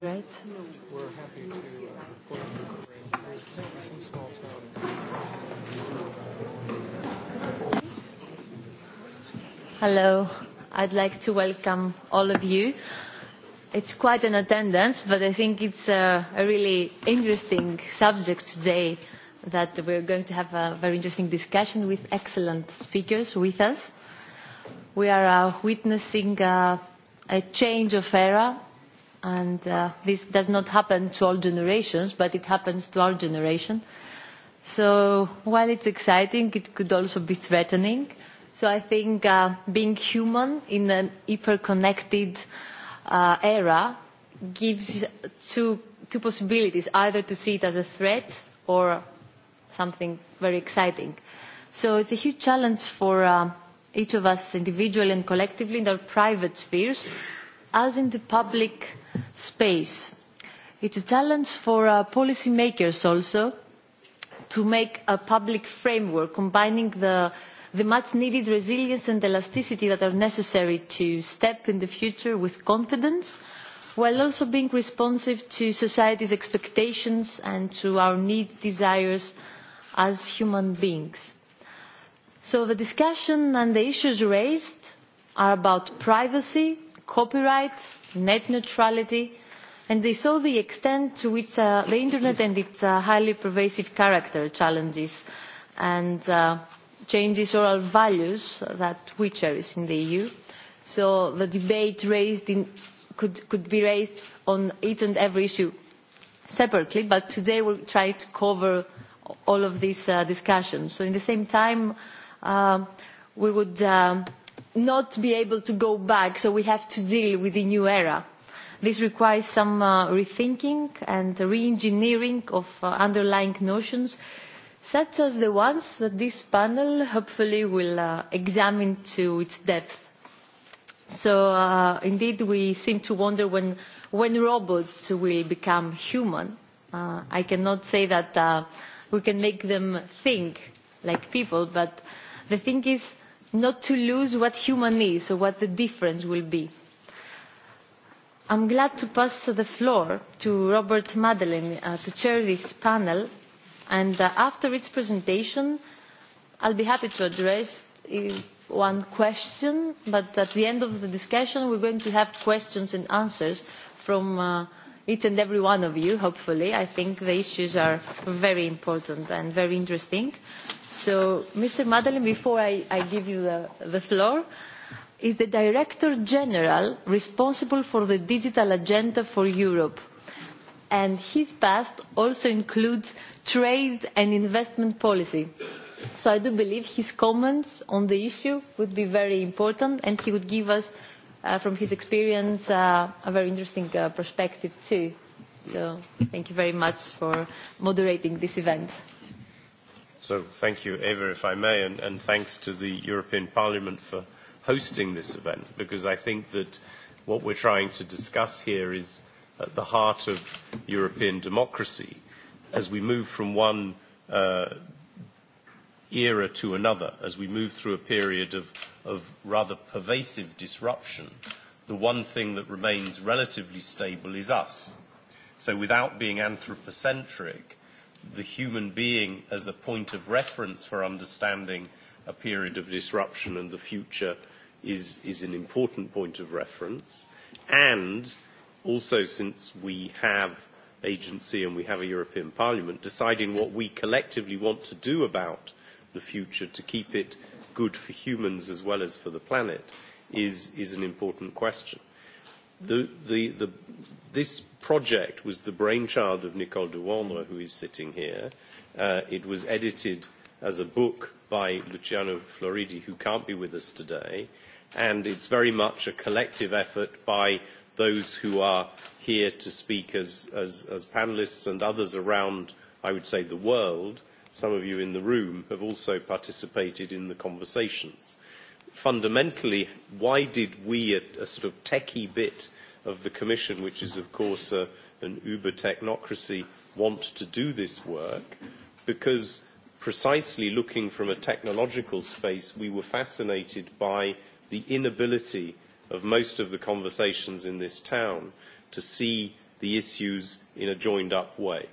Right? We're happy to Hello. I'd like to welcome all of you. It's quite an attendance, but I think it's a, really interesting subject today that we're going to have a very interesting discussion with excellent speakers with us. We are witnessing a change of era and this does not happen to all generations but it happens to our generation so while it's exciting it could also be threatening so i think being human in an hyperconnected era gives two two possibilities either to see it as a threat or something very exciting so it's a huge challenge for each of us individually and collectively in our private spheres as in the public space. it is a challenge for policymakers also to make a public framework combining the much needed resilience and elasticity that are necessary to step in the future with confidence while also being responsive to society's expectations and to our needs desires as human beings. So the discussion and the issues raised are about privacy copyright, net neutrality, and they saw the extent to which the Internet and its highly pervasive character challenges and changes oral values that we cherish in the EU. So the debate raised could be raised on each and every issue separately, but today we will try to cover all of these discussions. So in the same time, we would not be able to go back so we have to deal with the new era. this requires some rethinking and re engineering of underlying notions such as the ones that this panel hopefully will examine to its depth. so indeed we seem to wonder when when robots will become human. i cannot say that we can make them think like people but the thing is not to lose what human is or what the difference will be. I am glad to pass the floor to Robert Madeleine to chair this panel and after its presentation I will be happy to address one question but at the end of the discussion we are going to have questions and answers from each and every one of you, hopefully. I think the issues are very important and very interesting. So, Mr. Madelin, before I give you the floor, is the Director General responsible for the digital agenda for Europe. And his past also includes trade and investment policy. So I do believe his comments on the issue would be very important and he would give us from his experience a very interesting perspective too. So thank you very much for moderating this event. So thank you, Eva, if I may, and, and thanks to the European Parliament for hosting this event, because I think that what we're trying to discuss here is at the heart of European democracy. As we move from one era to another, as we move through a period of of rather pervasive disruption, the one thing that remains relatively stable is us. So without being anthropocentric, the human being as a point of reference for understanding a period of disruption and the future is is an important point of reference. And also since we have agency and we have a European Parliament, deciding what we collectively want to do about the future to keep it good for humans as well as for the planet is is an important question. This project was the brainchild of Nicole de who is sitting here. It was edited as a book by Luciano Floridi, who can't be with us today, and it's very much a collective effort by those who are here to speak as panelists and others around, I would say, the world some of you in the room have also participated in the conversations. Fundamentally, why did we, a sort of techie bit of the Commission, which is of course an uber technocracy, want to do this work? Because precisely looking from a technological space, we were fascinated by the inability of most of the conversations in this town to see the issues in a joined up way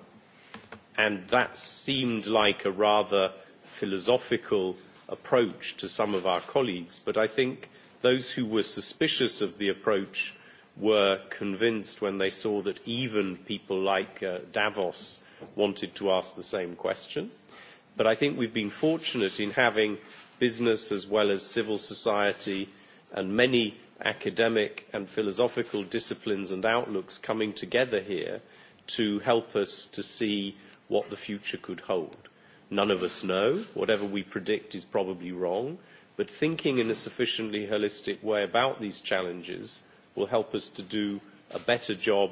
and that seemed like a rather philosophical approach to some of our colleagues but i think those who were suspicious of the approach were convinced when they saw that even people like davos wanted to ask the same question but i think we've been fortunate in having business as well as civil society and many academic and philosophical disciplines and outlooks coming together here to help us to see what the future could hold. None of us know. Whatever we predict is probably wrong. But thinking in a sufficiently holistic way about these challenges will help us to do a better job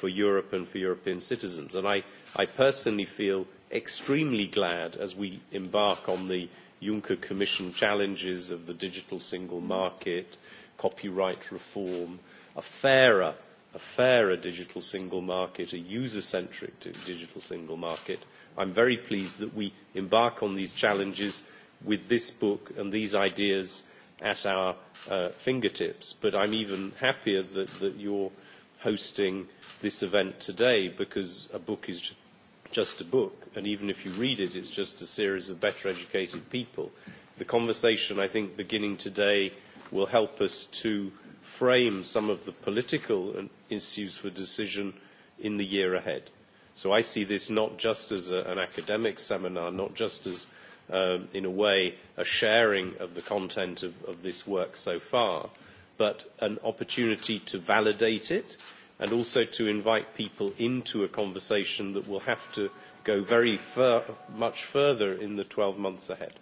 for Europe and for European citizens. And I, I personally feel extremely glad as we embark on the Juncker Commission challenges of the digital single market, copyright reform, a fairer a fairer digital single market, a user-centric digital single market. I'm very pleased that we embark on these challenges with this book and these ideas at our fingertips. But I'm even happier that you're hosting this event today because a book is just a book. And even if you read it, it's just a series of better educated people. The conversation, I think, beginning today will help us to frame some of the political issues for decision in the year ahead. So I see this not just as an academic seminar, not just as, in a way, a sharing of the content of this work so far, but an opportunity to validate it and also to invite people into a conversation that will have to go very much further in the 12 months ahead.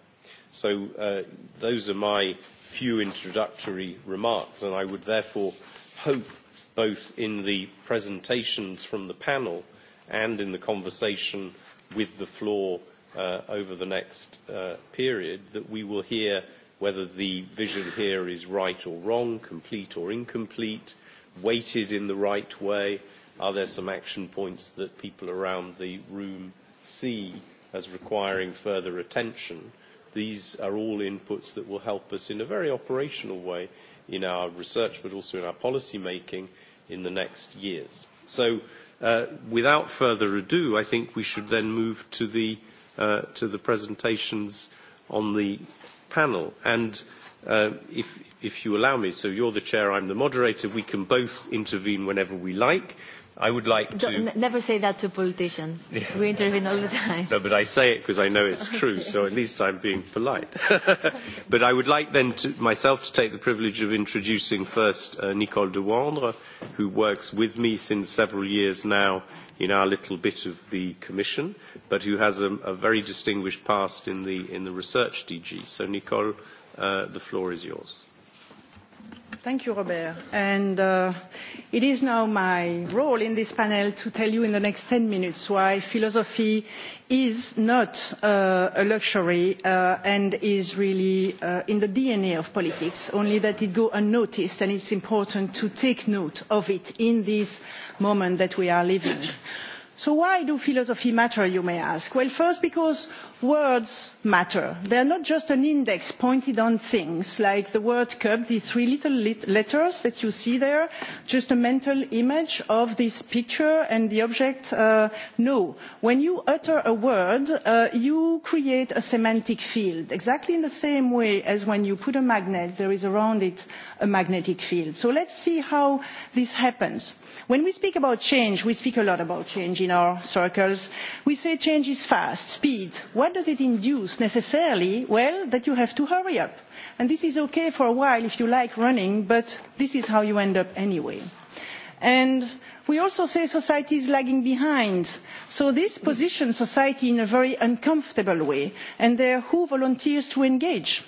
So those are my few introductory remarks, and I would therefore hope both in the presentations from the panel and in the conversation with the floor over the next period that we will hear whether the vision here is right or wrong, complete or incomplete, weighted in the right way. Are there some action points that people around the room see as requiring further attention? These are all inputs that will help us in a very operational way in our research but also in our policy making in the next years. So without further ado, I think we should then move to the to the presentations on the panel. And if you allow me, so you're the chair, I'm the moderator, we can both intervene whenever we like. I would like to... Never say that to politicians. We intervene all the time. but I say it because I know it's true, so at least I'm being polite. But I would like then to myself to take the privilege of introducing first Nicole de Wandre, who works with me since several years now in our little bit of the Commission, but who has a very distinguished past in the research DG. So, Nicole, the floor is yours. Thank you, Robert. And it is now my role in this panel to tell you in the next 10 minutes why philosophy is not a luxury and is really in the DNA of politics, only that it goes unnoticed and it's important to take note of it in this moment that we are living So why do philosophy matter, you may ask? Well, first because words matter. They are not just an index pointed on things, like the word cup, the three little letters that you see there, just a mental image of this picture and the object. No. When you utter a word, you create a semantic field, exactly in the same way as when you put a magnet, there is around it a magnetic field. So let's see how this happens when we speak about change we speak a lot about change in our circles we say change is fast speed what does it induce necessarily well that you have to hurry up and this is okay for a while if you like running but this is how you end up anyway and we also say society is lagging behind so this positions society in a very uncomfortable way and there who volunteers to engage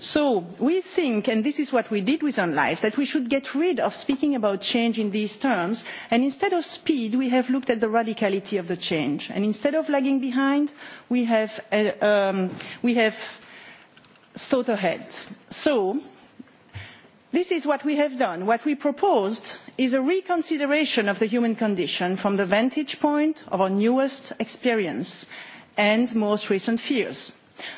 so we think and this is what we did with on life that we should get rid of speaking about change in these terms and instead of speed we have looked at the radicality of the change and instead of lagging behind we have thought ahead. so this is what we have done. what we proposed is a reconsideration of the human condition from the vantage point of our newest experience and most recent fears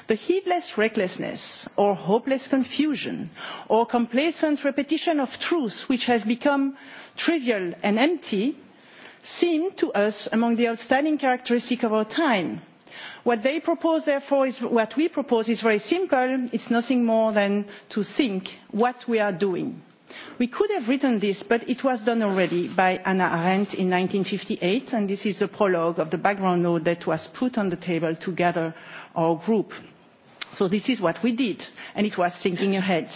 the heedless recklessness or hopeless confusion or complacent repetition of truths which have become trivial and empty seem to us among the outstanding characteristics of our time. What they propose, therefore, is what we propose is very simple. It's nothing more than to think what we are doing. We could have written this, but it was done already by Anna Arendt in 1958, and this is the prologue of the background note that was put on the table to gather our group. So this is what we did, and it was thinking ahead.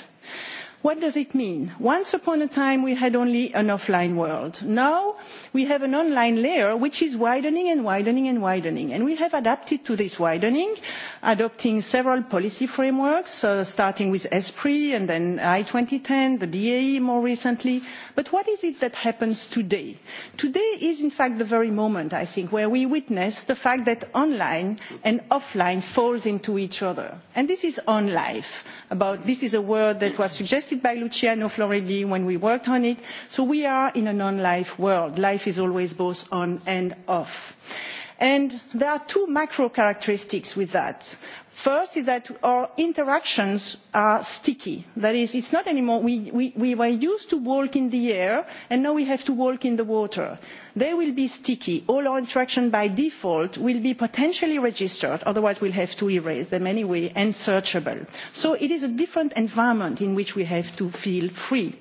What does it mean? Once upon a time we had only an offline world. Now we have an online layer which is widening and widening and widening. And we have adapted to this widening, adopting several policy frameworks, starting with ESPRI and then I-2010, the DAE more recently. But what is it that happens today? Today is in fact the very moment, I think, where we witness the fact that online and offline falls into each other. And this is on life. This is a word that was suggested suggested by Luciano Floridi when we worked on it. So we are in a non-life world. Life is always both on and off. And there are two macro characteristics with that. First is that our interactions are sticky. That is, it's not anymore we were used to walk in the air and now we have to walk in the water. They will be sticky. All our interactions by default will be potentially registered, otherwise we'll have to erase them anyway and searchable. So it is a different environment in which we have to feel free.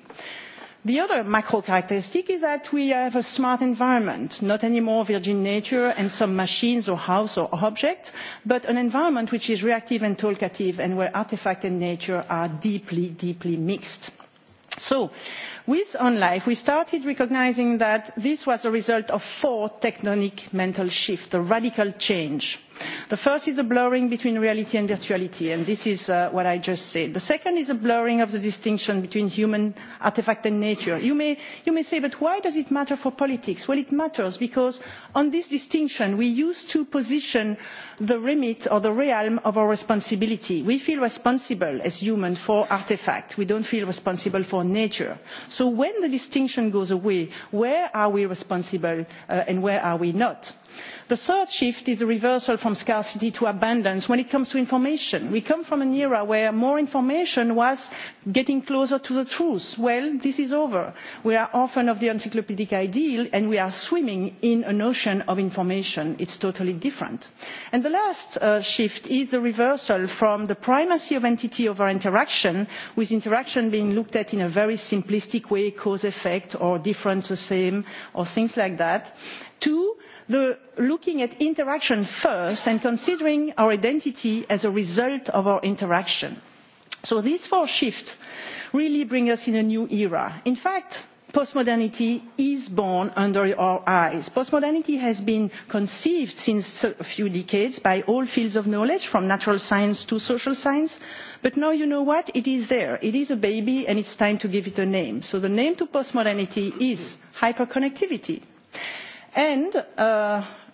The other macro characteristic is that we have a smart environment, not anymore virgin nature and some machines or house or objects, but an environment which is reactive and talkative and where artifact and nature are deeply, deeply mixed. So with Life we started recognising that this was a result of four tectonic mental shifts, a radical change The first is a blurring between reality and virtuality, and this is what I just said. The second is a blurring of the distinction between human artifact and nature. You may say, but why does it matter for politics? Well, it matters because on this distinction we used to position the remit or the realm of our responsibility. We feel responsible as humans for artifact. We don't feel responsible for nature. So when the distinction goes away, where are we responsible and where are we not? the third shift is the reversal from scarcity to abundance when it comes to information. we come from an era where more information was getting closer to the truth. well this is over. we are often of the encyclopedic ideal and we are swimming in an ocean of information. It's totally different. and the last shift is the reversal from the primacy of entity over interaction with interaction being looked at in a very simplistic way cause effect or different the same or things like that to looking at interaction first and considering our identity as a result of our interaction. So these four shifts really bring us in a new era. In fact, postmodernity is born under our eyes. Postmodernity has been conceived since a few decades by all fields of knowledge, from natural science to social science. But now you know what? It is there. It is a baby and it's time to give it a name. So the name to postmodernity is hyperconnectivity and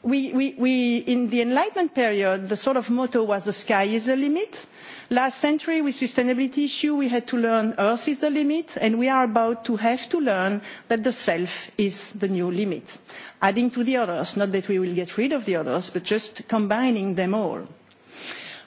in the enlightenment period the sort of motto was the sky is the limit. last century with sustainability issue we had to learn earth is the limit and we are about to have to learn that the self is the new limit adding to the others not that we will get rid of the others but just combining them all.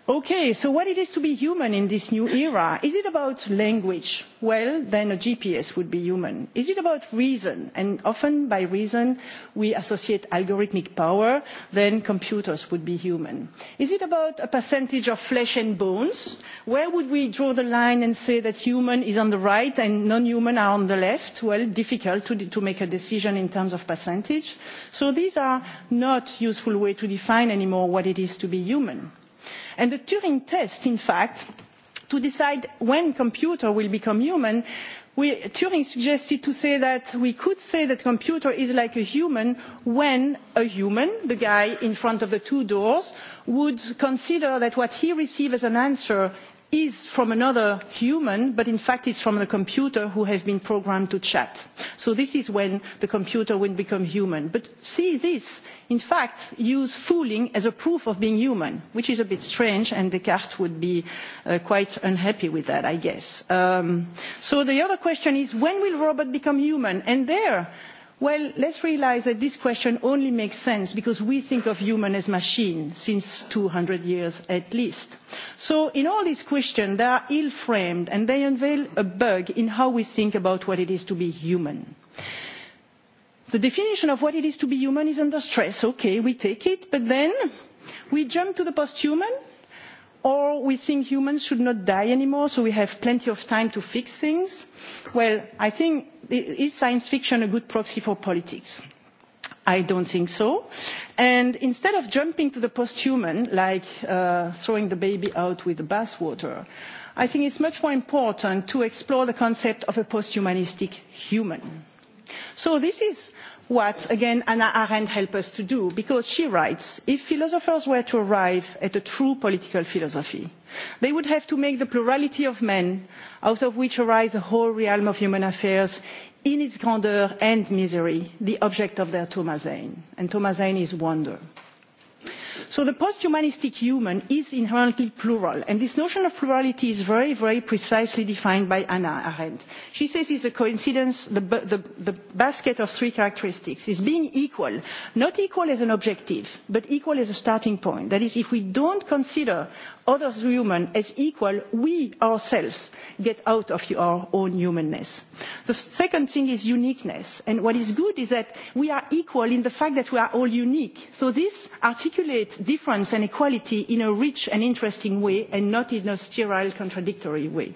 Okay, so what it is to be human in this new era? Is it about language? Well, then a GPS would be human. Is it about reason? And often by reason we associate algorithmic power, then computers would be human. Is it about a percentage of flesh and bones? Where would we draw the line and say that human is on the right and non-human are on the left? Well, difficult to make a decision in terms of percentage. So these are not useful ways to define anymore what it is to be human and the turing test in fact to decide when computer will become human turing suggested to say that we could say that computer is like a human when a human the guy in front of the two doors would consider that what he receives as an answer is from another human but in fact is from the computer who has been programmed to chat. so this is when the computer will become human. but see this in fact use fooling as a proof of being human which is a bit strange and descartes would be quite unhappy with that i guess. so the other question is when will robot become human? and there Well, let's realise that this question only makes sense because we think of human as machine since 200 years at least. So in all these questions, they are ill-framed and they unveil a bug in how we think about what it is to be human. The definition of what it is to be human is under stress. Okay, we take it, but then we jump to the post-human or we think humans should not die anymore so we have plenty of time to fix things well i think is science fiction a good proxy for politics i don't think so and instead of jumping to the post human like throwing the baby out with the bathwater i think it's much more important to explore the concept of a post humanistic human so this is what again Anna Arendt helped us to do, because she writes if philosophers were to arrive at a true political philosophy, they would have to make the plurality of men, out of which arise the whole realm of human affairs, in its grandeur and misery, the object of their Thomas And Thomas is wonder. So the post-humanistic human is inherently plural, and this notion of plurality is very, very precisely defined by Anna Arendt. She says it's a coincidence, the basket of three characteristics is being equal, not equal as an objective, but equal as a starting point. That is, if we don't consider other human as equal, we ourselves get out of our own humanness. The second thing is uniqueness. And what is good is that we are equal in the fact that we are all unique. So this articulates difference and equality in a rich and interesting way and not in a sterile contradictory way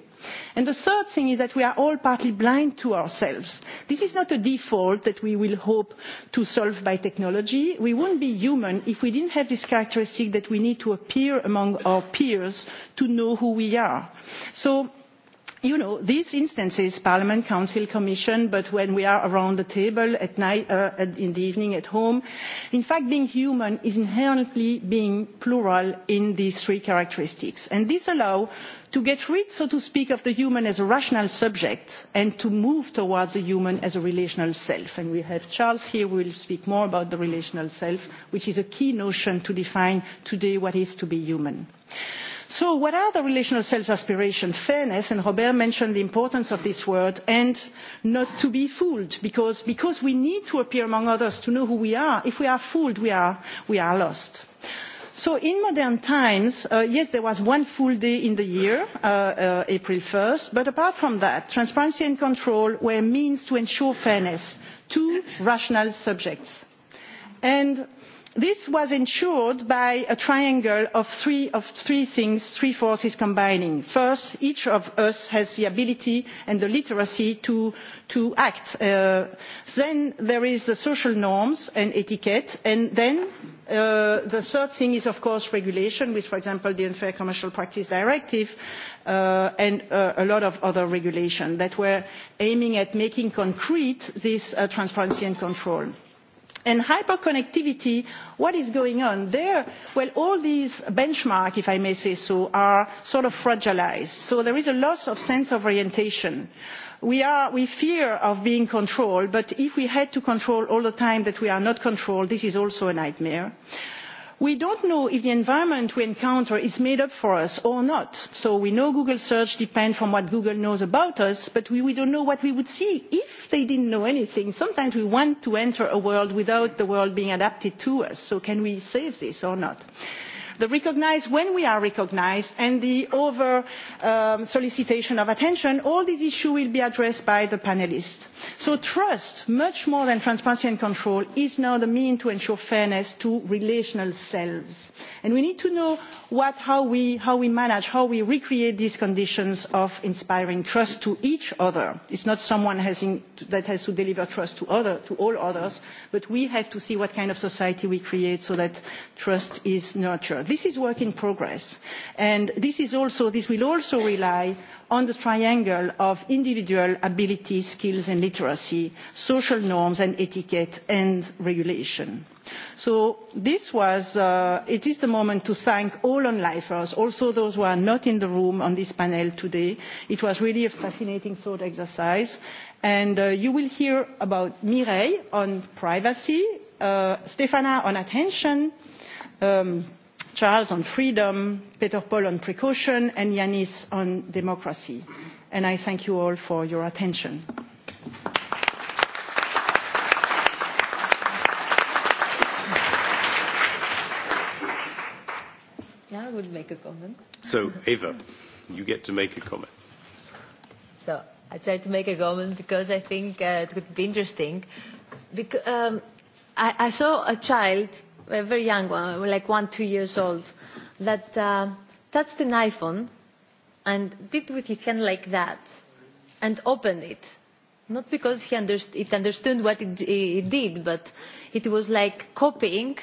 and the third thing is that we are all partly blind to ourselves this is not a default that we will hope to solve by technology we wouldn't be human if we didn't have this characteristic that we need to appear among our peers to know who we are so you know these instances parliament council commission but when we are around the table at night in the evening at home in fact being human is inherently being plural in these three characteristics and this allows to get rid so to speak of the human as a rational subject and to move towards the human as a relational self and we have charles here who will speak more about the relational self which is a key notion to define today what is to be human. so what are the relational self aspirations? fairness and robert mentioned the importance of this word and not to be fooled because we need to appear among others to know who we are. if we are fooled we are lost. So in modern times, yes, there was one full day in the year, April 1st, but apart from that, transparency and control were means to ensure fairness, to rational subjects. And This was ensured by a triangle of three things, three forces combining. First, each of us has the ability and the literacy to act. Then there is the social norms and etiquette, and then the third thing is, of course, regulation, with, for example, the Unfair Commercial Practice Directive and a lot of other regulation that were aiming at making concrete this transparency and control. And hyperconnectivity, what is going on there? Well, all these benchmarks, if I may say so, are sort of fragilised. So there is a loss of sense of orientation. We fear of being controlled, but if we had to control all the time that we are not controlled, this is also a nightmare we do not know if the environment we encounter is made up for us or not so we know google search depends on what google knows about us but we do not know what we would see if they didn't know anything. sometimes we want to enter a world without the world being adapted to us so can we save this or not? the recognise when we are recognised and the over solicitation of attention all these issues will be addressed by the panellists. so trust much more than transparency and control is now the mean to ensure fairness to relational selves and we need to know how we manage how we recreate these conditions of inspiring trust to each other. It's not someone that has to deliver trust to all others but we have to see what kind of society we create so that trust is nurtured this is work in progress and this will also rely on the triangle of individual ability skills and literacy social norms and etiquette and regulation so this was it is the moment to thank all on lifers also those who are not in the room on this panel today it was really a fascinating thought exercise and you will hear about mireille on privacy stefana on attention Charles on freedom, Peter Paul on precaution, and Yanis on democracy. And I thank you all for your attention. Yeah, I would make a comment. So, Eva, you get to make a comment. So, I tried to make a comment because I think it would be interesting. I saw a child a very young one, like one, two years old, that touched an iPhone and did with his hand like that and opened it. Not because he it understood what it did, but it was like copying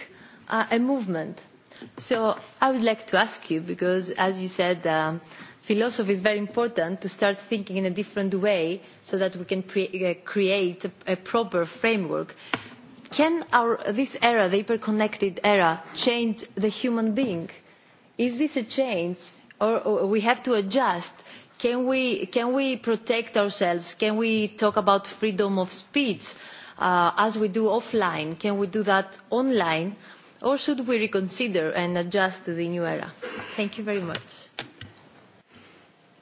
a movement. So I would like to ask you, because as you said, philosophy is very important to start thinking in a different way so that we can create a proper framework can this era, the hyperconnected era, change the human being? Is this a change or we have to adjust? Can we, can we protect ourselves? Can we talk about freedom of speech as we do offline? Can we do that online? Or should we reconsider and adjust to the new era? Thank you very much.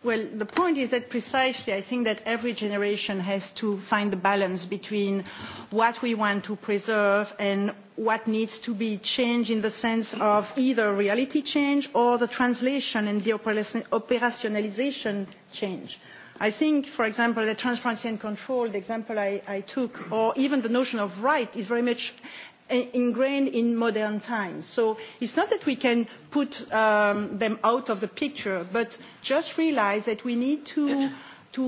Well, the point is that precisely I think that every generation has to find the balance between what we want to preserve and what needs to be changed in the sense of either reality change or the translation and the operationalisation change. I think, for example, the transparency and control, the example I took, or even the notion of right, is very much ingrained in modern times. So it's not that we can put them out of the picture, but just realize that we need to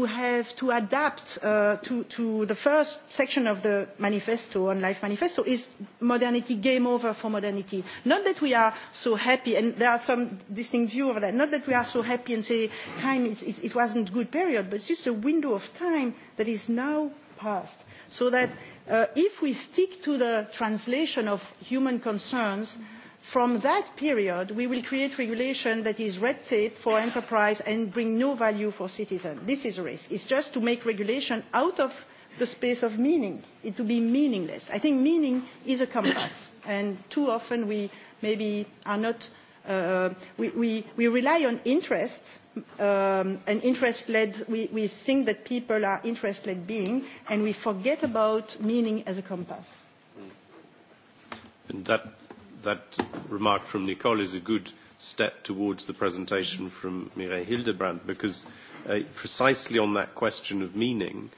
have to adapt to the first section of the manifesto on life manifesto is modernity game over for modernity not that we are so happy and there are some distinct views of that not that we are so happy and say time it wasn't a good period but it's just a window of time that is now past so that if we stick to the translation of human concerns from that period we will create regulation that is red tape for enterprise and bring no value for citizens. this is a risk. it is just to make regulation out of the space of meaning it will be meaningless. i think meaning is a compass and too often we maybe are not we rely on interest and interest led we think that people are interest led being and we forget about meaning as a compass And that remark from nicole is a good step towards the presentation from mireille hildebrand because precisely on that question of meaning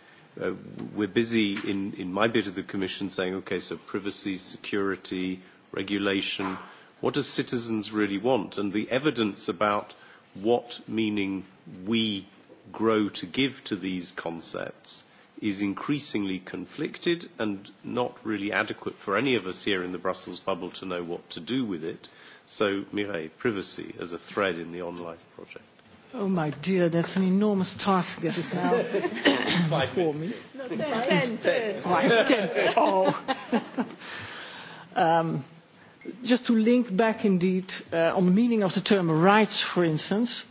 we're busy in in my bit of the commission saying okay so privacy security regulation What do citizens really want? And the evidence about what meaning we grow to give to these concepts is increasingly conflicted and not really adequate for any of us here in the Brussels bubble to know what to do with it. So, Mireille, privacy as a thread in the online project. Oh, my dear, that's an enormous task that is now before me. ten. Oh just to link back indeed on the meaning of the term rights, for instance,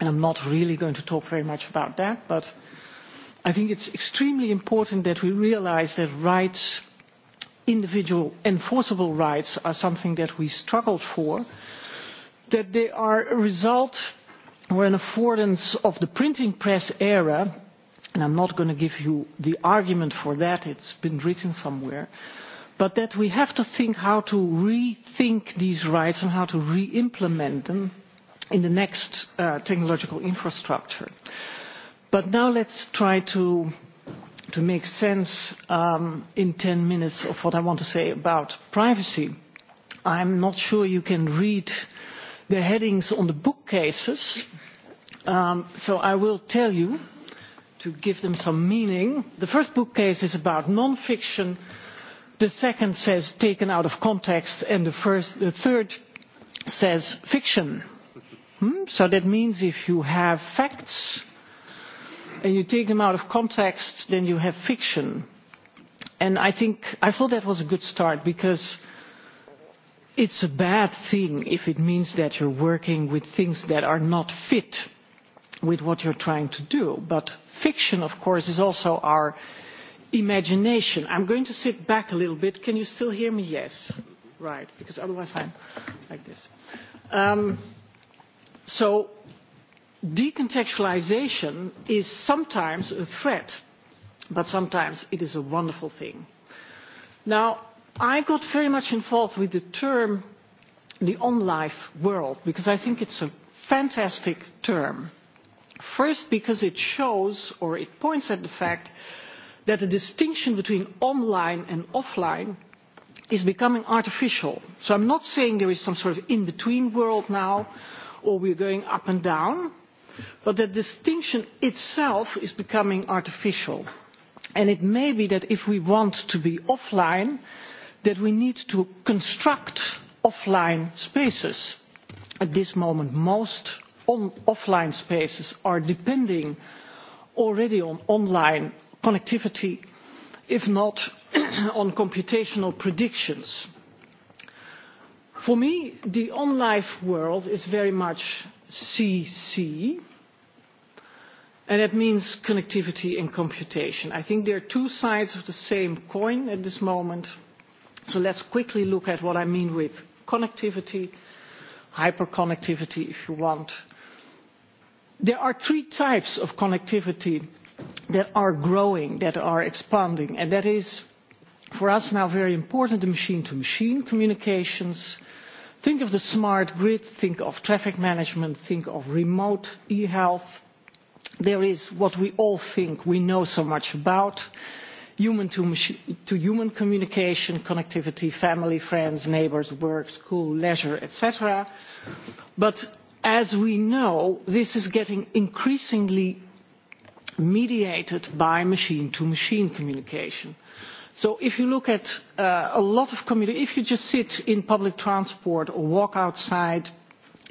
and I'm not really going to talk very much about that, but I think it's extremely important that we realize that rights, individual enforceable rights, are something that we struggled for, that they are a result or an affordance of the printing press era, and I'm not going to give you the argument for that, it's been written somewhere, but that we have to think how to rethink these rights and how to re-implement them in the next technological infrastructure. But now let's try to to make sense in 10 minutes of what I want to say about privacy. I'm not sure you can read the headings on the bookcases, so I will tell you to give them some meaning. The first bookcase is about non-fiction the second says taken out of context and the third says fiction. So that means if you have facts and you take them out of context, then you have fiction. And I think I thought that was a good start because it's a bad thing if it means that you're working with things that are not fit with what you're trying to do. But fiction, of course, is also our imagination. I'm going to sit back a little bit. Can you still hear me? Yes. Right, because otherwise I'm like this. So decontextualization is sometimes a threat, but sometimes it is a wonderful thing. Now, I got very much involved with the term the on-life world because I think it's a fantastic term. First, because it shows or it points at the fact that the distinction between online and offline is becoming artificial. So I'm not saying there is some sort of in-between world now or we're going up and down, but that distinction itself is becoming artificial. And it may be that if we want to be offline, that we need to construct offline spaces. At this moment, most offline spaces are depending already on online connectivity, if not on computational predictions. For me, the on-life world is very much CC, and that means connectivity and computation. I think there are two sides of the same coin at this moment, so let's quickly look at what I mean with connectivity, hyperconnectivity if you want. There are three types of connectivity that are growing, that are expanding. And that is for us now very important, the machine-to-machine communications. Think of the smart grid, think of traffic management, think of remote e-health. There is what we all think we know so much about, human-to-human communication, connectivity, family, friends, neighbours, work, school, leisure, etc. But as we know, this is getting increasingly mediated by machine to machine communication. So if you look at a lot of community, if you just sit in public transport or walk outside,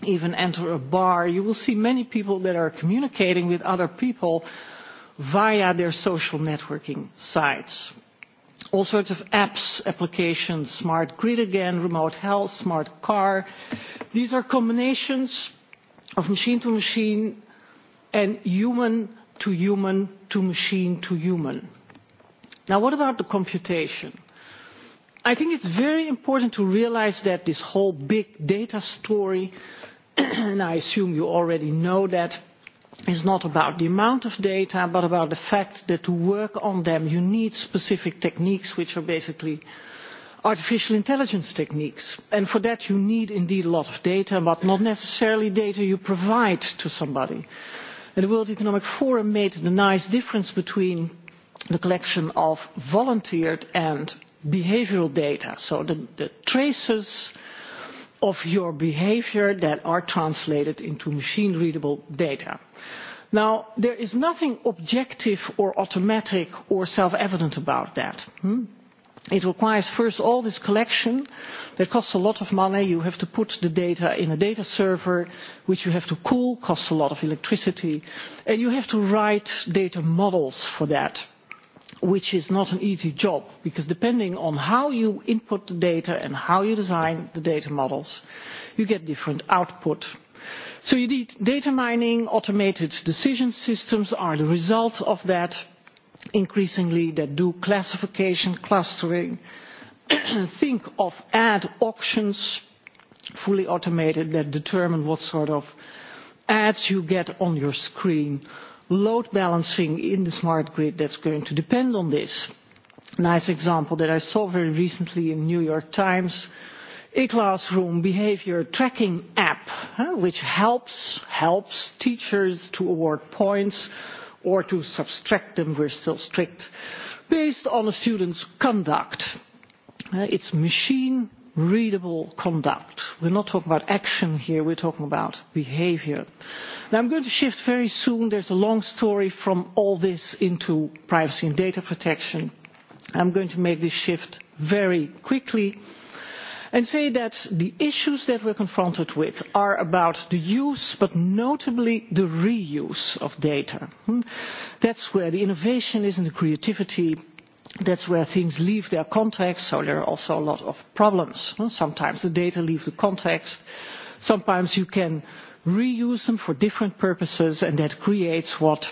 even enter a bar, you will see many people that are communicating with other people via their social networking sites. All sorts of apps, applications, smart grid again, remote health, smart car. These are combinations of machine to machine and human to human to machine to human. Now what about the computation? I think it's very important to realize that this whole big data story, and I assume you already know that, is not about the amount of data, but about the fact that to work on them you need specific techniques which are basically artificial intelligence techniques. And for that you need indeed a lot of data, but not necessarily data you provide to somebody. The World Economic Forum made the nice difference between the collection of volunteered and behavioral data, so the traces of your behavior that are translated into machine readable data. Now, there is nothing objective or automatic or self evident about that. It requires first all this collection that costs a lot of money. You have to put the data in a data server, which you have to cool, costs a lot of electricity. And you have to write data models for that, which is not an easy job, because depending on how you input the data and how you design the data models, you get different output. So you need data mining, automated decision systems are the result of that increasingly that do classification, clustering, think of ad auctions, fully automated, that determine what sort of ads you get on your screen. Load balancing in the smart grid that's going to depend on this. Nice example that I saw very recently in New York Times, a classroom behavior tracking app, which helps helps teachers to award points or to subtract them, we're still strict, based on a student's conduct. It's machine readable conduct. We're not talking about action here, we're talking about behavior. Now I'm going to shift very soon, there's a long story from all this into privacy and data protection. I'm going to make this shift very quickly and say that the issues that we are confronted with are about the use, but notably the reuse of data. That is where the innovation is and the creativity. That's where things leave their context, so there are also a lot of problems. Sometimes the data leave the context. Sometimes you can reuse them for different purposes, and that creates what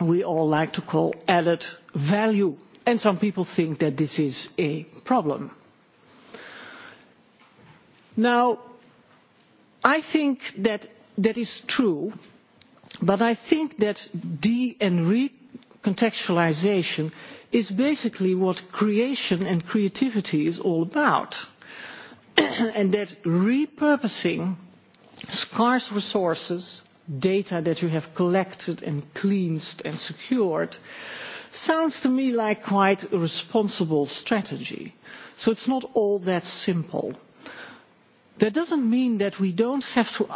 we all like to call added value. And some people think that this is a problem. Now, I think that that is true, but I think that de- and recontextualisation is basically what creation and creativity is all about. And that repurposing scarce resources, data that you have collected and cleansed and secured, sounds to me like quite a responsible strategy. So it's not all that simple. That doesn't mean that we don't have to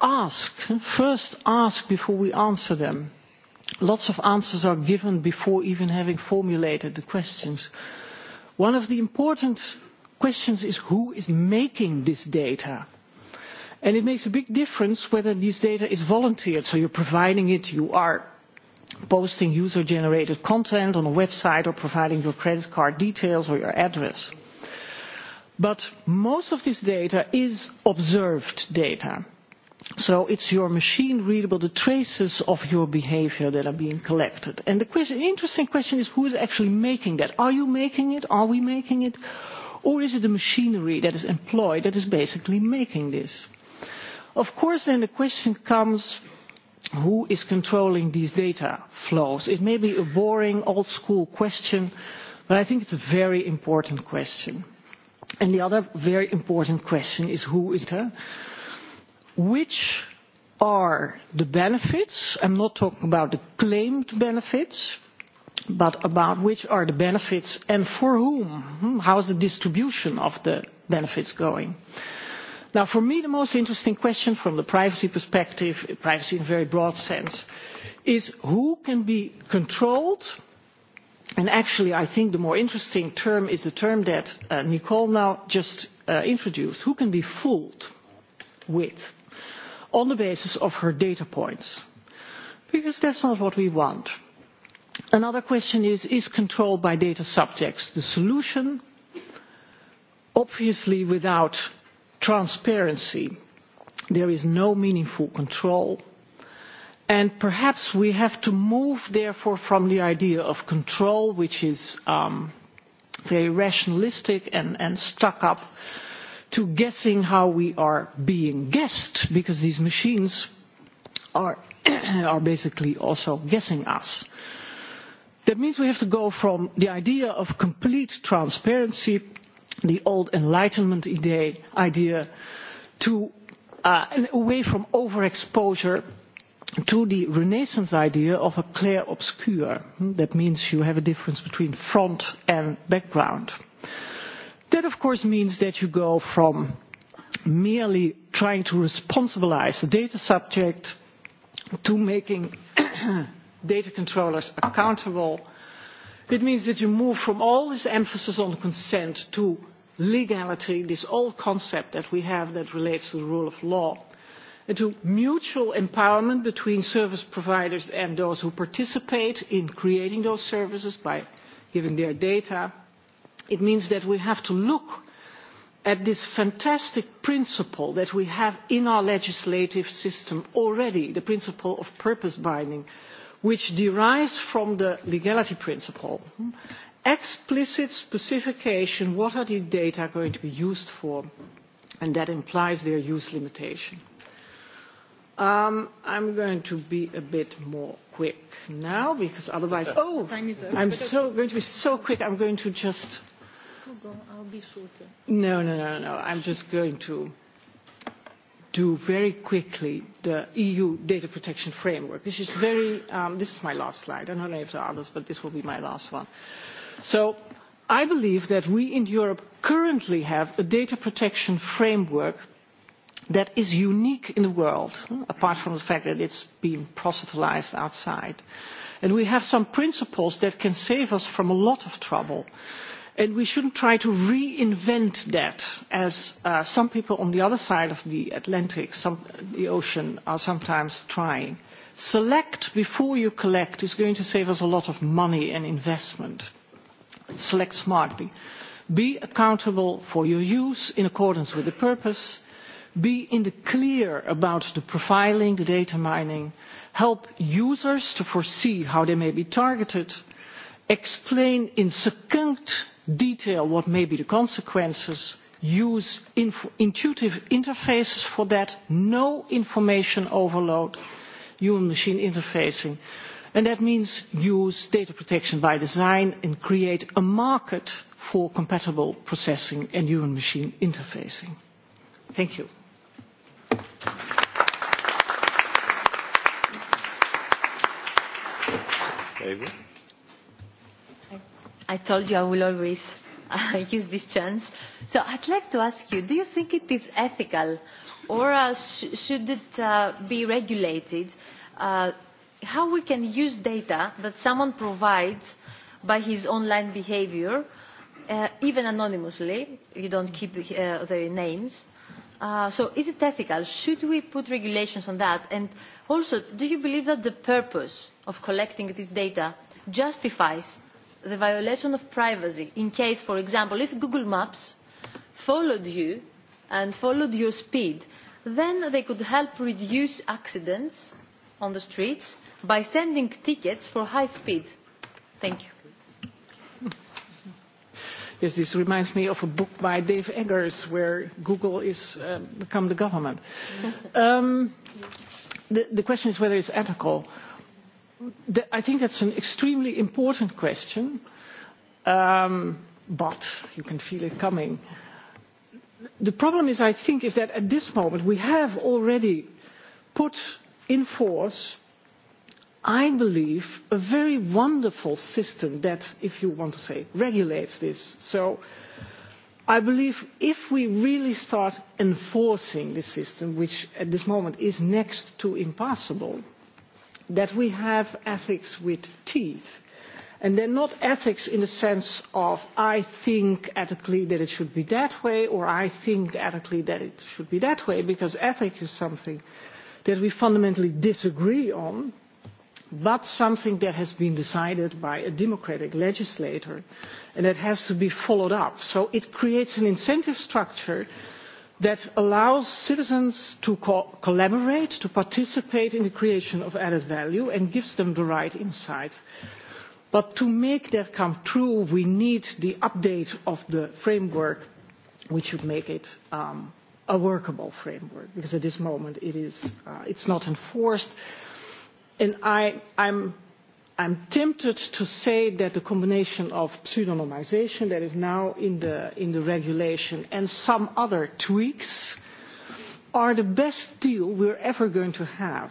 ask, first ask before we answer them. Lots of answers are given before even having formulated the questions. One of the important questions is who is making this data? And it makes a big difference whether this data is volunteered, so you're providing it, you are posting user-generated content on a website or providing your credit card details or your address. But most of this data is observed data. So it's your machine readable, the traces of your behavior that are being collected. And the interesting question is who is actually making that? Are you making it? Are we making it? Or is it the machinery that is employed that is basically making this? Of course, then the question comes who is controlling these data flows? It may be a boring, old-school question, but I think it's a very important question. And the other very important question is who is it? Which are the benefits? I'm not talking about the claimed benefits, but about which are the benefits and for whom? How is the distribution of the benefits going? Now, for me, the most interesting question from the privacy perspective, privacy in a very broad sense, is who can be controlled And actually, I think the more interesting term is the term that Nicole now just introduced. Who can be fooled with on the basis of her data points? Because that's not what we want. Another question is, is control by data subjects the solution? Obviously, without transparency, there is no meaningful control and perhaps we have to move therefore from the idea of control which is very rationalistic and stuck up to guessing how we are being guessed because these machines are basically also guessing us. That means we have to go from the idea of complete transparency, the old enlightenment idea, to away from overexposure to the Renaissance idea of a clair obscure. That means you have a difference between front and background. That, of course, means that you go from merely trying to responsibilize the data subject to making data controllers accountable. It means that you move from all this emphasis on consent to legality, this old concept that we have that relates to the rule of law and to mutual empowerment between service providers and those who participate in creating those services by giving their data. It means that we have to look at this fantastic principle that we have in our legislative system already, the principle of purpose binding, which derives from the legality principle. Explicit specification, what are the data going to be used for? And that implies their use limitation. I'm going to be a bit more quick now because otherwise, oh, I'm so going to be so quick. I'm going to just. I'll No, no, no, no. I'm just going to do very quickly the EU data protection framework. This is very. This is my last slide. I don't know if there are others, but this will be my last one. So. I believe that we in Europe currently have a data protection framework that is unique in the world, apart from the fact that it's being proselytized outside. And we have some principles that can save us from a lot of trouble. And we shouldn't try to reinvent that, as some people on the other side of the Atlantic, the ocean, are sometimes trying. Select before you collect is going to save us a lot of money and investment. Select smartly. Be accountable for your use in accordance with the purpose be in the clear about the profiling, the data mining, help users to foresee how they may be targeted, explain in succinct detail what may be the consequences, use intuitive interfaces for that, no information overload, human-machine interfacing. And that means use data protection by design and create a market for compatible processing and human-machine interfacing. Thank you. I told you I will always use this chance. So I'd like to ask you, do you think it is ethical or should it be regulated how we can use data that someone provides by his online behavior, even anonymously, you don't keep their names, So is it ethical? Should we put regulations on that? And also, do you believe that the purpose of collecting this data justifies the violation of privacy in case, for example, if Google Maps followed you and followed your speed, then they could help reduce accidents on the streets by sending tickets for high speed? Thank you. Yes, this reminds me of a book by Dave Eggers where Google is become the government. The question is whether it's ethical. I think that's an extremely important question, but you can feel it coming. The problem is, I think, is that at this moment we have already put in force I believe, a very wonderful system that, if you want to say, regulates this. So I believe if we really start enforcing this system, which at this moment is next to impossible, that we have ethics with teeth. And they're not ethics in the sense of I think ethically that it should be that way or I think ethically that it should be that way, because ethics is something that we fundamentally disagree on but something that has been decided by a democratic legislator and that has to be followed up. So it creates an incentive structure that allows citizens to collaborate, to participate in the creation of added value and gives them the right insight. But to make that come true, we need the update of the framework, which would make it a workable framework, because at this moment it is it's not enforced and i i'm I'm tempted to say that the combination of pseudonymisation that is now in the in the regulation and some other tweaks are the best deal we're ever going to have.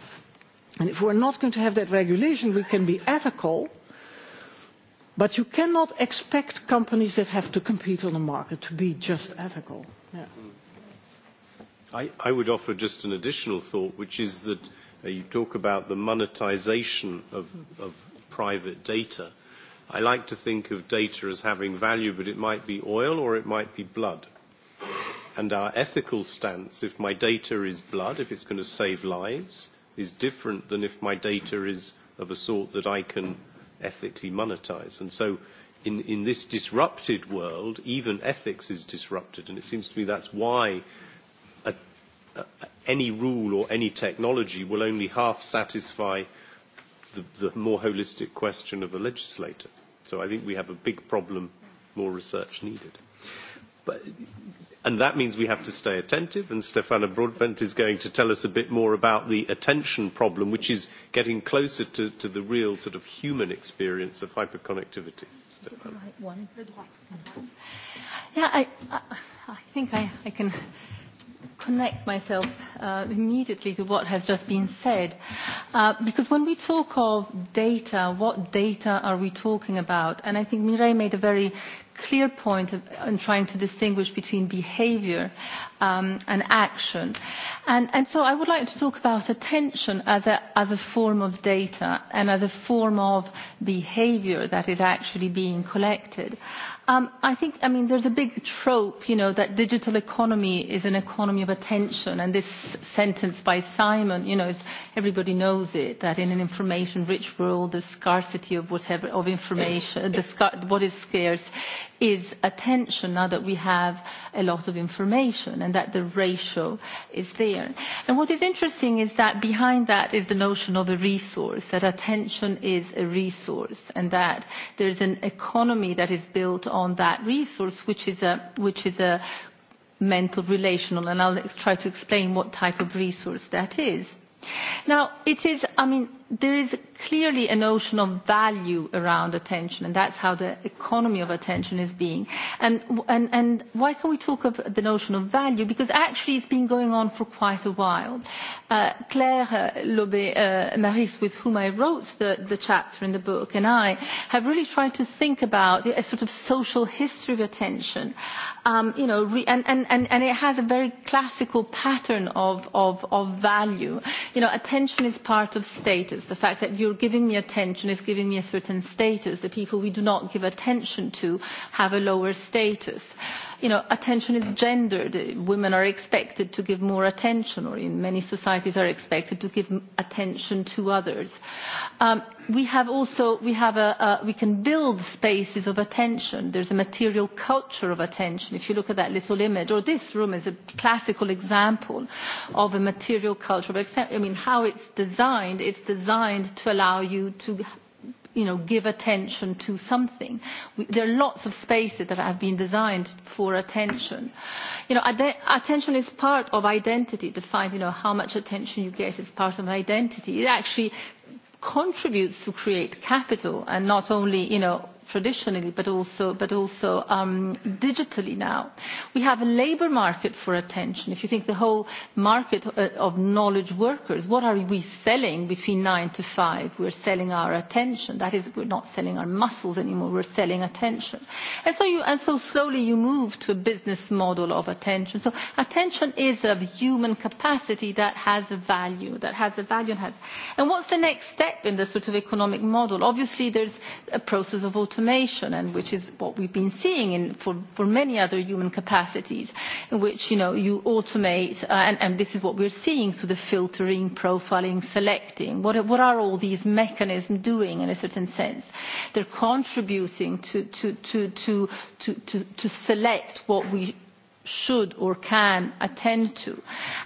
And if we're not going to have that regulation, we can be ethical, but you cannot expect companies that have to compete on the market to be just ethical. I I would offer just an additional thought, which is that You talk about the monetization of private data. I like to think of data as having value, but it might be oil or it might be blood. And our ethical stance, if my data is blood, if it's going to save lives, is different than if my data is of a sort that I can ethically monetize. And so in, in this disrupted world, even ethics is disrupted. And it seems to me that's why any rule or any technology will only half satisfy the more holistic question of a legislator. So I think we have a big problem, more research needed. And that means we have to stay attentive, and Stefana Broadbent is going to tell us a bit more about the attention problem, which is getting closer to, the real sort of human experience of hyperconnectivity. Stefana. Yeah, I, I think I, I can connect myself immediately to what has just been said because when we talk of data what data are we talking about and i think mireille made a very clear point in trying to distinguish between behaviour and action and so i would like to talk about attention as a as a form of data and as a form of behaviour that is actually being collected I think, I mean, there's a big trope, you know, that digital economy is an economy of attention, and this sentence by Simon, you know, is, everybody knows it, that in an information-rich world, the scarcity of whatever of information, the what is scarce is attention now that we have a lot of information and that the ratio is there. And what is interesting is that behind that is the notion of a resource, that attention is a resource and that there is an economy that is built on that resource which is a which is a mental relational and I'll try to explain what type of resource that is. Now it is I mean there is clearly a notion of value around attention, and that's how the economy of attention is being. And, and, why can we talk of the notion of value? Because actually it's been going on for quite a while. Claire Lobe uh, with whom I wrote the, chapter in the book, and I have really tried to think about a sort of social history of attention. you know, and, and, and, it has a very classical pattern of, of, of value. You know, attention is part of status status. The fact that you're giving me attention is giving me a certain status. The people we do not give attention to have a lower status you know, attention is gendered. Women are expected to give more attention, or in many societies are expected to give attention to others. We have also, we have a, we can build spaces of attention. There's a material culture of attention. If you look at that little image, or this room is a classical example of a material culture. I mean, how it's designed, it's designed to allow you to you know, give attention to something. There are lots of spaces that have been designed for attention. You know, attention is part of identity. To you know, how much attention you get is part of identity. It actually contributes to create capital and not only, you know, traditionally but also but also digitally now. We have a labour market for attention. If you think the whole market of knowledge workers, what are we selling between nine to five? We're selling our attention. That is we're not selling our muscles anymore, we're selling attention. And so you and so slowly you move to a business model of attention. So attention is a human capacity that has a value, that has a value and has and what's the next step in the sort of economic model? Obviously there's a process of automation automation and which is what we've been seeing in for many other human capacities in which you know you automate and this is what we're seeing through the filtering profiling selecting what what are all these mechanisms doing in a certain sense they're contributing to to to to to to select what we should or can attend to.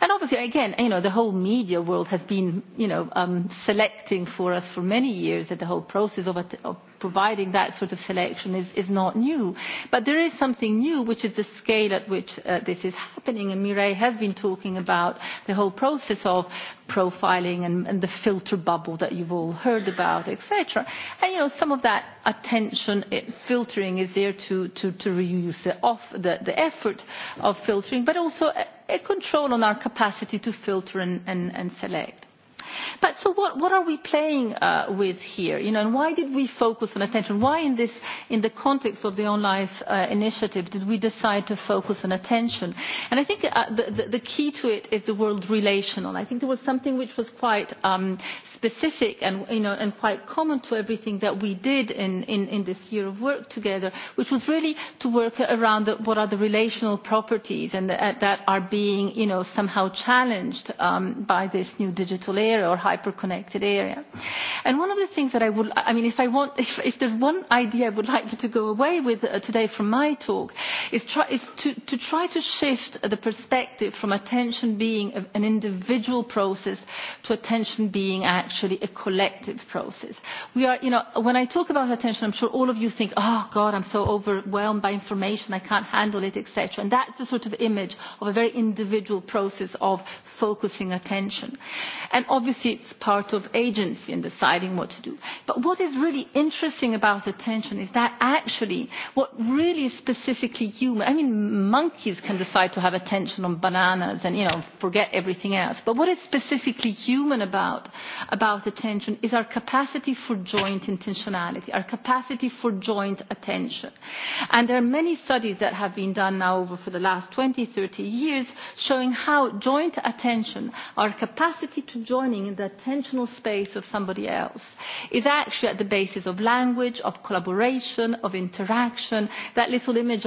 And obviously, again, you know, the whole media world has been, you know, selecting for us for many years that the whole process of, of providing that sort of selection is not new. But there is something new, which is the scale at which this is happening. And Mireille has been talking about the whole process of profiling and the filter bubble that you've all heard about, etc. And, you know, some of that attention filtering is there to reuse the effort of filtering, but also a control on our capacity to filter and select. But so what are we playing with here? You know, And why did we focus on attention? Why in this, in the context of the online Life initiative, did we decide to focus on attention? And I think the key to it is the world relational. I think there was something which was quite specific and quite common to everything that we did in this year of work together which was really to work around what are the relational properties that are being somehow challenged by this new digital area or hyper connected area and one of the things that i would i mean if i want there's one idea i would like you to go away with today from my talk is to try to shift the perspective from attention being an individual process to attention being actually a collective process. We are, you know, when I talk about attention, I'm sure all of you think, oh God, I'm so overwhelmed by information, I can't handle it, etc. And that's the sort of image of a very individual process of focusing attention. And obviously it's part of agency in deciding what to do. But what is really interesting about attention is that actually what really is specifically human, I mean, monkeys can decide to have attention on bananas and, you know, forget everything else. But what is specifically human about about attention is our capacity for joint intentionality, our capacity for joint attention. And there are many studies that have been done now over for the last 20, 30 years showing how joint attention, our capacity to joining in the attentional space of somebody else, is actually at the basis of language, of collaboration, of interaction. That little image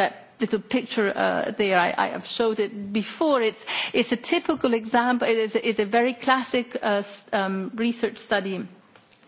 that little picture there I have showed it before. It's a typical example. It It's a very classic research study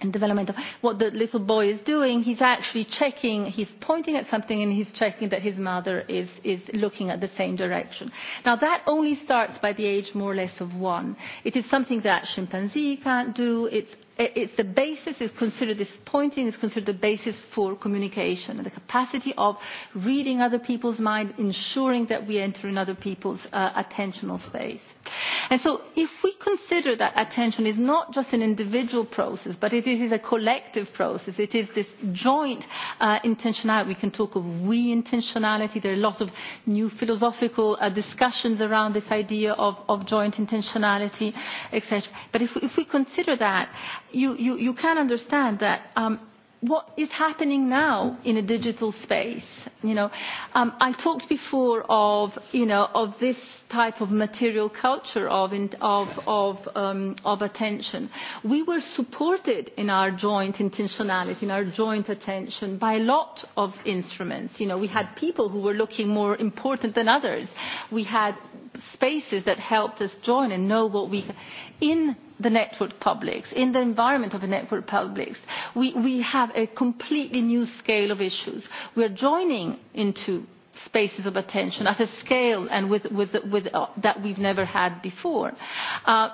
and development of what the little boy is doing. He's actually checking, he's pointing at something and he's checking that his mother is, is looking at the same direction. Now that only starts by the age more or less of one. It is something that chimpanzee can't do. It's it's the basis is considered this pointing is considered the basis for communication and the capacity of reading other people's mind ensuring that we enter in other people's attentional space and so if we consider that attention is not just an individual process but it is a collective process it is this joint intentionality we can talk of we intentionality there are lots of new philosophical discussions around this idea of joint intentionality etc but if we consider that you you can understand that what is happening now in a digital space you know i talked before of you know of this type of material culture of of of of attention we were supported in our joint intentionality in our joint attention by a lot of instruments you know we had people who were looking more important than others we had spaces that helped us join and know what we in the network publics, in the environment of the network publics, we have a completely new scale of issues. We are joining into spaces of attention at a scale and with with that we've never had before.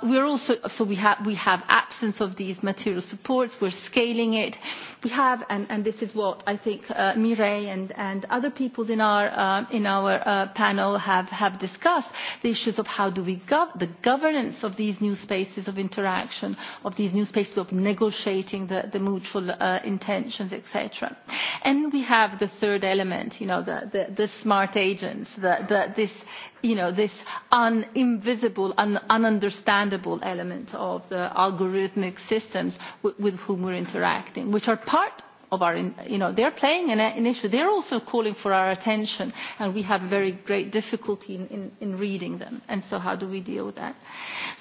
We're also so we have absence of these material supports. We're scaling it. We have and this is what I think Mireille and and other people in our in our panel have have discussed the issues of how do we the governance of these new spaces of interaction, of these new spaces of negotiating the mutual intentions, etc. And we have the third element, you know, the the smart agents, this you know this invisible and ununderstandable element of the algorithmic systems with whom we're interacting, which are part of our you know they're playing an issue. They're also calling for our attention and we have very great difficulty in in reading them. And so how do we deal with that?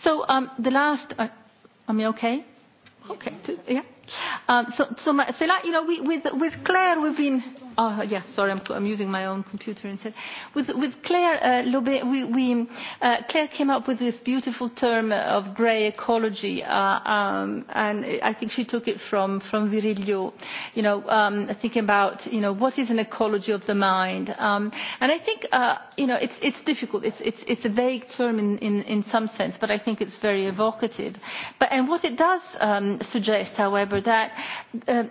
So the last am I okay? Okay. Yeah. So, you know, with with Claire, we've been. Oh, yeah, sorry, I'm I'm using my own computer instead. With with Claire, we we Claire came up with this beautiful term of grey ecology, and I think she took it from from Virilio, you know, thinking about you know what is an ecology of the mind, and I think you know it's it's difficult, it's it's it's a vague term in in in some sense, but I think it's very evocative. But and what it does suggest, however that,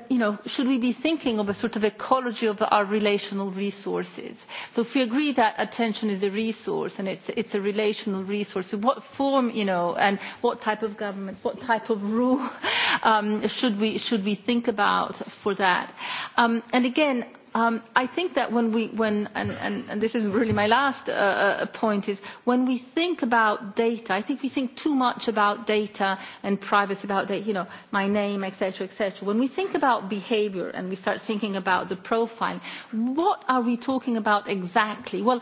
you know, should we be thinking of a sort of ecology of our relational resources? So if we agree that attention is a resource and it's, it's a relational resource, what form, you know, and what type of government, what type of rule should, we, should we think about for that? and again, I think that when we, when, and, and, this is really my last point, is when we think about data, I think we think too much about data and privacy, about data, you know, my name, etc., etc. When we think about behavior and we start thinking about the profile, what are we talking about exactly? Well,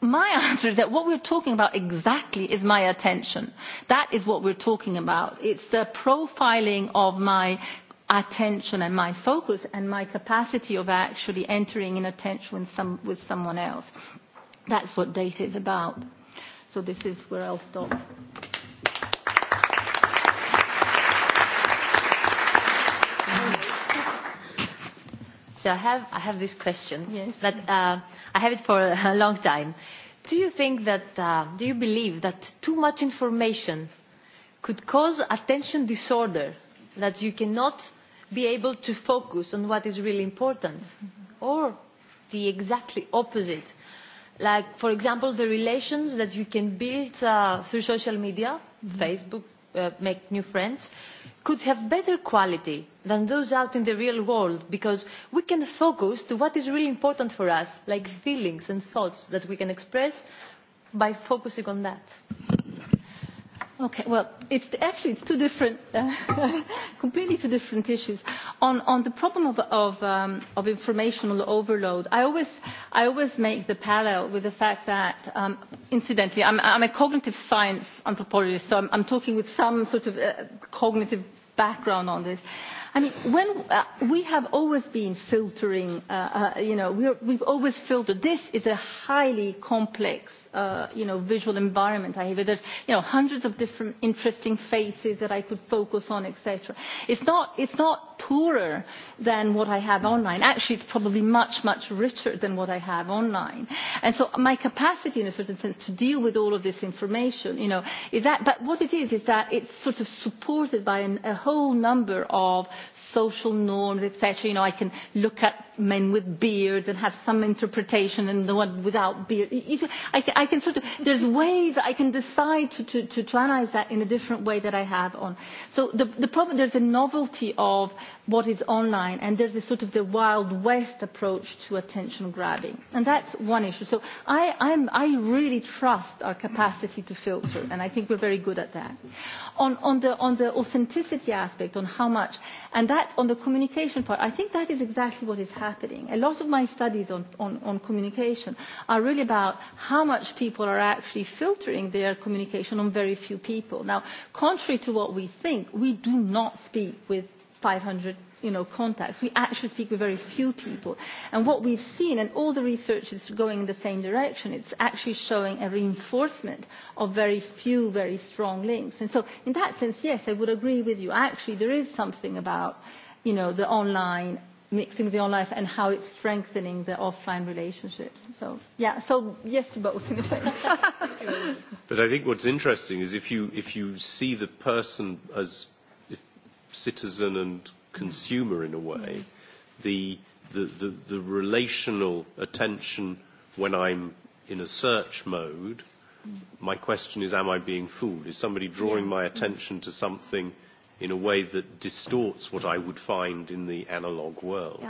my answer is that what we're talking about exactly is my attention. That is what we're talking about. It's the profiling of my attention and my focus and my capacity of actually entering in attention with, some, with someone else. That's what data is about. So this is where I'll stop. So I have, I have this question. That, I have it for a long time. Do you think that, uh, do you believe that too much information could cause attention disorder, that you cannot be able to focus on what is really important or the exactly opposite like for example the relations that you can build through social media facebook make new friends could have better quality than those out in the real world because we can focus to what is really important for us like feelings and thoughts that we can express by focusing on that Okay, well, it's actually it's two different, completely two different issues. On on the problem of of, informational overload, I always I always make the parallel with the fact that, incidentally, I'm a cognitive science anthropologist, so I'm, talking with some sort of cognitive background on this. I mean, when we have always been filtering, you know, we've always filtered. This is a highly complex you know, visual environment I have. There's, you know, hundreds of different interesting faces that I could focus on, etc. It's not, it's not poorer than what I have online. Actually, it's probably much, much richer than what I have online. And so my capacity, in a certain sense, to deal with all of this information, you know, is that, but what it is, is that it's sort of supported by a whole number of social norms, etc. You know, I can look at men with beards and have some interpretation and the one without beard. I can sort of, there's ways I can decide to to analyze that in a different way that I have on. So the problem, there's a novelty of what is online and there's a sort of the wild west approach to attention grabbing and that's one issue so i i'm i really trust our capacity to filter and i think we're very good at that on on the on the authenticity aspect on how much and that on the communication part i think that is exactly what is happening a lot of my studies on on communication are really about how much people are actually filtering their communication on very few people now contrary to what we think we do not speak with 500 you know, contacts. We actually speak with very few people. And what we've seen, and all the research is going in the same direction, it's actually showing a reinforcement of very few, very strong links. And so in that sense, yes, I would agree with you. Actually, there is something about, you know, the online mixing the online and how it's strengthening the offline relationship. So yeah, so yes to both in a but I think what's interesting is if you if you see the person as citizen and consumer in a way, the the relational attention when I'm in a search mode, my question is, am I being fooled? Is somebody drawing my attention to something in a way that distorts what I would find in the analog world?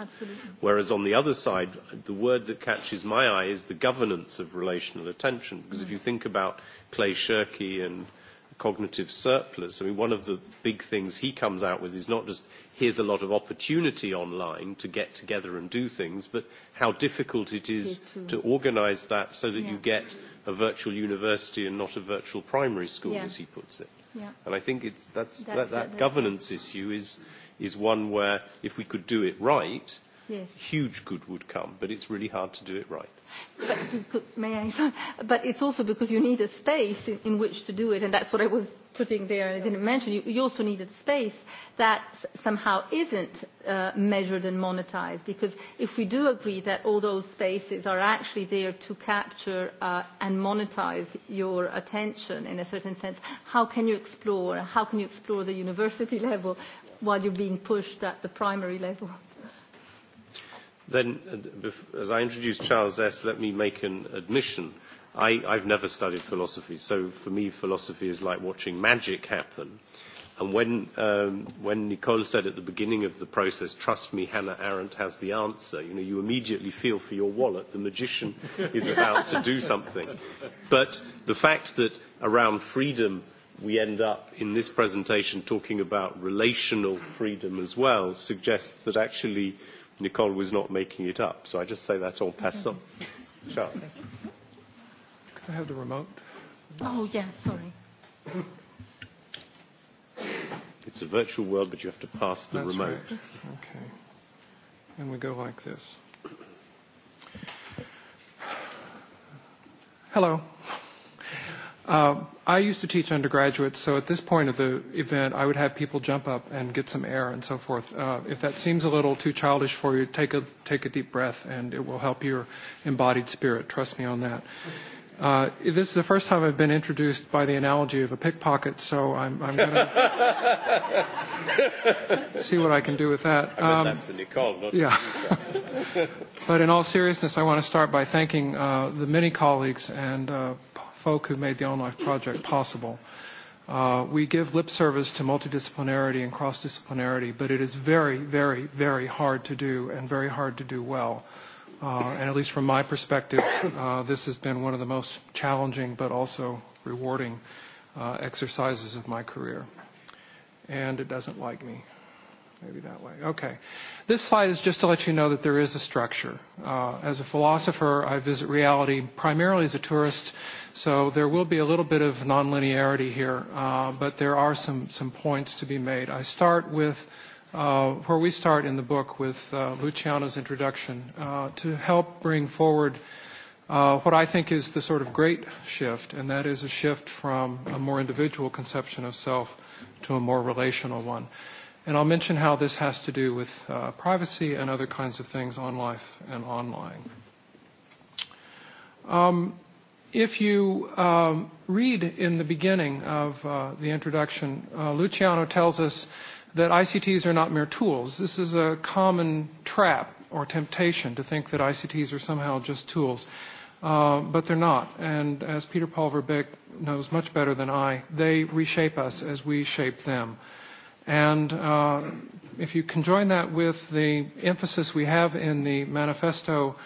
Whereas on the other side, the word that catches my eye is the governance of relational attention, because if you think about Clay Shirky and cognitive surplus. I mean, one of the big things he comes out with is not just here's a lot of opportunity online to get together and do things, but how difficult it is to organize that so that you get a virtual university and not a virtual primary school, as he puts it. And I think it's, that's, that, that governance issue is, is one where if we could do it right, huge good would come, but it's really hard to do it right. May I? But it's also because you need a space in which to do it, and that's what I was putting there and I didn't mention. You also need a space that somehow isn't measured and monetized, because if we do agree that all those spaces are actually there to capture and monetize your attention in a certain sense, how can you explore? How can you explore the university level while you're being pushed at the primary level? Then, as I introduce Charles S., let me make an admission. I, I've never studied philosophy, so for me, philosophy is like watching magic happen. And when, um, when Nicole said at the beginning of the process, trust me, Hannah Arendt has the answer, you know, you immediately feel for your wallet. The magician is about to do something. But the fact that around freedom, we end up in this presentation talking about relational freedom as well suggests that actually Nicole was not making it up, so I just say that on passant. Charles. Could I have the remote? Oh, yeah, sorry. It's a virtual world, but you have to pass the That's remote. Right. Okay. And we go like this. Hello. I used to teach undergraduates, so at this point of the event, I would have people jump up and get some air and so forth. If that seems a little too childish for you, take a take a deep breath, and it will help your embodied spirit. Trust me on that. This is the first time I've been introduced by the analogy of a pickpocket, so I'm I'm going to see what I can do with that. Yeah. But in all seriousness, I want to start by thanking the many colleagues and folk who made the Own Life Project possible. We give lip service to multidisciplinarity and cross-disciplinarity, but it is very, very, very hard to do and very hard to do well. And at least from my perspective, this has been one of the most challenging but also rewarding exercises of my career. And it doesn't like me maybe that way. Okay. This slide is just to let you know that there is a structure. As a philosopher, I visit reality primarily as a tourist, so there will be a little bit of nonlinearity here, but there are some some points to be made. I start with where we start in the book with Luciano's introduction to help bring forward what I think is the sort of great shift, and that is a shift from a more individual conception of self to a more relational one. And I'll mention how this has to do with privacy and other kinds of things on life and online. Um, if you um, read in the beginning of uh, the introduction, uh, Luciano tells us that ICTs are not mere tools. This is a common trap or temptation to think that ICTs are somehow just tools. Uh, but they're not. And as Peter Paul Verbeek knows much better than I, they reshape us as we shape them. And if you can join that with the emphasis we have in the manifesto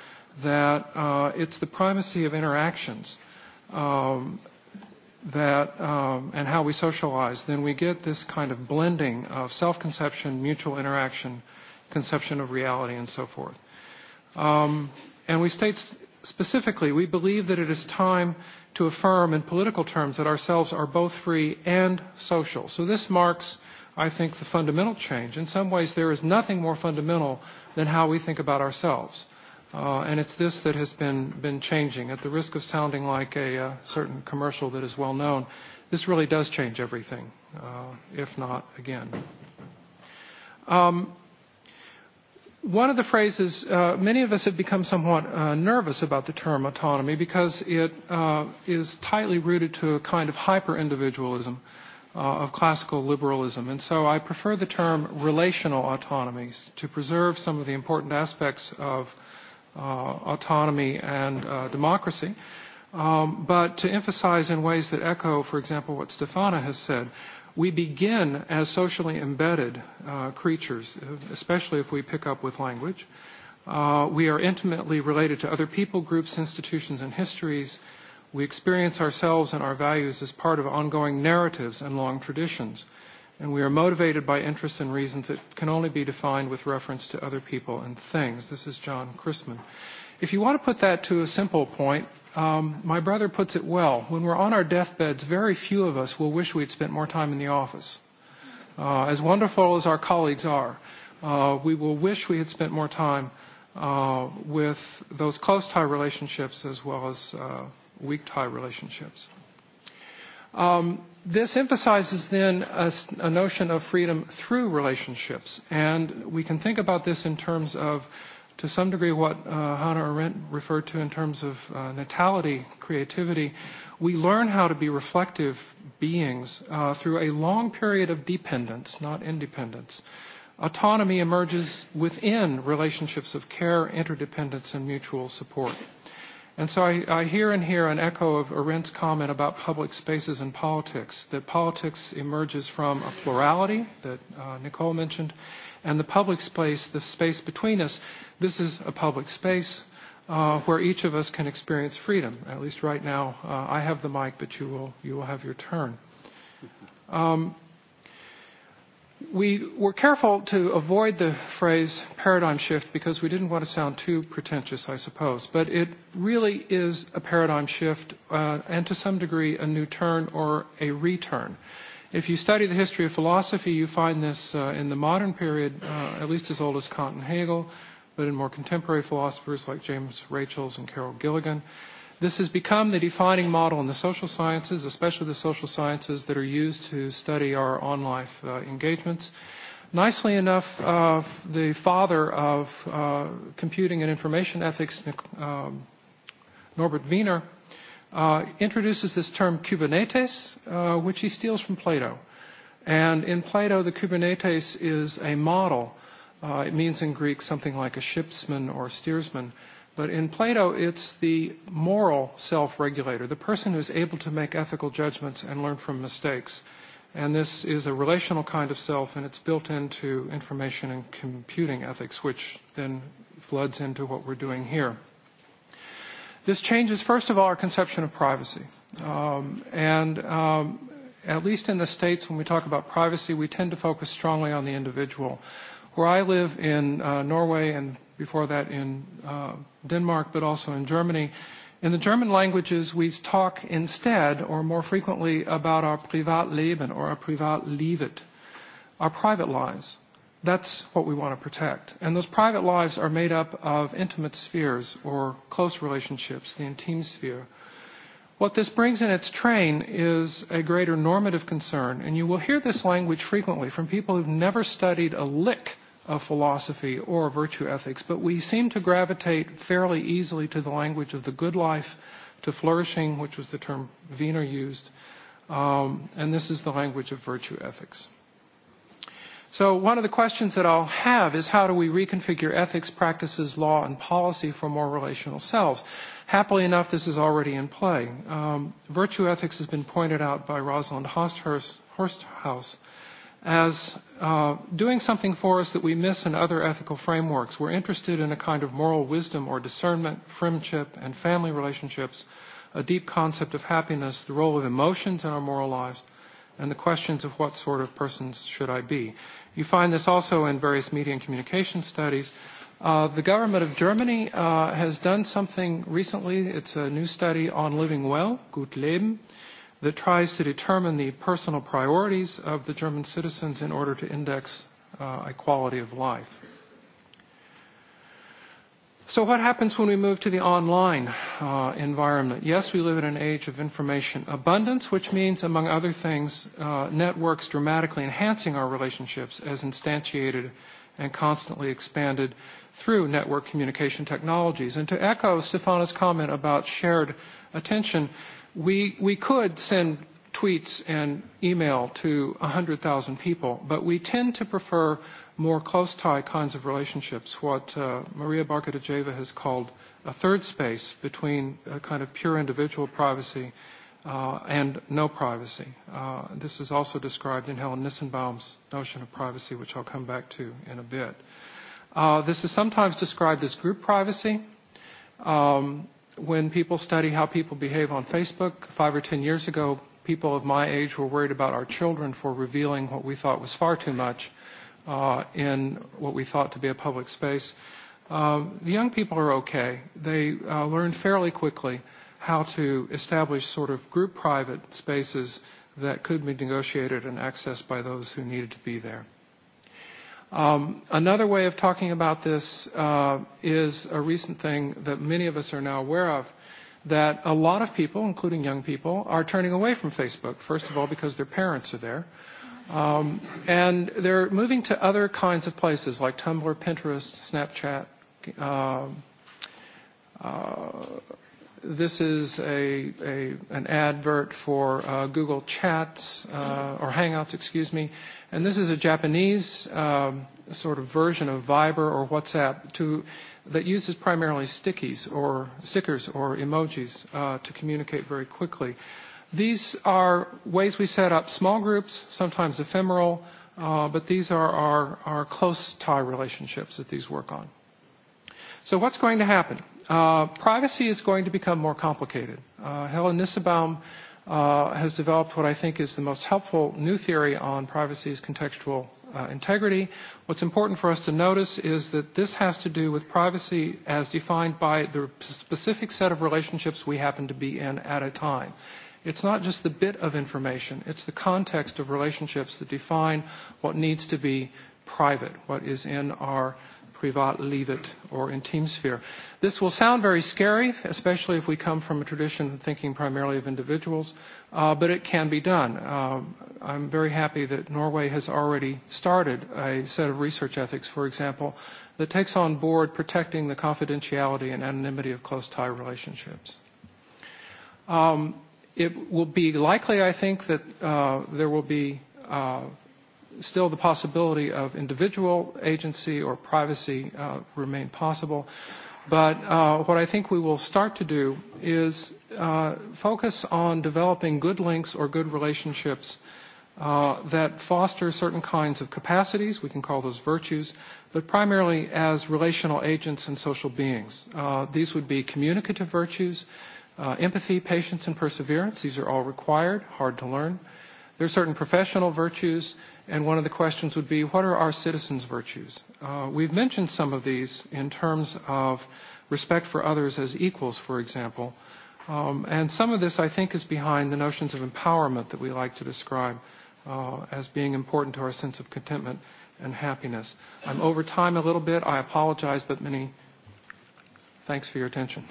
that it's the primacy of interactions um, that um, and how we socialize, then we get this kind of blending of self-conception, mutual interaction, conception of reality, and so forth. Um, and we state specifically, we believe that it is time to affirm in political terms that ourselves are both free and social. So this marks I think, the fundamental change. In some ways, there is nothing more fundamental than how we think about ourselves. And it's this that has been been changing. At the risk of sounding like a certain commercial that is well known, this really does change everything, if not again. One of the phrases, many of us have become somewhat nervous about the term autonomy because it is tightly rooted to a kind of hyper-individualism of classical liberalism. And so I prefer the term relational autonomies to preserve some of the important aspects of autonomy and democracy, but to emphasize in ways that echo, for example, what Stefana has said. We begin as socially embedded creatures, especially if we pick up with language. We are intimately related to other people, groups, institutions, and histories, We experience ourselves and our values as part of ongoing narratives and long traditions, and we are motivated by interests and reasons that can only be defined with reference to other people and things. This is John Chrisman. If you want to put that to a simple point, my brother puts it well. When we're on our deathbeds, very few of us will wish we'd spent more time in the office. As wonderful as our colleagues are, we will wish we had spent more time with those close-tie relationships as well as weak-tie relationships. This emphasizes then a notion of freedom through relationships, and we can think about this in terms of, to some degree, what Hannah Arendt referred to in terms of natality, creativity. We learn how to be reflective beings through a long period of dependence, not independence. Autonomy emerges within relationships of care, interdependence, and mutual support. And so I hear and hear an echo of Arendt's comment about public spaces and politics, that politics emerges from a plurality that Nicole mentioned, and the public space, the space between us, this is a public space where each of us can experience freedom. At least right now, I have the mic, but you will you will have your turn. Um We were careful to avoid the phrase paradigm shift because we didn't want to sound too pretentious, I suppose. But it really is a paradigm shift and to some degree a new turn or a return. If you study the history of philosophy, you find this in the modern period, at least as old as Kant and Hegel, but in more contemporary philosophers like James Rachels and Carol Gilligan. This has become the defining model in the social sciences, especially the social sciences that are used to study our on-life engagements. Nicely enough, the father of computing and information ethics, Norbert Wiener, introduces this term Kubernetes, which he steals from Plato. And in Plato, the Kubernetes is a model. It means in Greek something like a shipsman or steersman But in Plato, it's the moral self-regulator, the person who's able to make ethical judgments and learn from mistakes. And this is a relational kind of self, and it's built into information and computing ethics, which then floods into what we're doing here. This changes, first of all, our conception of privacy. And at least in the States, when we talk about privacy, we tend to focus strongly on the individual where I live in Norway and before that in Denmark, but also in Germany. In the German languages, we talk instead or more frequently about our Privatleben or our Privatlevet, our private lives. That's what we want to protect. And those private lives are made up of intimate spheres or close relationships, the intime sphere. What this brings in its train is a greater normative concern, and you will hear this language frequently from people who've never studied a lick of philosophy or virtue ethics, but we seem to gravitate fairly easily to the language of the good life, to flourishing, which was the term Wiener used, and this is the language of virtue ethics. So one of the questions that I'll have is how do we reconfigure ethics, practices, law, and policy for more relational selves? Happily enough, this is already in play. Virtue ethics has been pointed out by Rosalind Horsthaus as doing something for us that we miss in other ethical frameworks. We're interested in a kind of moral wisdom or discernment, friendship, and family relationships, a deep concept of happiness, the role of emotions in our moral lives, and the questions of what sort of persons should I be. You find this also in various media and communication studies. The government of Germany has done something recently. It's a new study on living well, Gut Leben, that tries to determine the personal priorities of the German citizens in order to index equality of life. So what happens when we move to the online environment? Yes, we live in an age of information abundance, which means, among other things, networks dramatically enhancing our relationships as instantiated and constantly expanded through network communication technologies. And to echo Stefana's comment about shared attention, We we could send tweets and email to 100,000 people, but we tend to prefer more close-tie kinds of relationships, what Maria Barkatajeva has called a third space between a kind of pure individual privacy and no privacy. This is also described in Helen Nissenbaum's notion of privacy, which I'll come back to in a bit. This is sometimes described as group privacy. Um when people study how people behave on Facebook, five or ten years ago, people of my age were worried about our children for revealing what we thought was far too much in what we thought to be a public space. The young people are okay. They learned fairly quickly how to establish sort of group private spaces that could be negotiated and accessed by those who needed to be there. Another way of talking about this is a recent thing that many of us are now aware of, that a lot of people, including young people, are turning away from Facebook, first of all because their parents are there. And they're moving to other kinds of places like Tumblr, Pinterest, Snapchat, This is an advert for Google Chats or Hangouts, excuse me, and this is a Japanese sort of version of Viber or WhatsApp to that uses primarily stickies or stickers or emojis to communicate very quickly. These are ways we set up small groups, sometimes ephemeral, but these are our close tie relationships that these work on. So what's going to happen? privacy is going to become more complicated. Helen Nissebaum has developed what I think is the most helpful new theory on privacy's contextual integrity. What's important for us to notice is that this has to do with privacy as defined by the specific set of relationships we happen to be in at a time. It's not just the bit of information, it's the context of relationships that define what needs to be private, what is in our Privatlivet or in team sphere. This will sound very scary, especially if we come from a tradition of thinking primarily of individuals, but it can be done. I'm very happy that Norway has already started a set of research ethics, for example, that takes on board protecting the confidentiality and anonymity of close tie relationships. It will be likely, I think, that there will be still the possibility of individual agency or privacy remain possible. But what I think we will start to do is focus on developing good links or good relationships that foster certain kinds of capacities, we can call those virtues, but primarily as relational agents and social beings. These would be communicative virtues, empathy, patience, and perseverance. These are all required, hard to learn. There are certain professional virtues, and one of the questions would be, what are our citizens' virtues? We've mentioned some of these in terms of respect for others as equals, for example. Um And some of this, I think, is behind the notions of empowerment that we like to describe as being important to our sense of contentment and happiness. I'm over time a little bit. I apologize, but many thanks for your attention.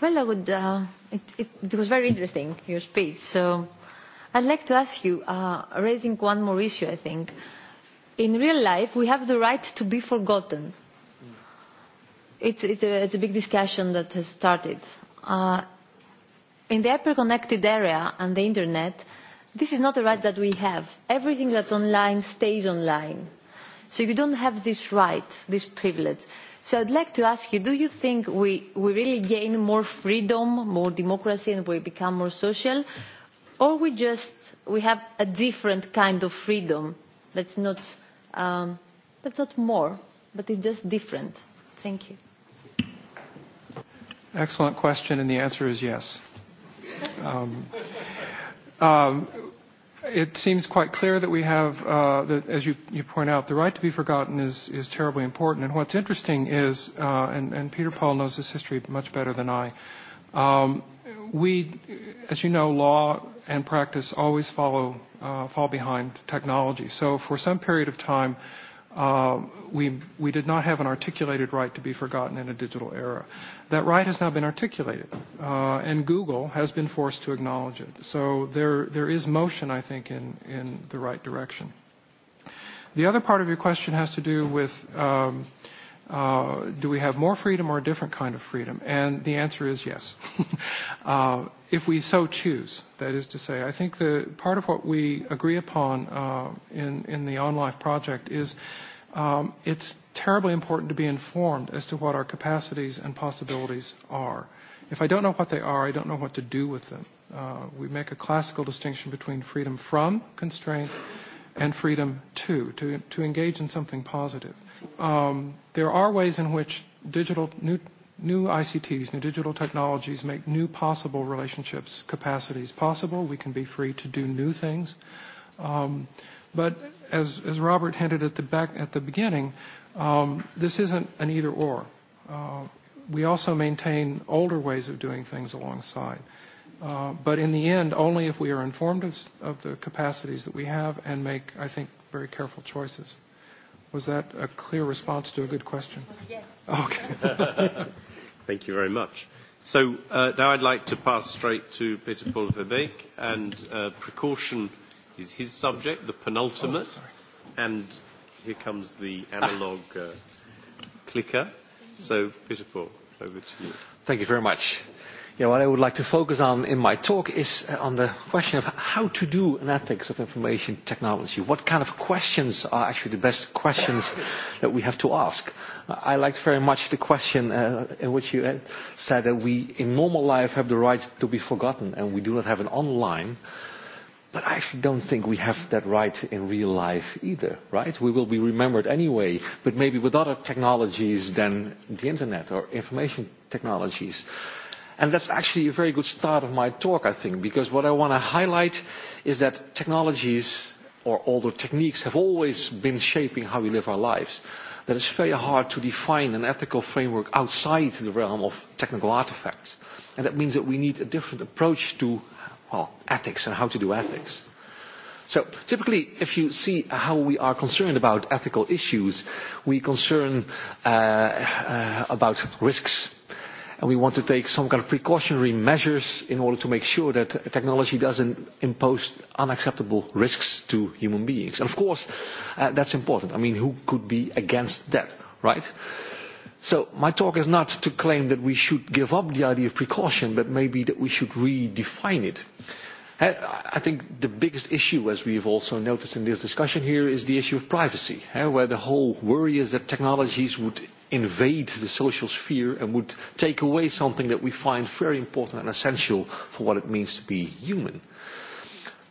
Well, I would. Uh, it, it, it was very interesting your speech. So, I'd like to ask you, uh, raising one more issue. I think, in real life, we have the right to be forgotten. It's it's a, it's a big discussion that has started. Uh, in the hyperconnected area and the internet, this is not a right that we have. Everything that's online stays online. So you don't have this right, this privilege. So I'd like to ask you, do you think we really gain more freedom, more democracy, and we become more social, or we just we have a different kind of freedom that's not that's not more, but it's just different? Thank you. Excellent question, and the answer is yes. Um it seems quite clear that we have, uh, that, as you, you point out, the right to be forgotten is, is terribly important. And what's interesting is, uh, and, and Peter Paul knows this history much better than I, um, we, as you know, law and practice always follow, uh, fall behind technology. So for some period of time, we we did not have an articulated right to be forgotten in a digital era. That right has now been articulated, uh and Google has been forced to acknowledge it. So there there is motion, I think, in in the right direction. The other part of your question has to do with um do we have more freedom or a different kind of freedom? And the answer is yes, if we so choose. That is to say, I think the part of what we agree upon in in the On Life project is it's terribly important to be informed as to what our capacities and possibilities are. If I don't know what they are, I don't know what to do with them. We make a classical distinction between freedom from constraint and freedom to, to engage in something positive there are ways in which digital new new ICTs, new digital technologies make new possible relationships, capacities possible. We can be free to do new things. Um, but as, as Robert hinted at the back at the beginning, um, this isn't an either or. Uh, we also maintain older ways of doing things alongside. Uh, but in the end, only if we are informed of, of the capacities that we have and make, I think, very careful choices. Was that a clear response to a good question? Yes. Okay. Thank you very much. So now I'd like to pass straight to Peter Paul Verbeek, and precaution is his subject, the penultimate, and here comes the analog clicker. So Peter Paul, over to you. Thank you very much. What I would like to focus on in my talk is on the question of how to do an ethics of information technology. What kind of questions are actually the best questions that we have to ask? I liked very much the question in which you said that we in normal life have the right to be forgotten and we do not have an online. But I actually don't think we have that right in real life either, right? We will be remembered anyway, but maybe with other technologies than the internet or information technologies. And that's actually a very good start of my talk, I think, because what I want to highlight is that technologies or older techniques have always been shaping how we live our lives. That it's very hard to define an ethical framework outside the realm of technical artifacts. And that means that we need a different approach to, well, ethics and how to do ethics. So typically, if you see how we are concerned about ethical issues, we concern about risks and we want to take some kind of precautionary measures in order to make sure that technology doesn't impose unacceptable risks to human beings. And of course, that's important. I mean, who could be against that, right? So my talk is not to claim that we should give up the idea of precaution, but maybe that we should redefine it. I think the biggest issue, as we have also noticed in this discussion here, is the issue of privacy, where the whole worry is that technologies would invade the social sphere and would take away something that we find very important and essential for what it means to be human.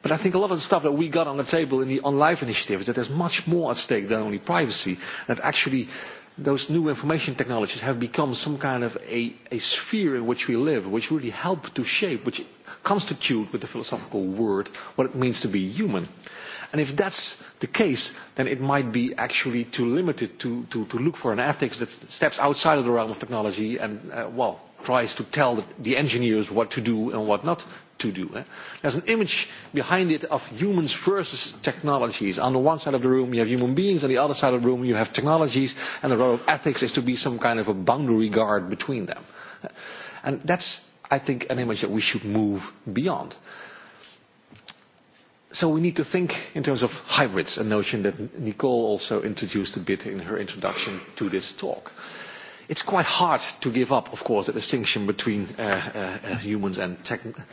But I think a lot of the stuff that we got on the table in the On Life initiative is that there's much more at stake than only privacy, that actually those new information technologies have become some kind of a, a sphere in which we live, which really help to shape, which constitute with the philosophical word what it means to be human. And if that's the case, then it might be actually too limited to, to, to look for an ethics that steps outside of the realm of technology and, well, tries to tell the engineers what to do and what not to do. There's an image behind it of humans versus technologies. On the one side of the room you have human beings, on the other side of the room you have technologies, and the role of ethics is to be some kind of a boundary guard between them. And that's, I think, an image that we should move beyond. So we need to think in terms of hybrids, a notion that Nicole also introduced a bit in her introduction to this talk. It's quite hard to give up, of course, the distinction between humans and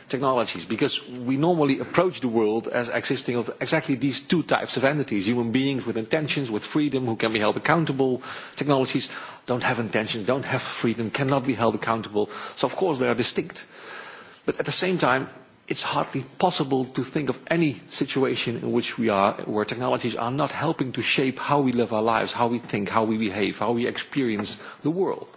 technologies, because we normally approach the world as existing of exactly these two types of entities: human beings with intentions, with freedom, who can be held accountable. Technologies don't have intentions, don't have freedom, cannot be held accountable. So, of course, they are distinct. But at the same time it's hardly possible to think of any situation in which we are, where technologies are not helping to shape how we live our lives, how we think, how we behave, how we experience the world.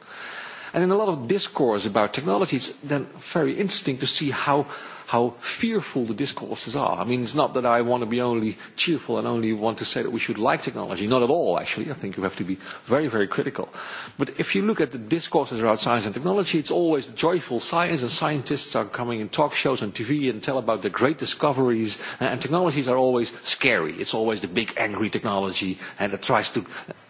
And in a lot of discourse about technology, it's then very interesting to see how how fearful the discourses are. I mean, it's not that I want to be only cheerful and only want to say that we should like technology. Not at all, actually. I think you have to be very, very critical. But if you look at the discourses around science and technology, it's always joyful science, and scientists are coming in talk shows on TV and tell about the great discoveries, and technologies are always scary. It's always the big, angry technology, and that tries to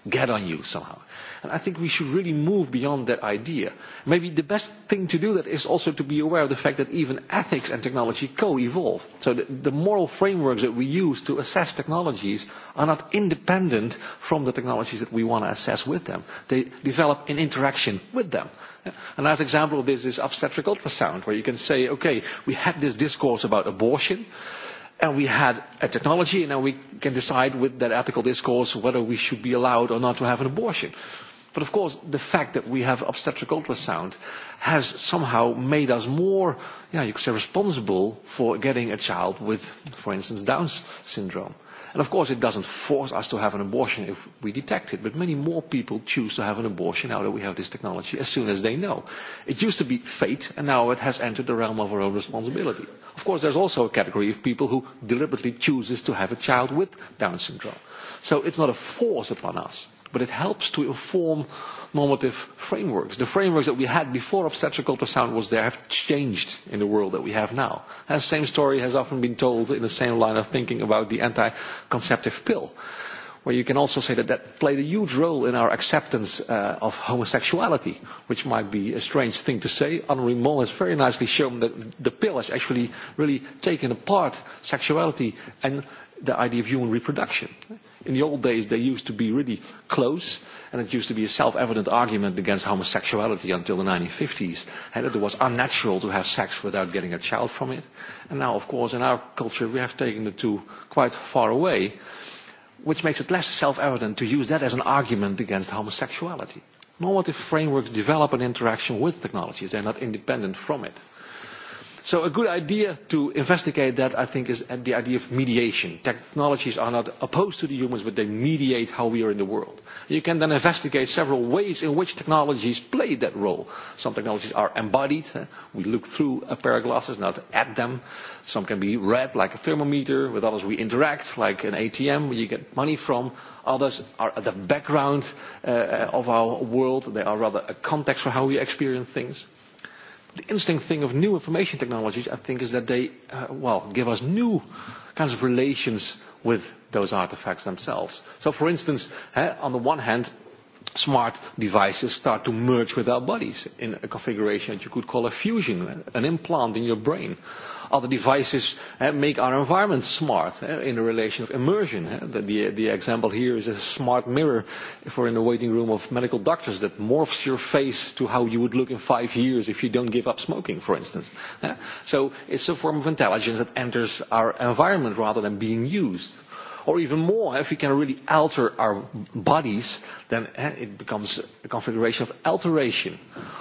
get on you somehow. And I think we should really move beyond that idea. Maybe the best thing to do that is also to be aware of the fact that even ethics and technology co-evolve. So the moral frameworks that we use to assess technologies are not independent from the technologies that we want to assess with them. They develop in interaction with them. A nice example of this is obstetric ultrasound, where you can say, okay, we had this discourse about abortion, and we had a technology, and now we can decide with that ethical discourse whether we should be allowed or not to have an abortion. But of course, the fact that we have obstetric ultrasound has somehow made us more, yeah, you could say, responsible for getting a child with, for instance, Down's syndrome. And of course, it doesn't force us to have an abortion if we detect it, but many more people choose to have an abortion now that we have this technology as soon as they know. It used to be fate, and now it has entered the realm of our own responsibility. Of course, there's also a category of people who deliberately chooses to have a child with Down syndrome. So it's not a force upon us but it helps to inform normative frameworks. The frameworks that we had before obstetric ultrasound was there have changed in the world that we have now. The same story has often been told in the same line of thinking about the anti-conceptive pill, where you can also say that that played a huge role in our acceptance of homosexuality, which might be a strange thing to say. Henri Moll has very nicely shown that the pill has actually really taken apart sexuality and the idea of human reproduction. In the old days, they used to be really close, and it used to be a self-evident argument against homosexuality until the 1950s, and that it was unnatural to have sex without getting a child from it. And now, of course, in our culture, we have taken the two quite far away, which makes it less self-evident to use that as an argument against homosexuality. Normative frameworks develop an interaction with technologies. are not independent from it. So a good idea to investigate that, I think, is the idea of mediation. Technologies are not opposed to the humans, but they mediate how we are in the world. You can then investigate several ways in which technologies play that role. Some technologies are embodied. We look through a pair of glasses, not at them. Some can be read, like a thermometer. With others, we interact, like an ATM, where you get money from. Others are at the background of our world. They are rather a context for how we experience things the interesting thing of new information technologies, I think, is that they, well, give us new kinds of relations with those artifacts themselves. So, for instance, on the one hand, smart devices start to merge with our bodies in a configuration that you could call a fusion, an implant in your brain other devices make our environment smart in the relation of immersion. The example here is a smart mirror for in the waiting room of medical doctors that morphs your face to how you would look in five years if you don't give up smoking, for instance. So it's a form of intelligence that enters our environment rather than being used or even more if we can really alter our bodies then it becomes a configuration of alteration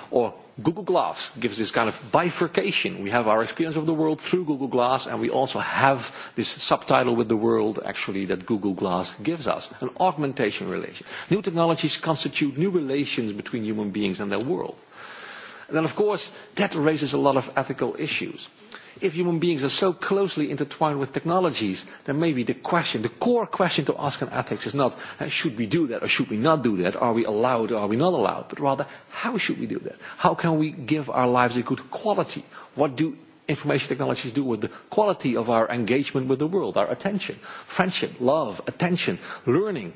or Google Glass gives this kind of bifurcation. We have our experience of the world through Google Glass and we also have this subtitle with the world actually that Google Glass gives us, an augmentation relation. New technologies constitute new relations between human beings and their world. And then of course that raises a lot of ethical issues if human beings are so closely intertwined with technologies, then maybe the question, the core question to ask in ethics is not, should we do that or should we not do that? Are we allowed or are we not allowed? But rather, how should we do that? How can we give our lives a good quality? What do information technologies do with the quality of our engagement with the world, our attention, friendship, love, attention, learning?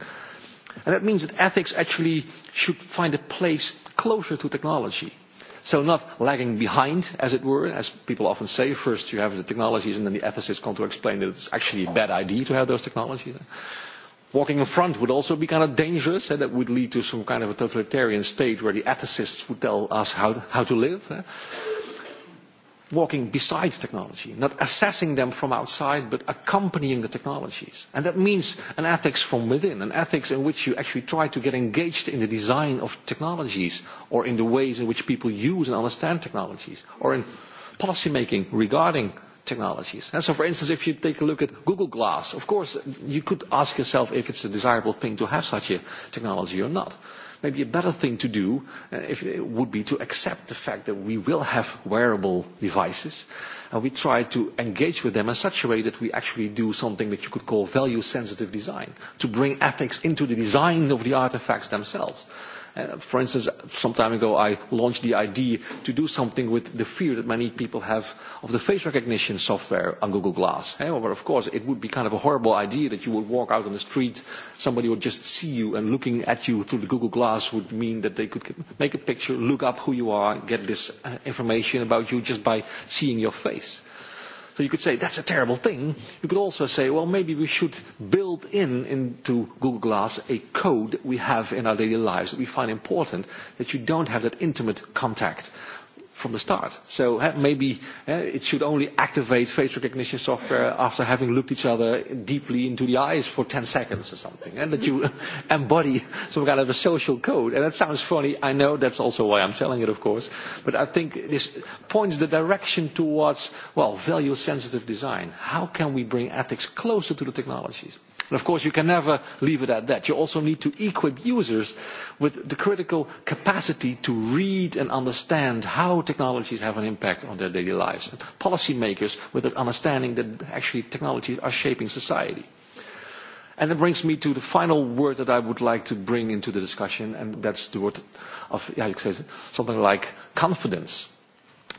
And that means that ethics actually should find a place closer to technology So not lagging behind, as it were, as people often say. First you have the technologies and then the ethicists come to explain that it's actually a bad idea to have those technologies. Walking in front would also be kind of dangerous, and that would lead to some kind of a totalitarian state where the ethicists would tell us how to live walking besides technology, not assessing them from outside, but accompanying the technologies. And that means an ethics from within, an ethics in which you actually try to get engaged in the design of technologies, or in the ways in which people use and understand technologies, or in policy making regarding technologies. And so, for instance, if you take a look at Google Glass, of course, you could ask yourself if it's a desirable thing to have such a technology or not maybe a better thing to do if would be to accept the fact that we will have wearable devices and we try to engage with them in such a way that we actually do something that you could call value sensitive design to bring ethics into the design of the artifacts themselves For instance, some time ago I launched the idea to do something with the fear that many people have of the face recognition software on Google Glass. However, of course, it would be kind of a horrible idea that you would walk out on the street, somebody would just see you and looking at you through the Google Glass would mean that they could make a picture, look up who you are, get this information about you just by seeing your face. So you could say that's a terrible thing. You could also say, well, maybe we should build in into Google Glass a code we have in our daily lives that we find important, that you don't have that intimate contact from the start. So maybe it should only activate face recognition software after having looked each other deeply into the eyes for 10 seconds or something, and that you embody some kind of a social code. And that sounds funny. I know that's also why I'm telling it, of course. But I think this points the direction towards, well, value-sensitive design. How can we bring ethics closer to the technologies? And of course you can never leave it at that. You also need to equip users with the critical capacity to read and understand how technologies have an impact on their daily lives. And policymakers with an understanding that actually technologies are shaping society. And that brings me to the final word that I would like to bring into the discussion, and that's the word of, yeah, you say something like confidence.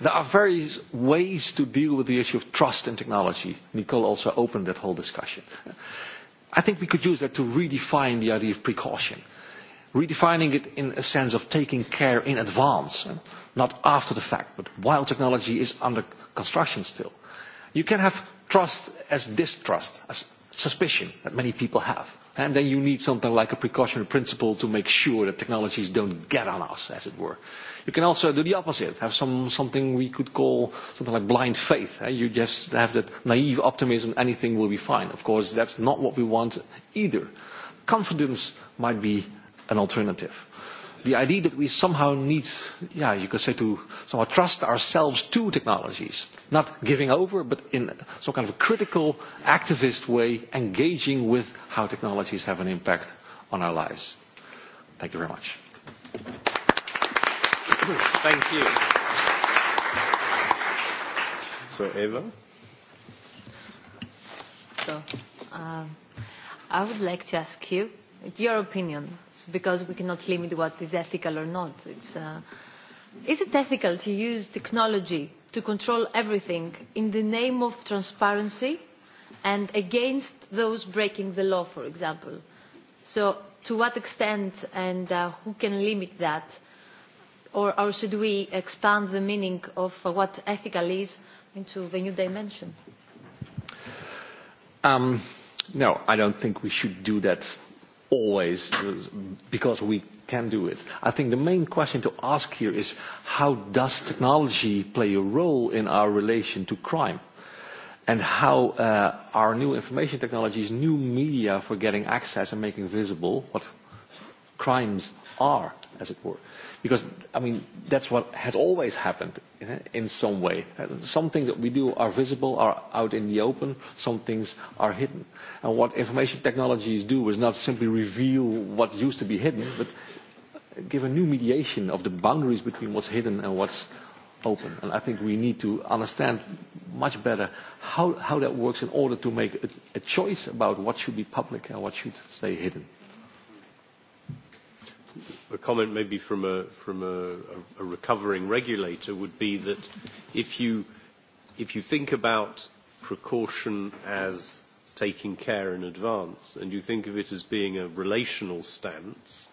There are various ways to deal with the issue of trust in technology. Nicole also opened that whole discussion. I think we could use that to redefine the idea of precaution, redefining it in a sense of taking care in advance, not after the fact, but while technology is under construction still. You can have trust as distrust, as suspicion that many people have. And then you need something like a precautionary principle to make sure that technologies don't get on us, as it were. You can also do the opposite, have some something we could call something like blind faith. You just have that naive optimism, anything will be fine. Of course, that's not what we want either. Confidence might be an alternative the idea that we somehow need, yeah, you could say, to somehow trust ourselves to technologies, not giving over, but in some kind of a critical, activist way, engaging with how technologies have an impact on our lives. Thank you very much. Thank you. So, Eva? So, I would like to ask you, It's your opinion, because we cannot limit what is ethical or not. Is it ethical to use technology to control everything in the name of transparency and against those breaking the law, for example? So, to what extent and who can limit that, or should we expand the meaning of what ethical is into the new dimension? No, I don't think we should do that always because we can do it. I think the main question to ask here is how does technology play a role in our relation to crime? And how our new information technologies, new media for getting access and making visible what crimes are, as it were. Because, I mean, that's what has always happened in some way. Some things that we do are visible, are out in the open. Some things are hidden. And what information technologies do is not simply reveal what used to be hidden, but give a new mediation of the boundaries between what's hidden and what's open. And I think we need to understand much better how, how that works in order to make a, a choice about what should be public and what should stay hidden a comment maybe from a from a, a recovering regulator would be that if you if you think about precaution as taking care in advance and you think of it as being a relational stance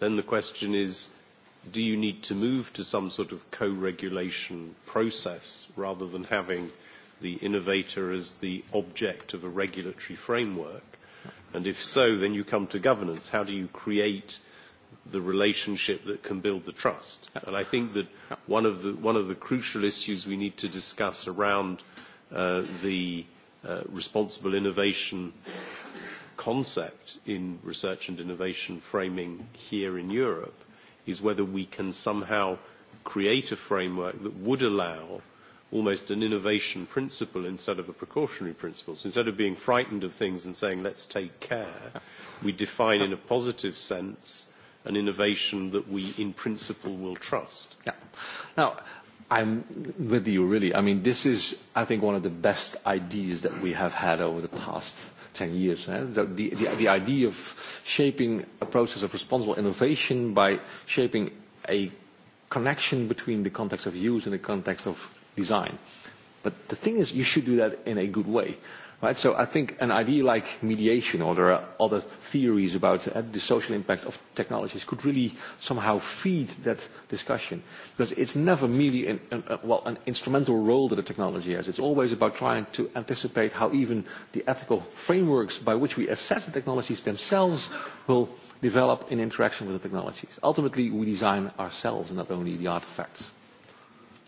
then the question is do you need to move to some sort of co-regulation process rather than having the innovator as the object of a regulatory framework and if so then you come to governance how do you create the relationship that can build the trust. And I think that one of the one of the crucial issues we need to discuss around the responsible innovation concept in research and innovation framing here in Europe is whether we can somehow create a framework that would allow almost an innovation principle instead of a precautionary principle. So instead of being frightened of things and saying let's take care, we define in a positive sense an innovation that we in principle will trust. Now, I'm with you really. I mean, this is, I think, one of the best ideas that we have had over the past 10 years. The The idea of shaping a process of responsible innovation by shaping a connection between the context of use and the context of design. But the thing is, you should do that in a good way. Right? So I think an idea like mediation, or there are other theories about the social impact of technologies, could really somehow feed that discussion, because it's never merely an, well an instrumental role that a technology has. It's always about trying to anticipate how even the ethical frameworks by which we assess the technologies themselves will develop in interaction with the technologies. Ultimately, we design ourselves, and not only the artifacts.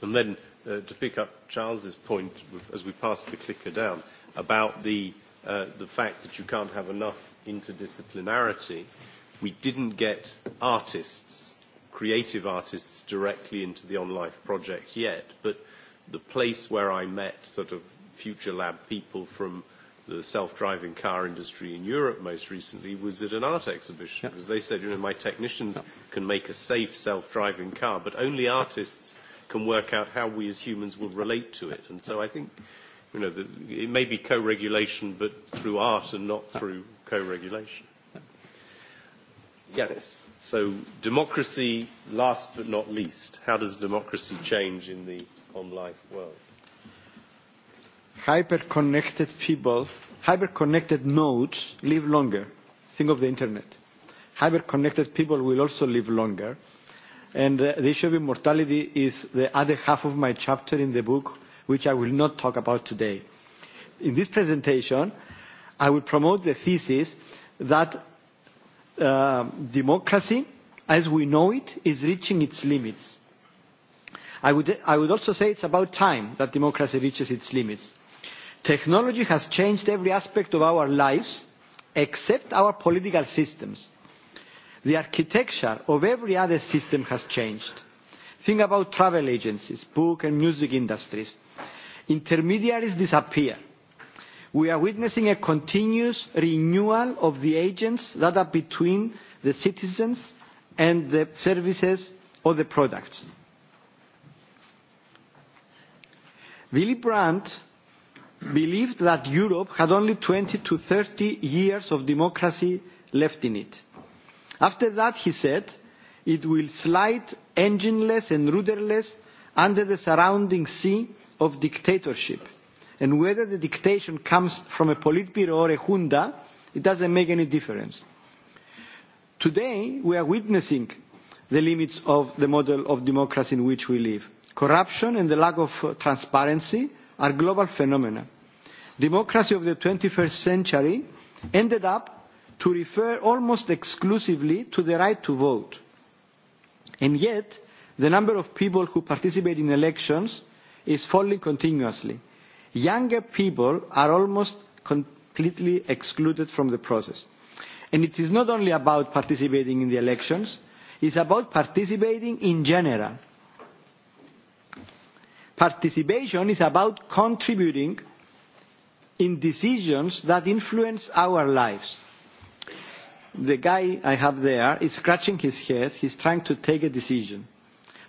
And then, to pick up Charles's point, as we pass the clicker down about the the fact that you can't have enough interdisciplinarity, we didn't get artists, creative artists, directly into the On Life project yet. But the place where I met sort of Future Lab people from the self-driving car industry in Europe most recently was at an art exhibition because they said, you know, my technicians can make a safe self-driving car, but only artists can work out how we as humans will relate to it. And so I think you know, it may be co-regulation, but through art and not through co-regulation. Yes. so democracy, last but not least, how does democracy change in the online world? Hyper-connected people, hyper-connected nodes live longer. Think of the internet. Hyper-connected people will also live longer. And the issue of immortality is the other half of my chapter in the book which I will not talk about today. In this presentation, I will promote the thesis that democracy, as we know it, is reaching its limits. I would also say it's about time that democracy reaches its limits. Technology has changed every aspect of our lives except our political systems. The architecture of every other system has changed. Think about travel agencies, book and music industries, intermediaries disappear. We are witnessing a continuous renewal of the agents that are between the citizens and the services or the products. Willy Brandt believed that Europe had only 20 to 30 years of democracy left in it. After that, he said, it will slide engineless and rudderless under the surrounding sea of dictatorship. And whether the dictation comes from a Politburo or a junta, it doesn't make any difference. Today, we are witnessing the limits of the model of democracy in which we live. Corruption and the lack of transparency are global phenomena. Democracy of the 21st century ended up to refer almost exclusively to the right to vote. And yet, the number of people who participate in elections is falling continuously. Younger people are almost completely excluded from the process. And it is not only about participating in the elections, it is about participating in general. Participation is about contributing in decisions that influence our lives. The guy I have there is scratching his head, he's trying to take a decision.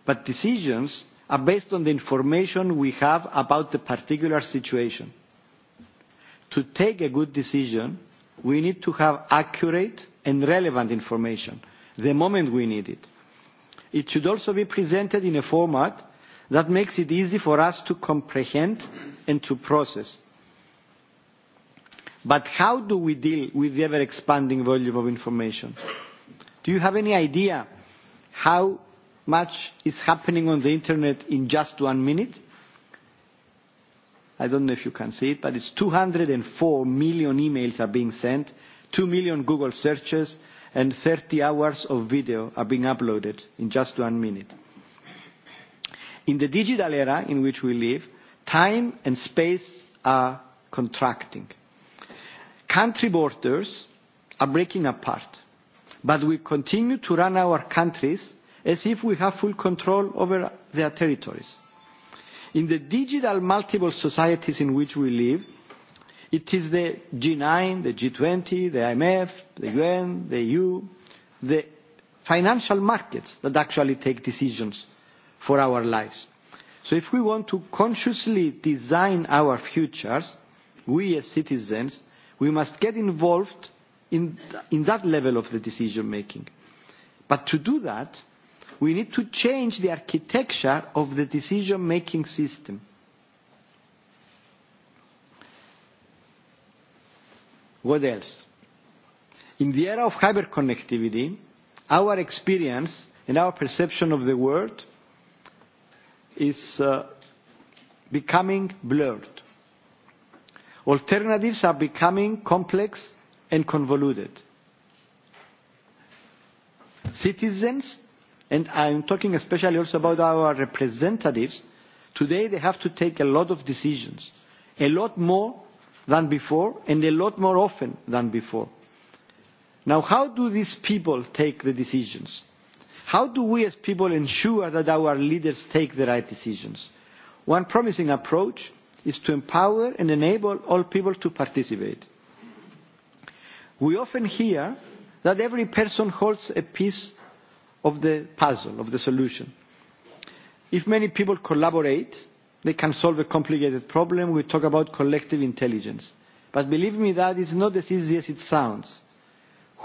But decisions based on the information we have about the particular situation. To take a good decision, we need to have accurate and relevant information the moment we need it. It should also be presented in a format that makes it easy for us to comprehend and to process. But how do we deal with the ever-expanding volume of information? Do you have any idea how much is happening on the internet in just one minute. I don't know if you can see it, but it's 204 million emails are being sent, 2 million Google searches, and 30 hours of video are being uploaded in just one minute. In the digital era in which we live, time and space are contracting. Country borders are breaking apart, but we continue to run our countries as if we have full control over their territories. In the digital multiple societies in which we live, it is the G9, the G20, the IMF, the UN, the EU, the financial markets that actually take decisions for our lives. So if we want to consciously design our futures, we as citizens, we must get involved in that level of the decision making. But to do that, we need to change the architecture of the decision making system what else in the era of hyperconnectivity our experience and our perception of the world is becoming blurred alternatives are becoming complex and convoluted citizens and I am talking especially also about our representatives, today they have to take a lot of decisions, a lot more than before and a lot more often than before. Now how do these people take the decisions? How do we as people ensure that our leaders take the right decisions? One promising approach is to empower and enable all people to participate. We often hear that every person holds a piece of the puzzle, of the solution. If many people collaborate, they can solve a complicated problem. We talk about collective intelligence. But believe me that is not as easy as it sounds.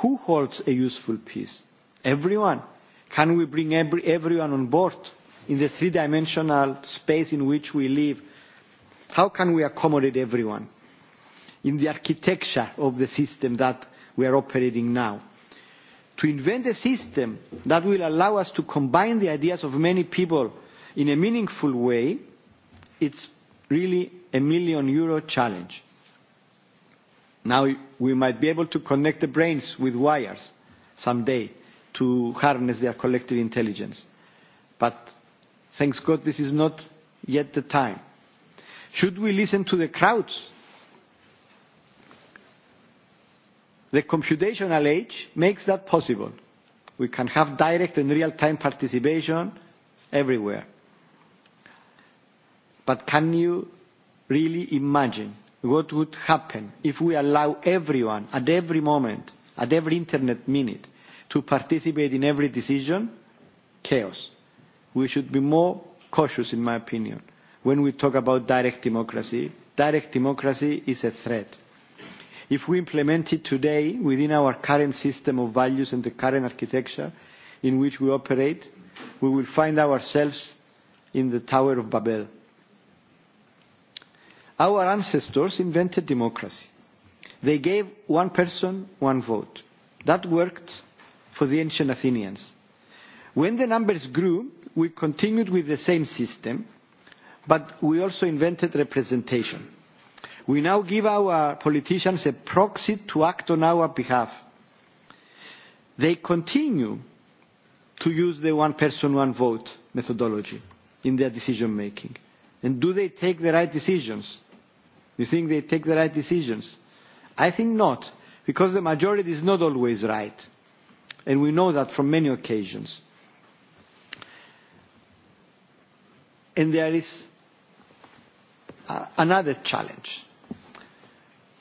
Who holds a useful piece? Everyone. Can we bring everyone on board in the three-dimensional space in which we live? How can we accommodate everyone in the architecture of the system that we are operating now? to invent a system that will allow us to combine the ideas of many people in a meaningful way, it's really a million euro challenge. Now we might be able to connect the brains with wires someday to harness their collective intelligence. But thanks God this is not yet the time. Should we listen to the crowds The computational age makes that possible. We can have direct and real-time participation everywhere. But can you really imagine what would happen if we allow everyone at every moment, at every internet minute, to participate in every decision? Chaos. We should be more cautious, in my opinion, when we talk about direct democracy. Direct democracy is a threat If we implement it today within our current system of values and the current architecture in which we operate, we will find ourselves in the Tower of Babel. Our ancestors invented democracy. They gave one person one vote. That worked for the ancient Athenians. When the numbers grew, we continued with the same system, but we also invented representation. We now give our politicians a proxy to act on our behalf. They continue to use the one person, one vote methodology in their decision making. And do they take the right decisions? You think they take the right decisions? I think not, because the majority is not always right. And we know that from many occasions. And there is another challenge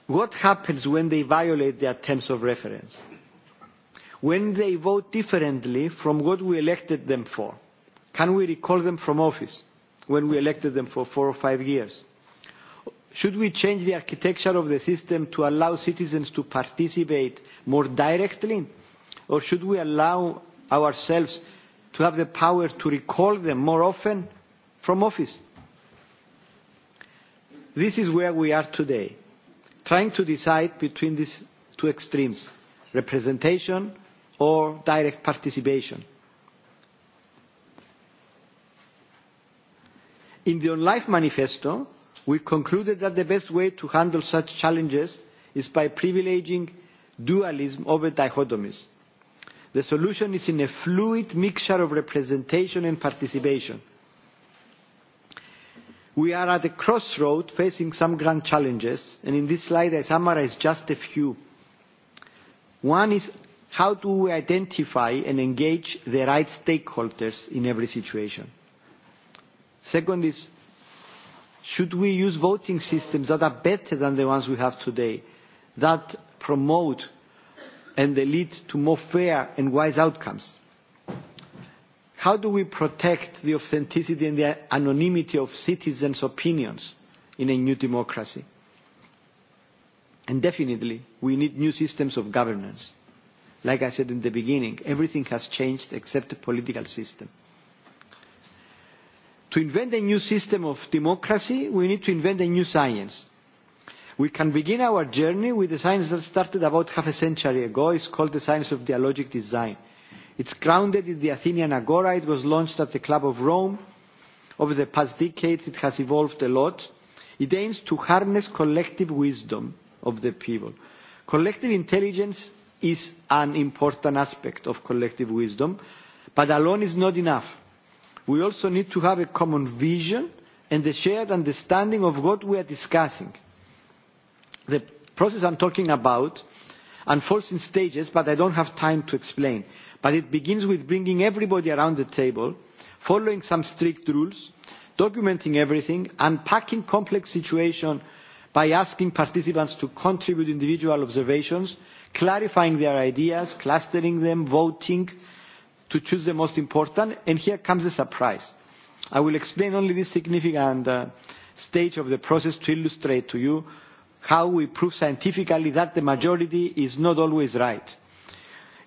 what happens when they violate their terms of reference, when they vote differently from what we elected them for. Can we recall them from office when we elected them for four or five years? Should we change the architecture of the system to allow citizens to participate more directly? Or should we allow ourselves to have the power to recall them more often from office? This is where we are today trying to decide between these two extremes, representation or direct participation. In the On Life manifesto, we concluded that the best way to handle such challenges is by privileging dualism over dichotomies. The solution is in a fluid mixture of representation and participation we are at a crossroad facing some grand challenges and in this slide i summarize just a few. one is how do we identify and engage the right stakeholders in every situation. second is should we use voting systems that are better than the ones we have today that promote and lead to more fair and wise outcomes. How do we protect the authenticity and the anonymity of citizens' opinions in a new democracy? And definitely, we need new systems of governance. Like I said in the beginning, everything has changed except the political system. To invent a new system of democracy, we need to invent a new science. We can begin our journey with the science that started about half a century ago. It's called the science of dialogic design. It's grounded in the Athenian Agora. It was launched at the Club of Rome. Over the past decades, it has evolved a lot. It aims to harness collective wisdom of the people. Collective intelligence is an important aspect of collective wisdom, but alone is not enough. We also need to have a common vision and a shared understanding of what we are discussing. The process I'm talking about unfolds in stages but I don't have time to explain. But it begins with bringing everybody around the table, following some strict rules, documenting everything, unpacking complex situations by asking participants to contribute individual observations, clarifying their ideas, clustering them, voting to choose the most important. And here comes a surprise. I will explain only this significant stage of the process to illustrate to you how we prove scientifically that the majority is not always right.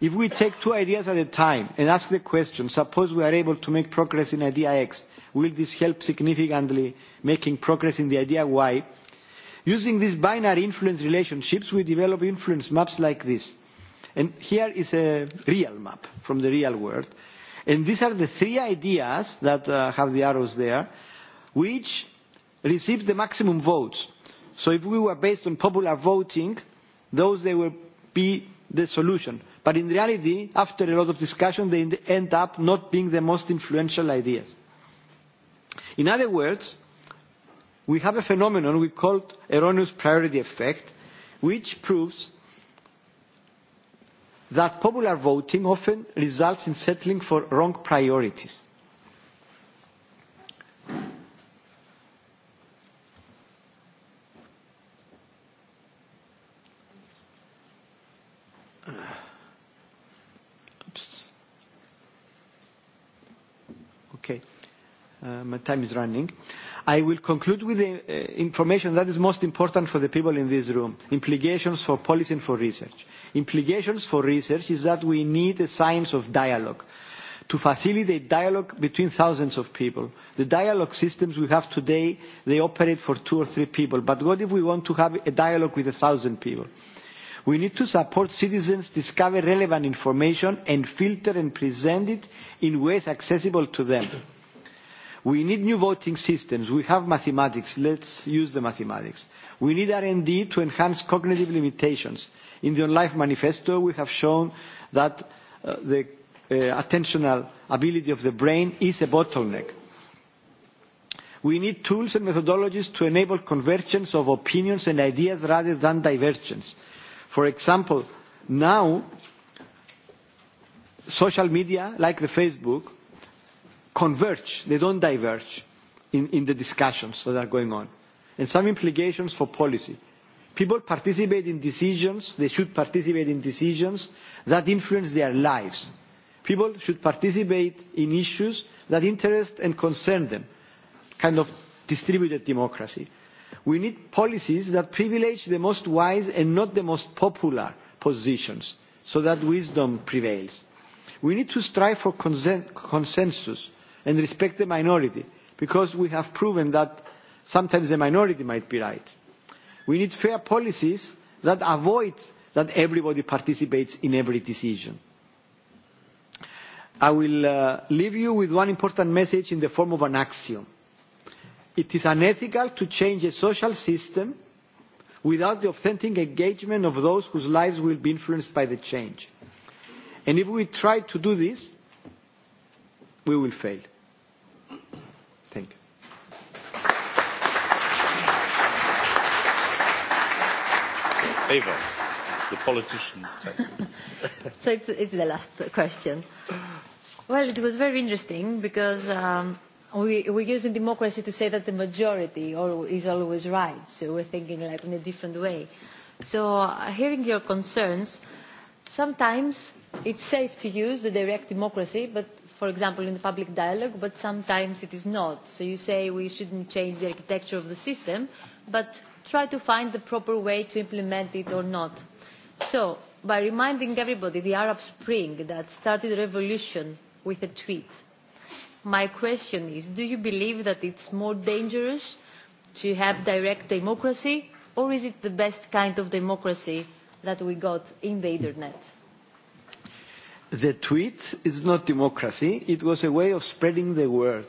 If we take two ideas at a time and ask the question, suppose we are able to make progress in idea X, will this help significantly making progress in the idea Y? Using these binary influence relationships, we develop influence maps like this. And here is a real map from the real world. And these are the three ideas that have the arrows there, which receive the maximum votes. So if we were based on popular voting, those they will be the solution. But in reality, after a lot of discussion, they end up not being the most influential ideas. In other words, we have a phenomenon we call erroneous priority effect, which proves that popular voting often results in settling for wrong priorities. my time is running. I will conclude with the information that is most important for the people in this room, implications for policy and for research. Implications for research is that we need a science of dialogue to facilitate dialogue between thousands of people. The dialogue systems we have today, they operate for two or three people, but what if we want to have a dialogue with a thousand people? We need to support citizens discover relevant information and filter and present it in ways accessible to them. We need new voting systems. We have mathematics. Let's use the mathematics. We need R&D to enhance cognitive limitations. In the Life Manifesto, we have shown that the attentional ability of the brain is a bottleneck. We need tools and methodologies to enable convergence of opinions and ideas rather than divergence. For example, now social media like the Facebook converge, they don't diverge in the discussions that are going on. And some implications for policy. People participate in decisions, they should participate in decisions that influence their lives. People should participate in issues that interest and concern them. Kind of distributed democracy. We need policies that privilege the most wise and not the most popular positions so that wisdom prevails. We need to strive for consensus and respect the minority, because we have proven that sometimes the minority might be right. We need fair policies that avoid that everybody participates in every decision. I will leave you with one important message in the form of an axiom. It is unethical to change a social system without the authentic engagement of those whose lives will be influenced by the change. And if we try to do this, we will fail. Thank you. Eva, the politicians. so it's, it's the last question. Well, it was very interesting because um, we, we use democracy to say that the majority is always right. So we're thinking like in a different way. So hearing your concerns, sometimes it's safe to use the direct democracy, but for example, in the public dialogue, but sometimes it is not. So you say we shouldn't change the architecture of the system, but try to find the proper way to implement it or not. So by reminding everybody the Arab Spring that started a revolution with a tweet, my question is, do you believe that it's more dangerous to have direct democracy or is it the best kind of democracy that we got in the Internet? the tweet is not democracy. It was a way of spreading the word.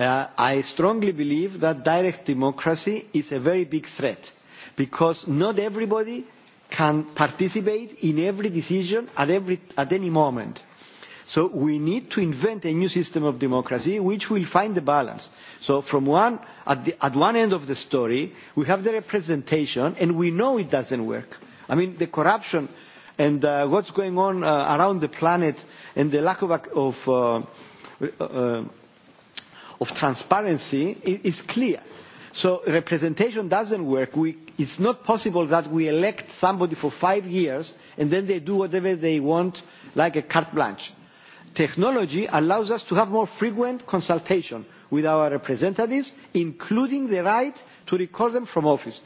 I strongly believe that direct democracy is a very big threat because not everybody can participate in every decision at every at any moment. So we need to invent a new system of democracy which will find the balance. So from one at the at one end of the story we have the representation and we know it doesn't work. I mean the corruption and what's going on around the planet and the lack of transparency is clear. So representation doesn't work. It's not possible that we elect somebody for five years and then they do whatever they want like a carte blanche. Technology allows us to have more frequent consultation with our representatives, including the right to recall them from office.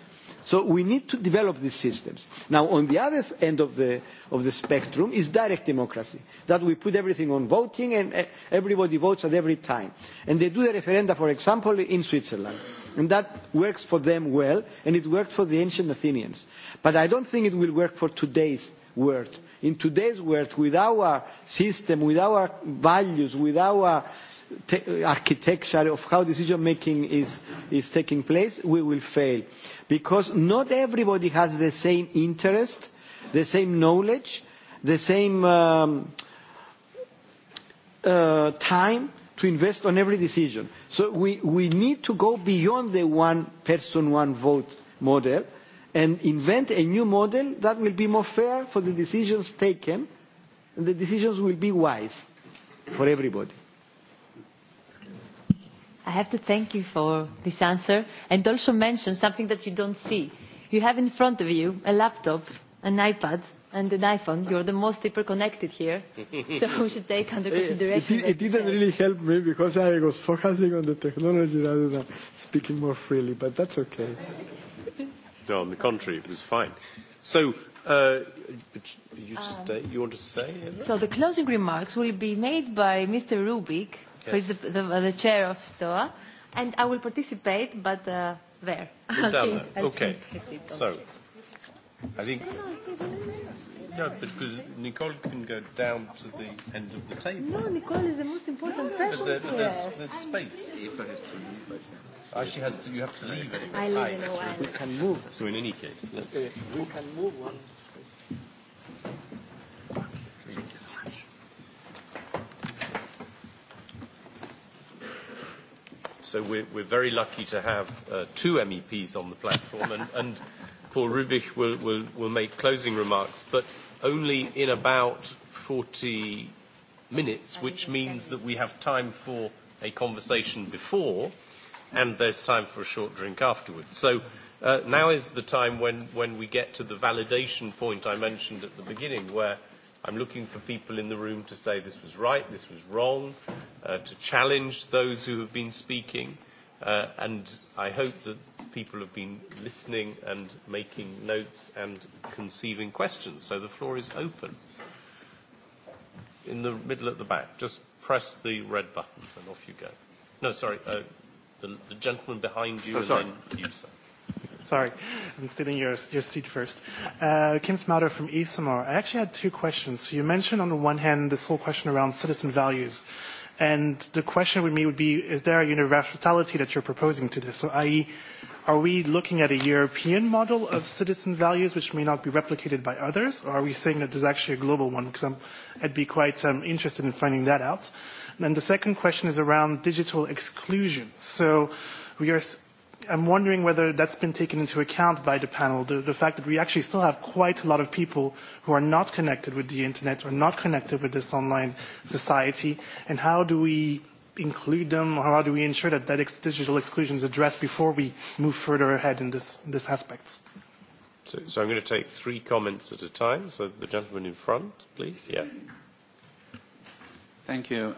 So we need to develop these systems. Now, on the other end of the of the spectrum is direct democracy, that we put everything on voting and everybody votes at every time. And they do the referenda, for example, in Switzerland, and that works for them well, and it worked for the ancient Athenians. But I don't think it will work for today's world. In today's world, with our system, with our values, with our architecture of how decision making is is taking place we will fail because not everybody has the same interest the same knowledge the same time to invest on every decision so we we need to go beyond the one person one vote model and invent a new model that will be more fair for the decisions taken and the decisions will be wise for everybody I have to thank you for this answer and also mention something that you don't see. You have in front of you a laptop, an iPad and an iPhone. You're the most hyper-connected here, so we should take under consideration. It didn't really help me because I was focusing on the technology rather than speaking more freely, but that's okay. No, on the contrary, it was fine. So you want to stay? So the closing remarks will be made by Mr. Rubik who is the chair of STOA, and I will participate, but there. I'll change. Okay. So, I think. No, because Nicole can go down to the end of the table. No, Nicole is the most important person there, here. There's, space. she has to. You have to leave. I live in a while. We can move. So in any case, let's. We can move one. So we're very lucky to have two MEPs on the platform, and Paul Rubich will make closing remarks, but only in about 40 minutes, which means that we have time for a conversation before, and there's time for a short drink afterwards. So now is the time when we get to the validation point I mentioned at the beginning, where I'm looking for people in the room to say this was right, this was wrong, to challenge those who have been speaking. And I hope that people have been listening and making notes and conceiving questions. So the floor is open. In the middle at the back, just press the red button and off you go. No, sorry, the gentleman behind you and then you, sir. Sorry, I'm stealing your, your seat first. Uh, Kim Smatter from ESMR. I actually had two questions. So you mentioned on the one hand this whole question around citizen values. And the question with me would be, is there a universality that you're proposing to this? So, i.e., are we looking at a European model of citizen values which may not be replicated by others? Or are we saying that there's actually a global one? Because I'd be quite interested in finding that out. And then the second question is around digital exclusion. So we are I'm wondering whether that's been taken into account by the panel, the fact that we actually still have quite a lot of people who are not connected with the Internet or not connected with this online society, and how do we include them, or how do we ensure that that digital exclusion is addressed before we move further ahead in this aspect? So I'm going to take three comments at a time. So the gentleman in front, please. Yeah. Thank you.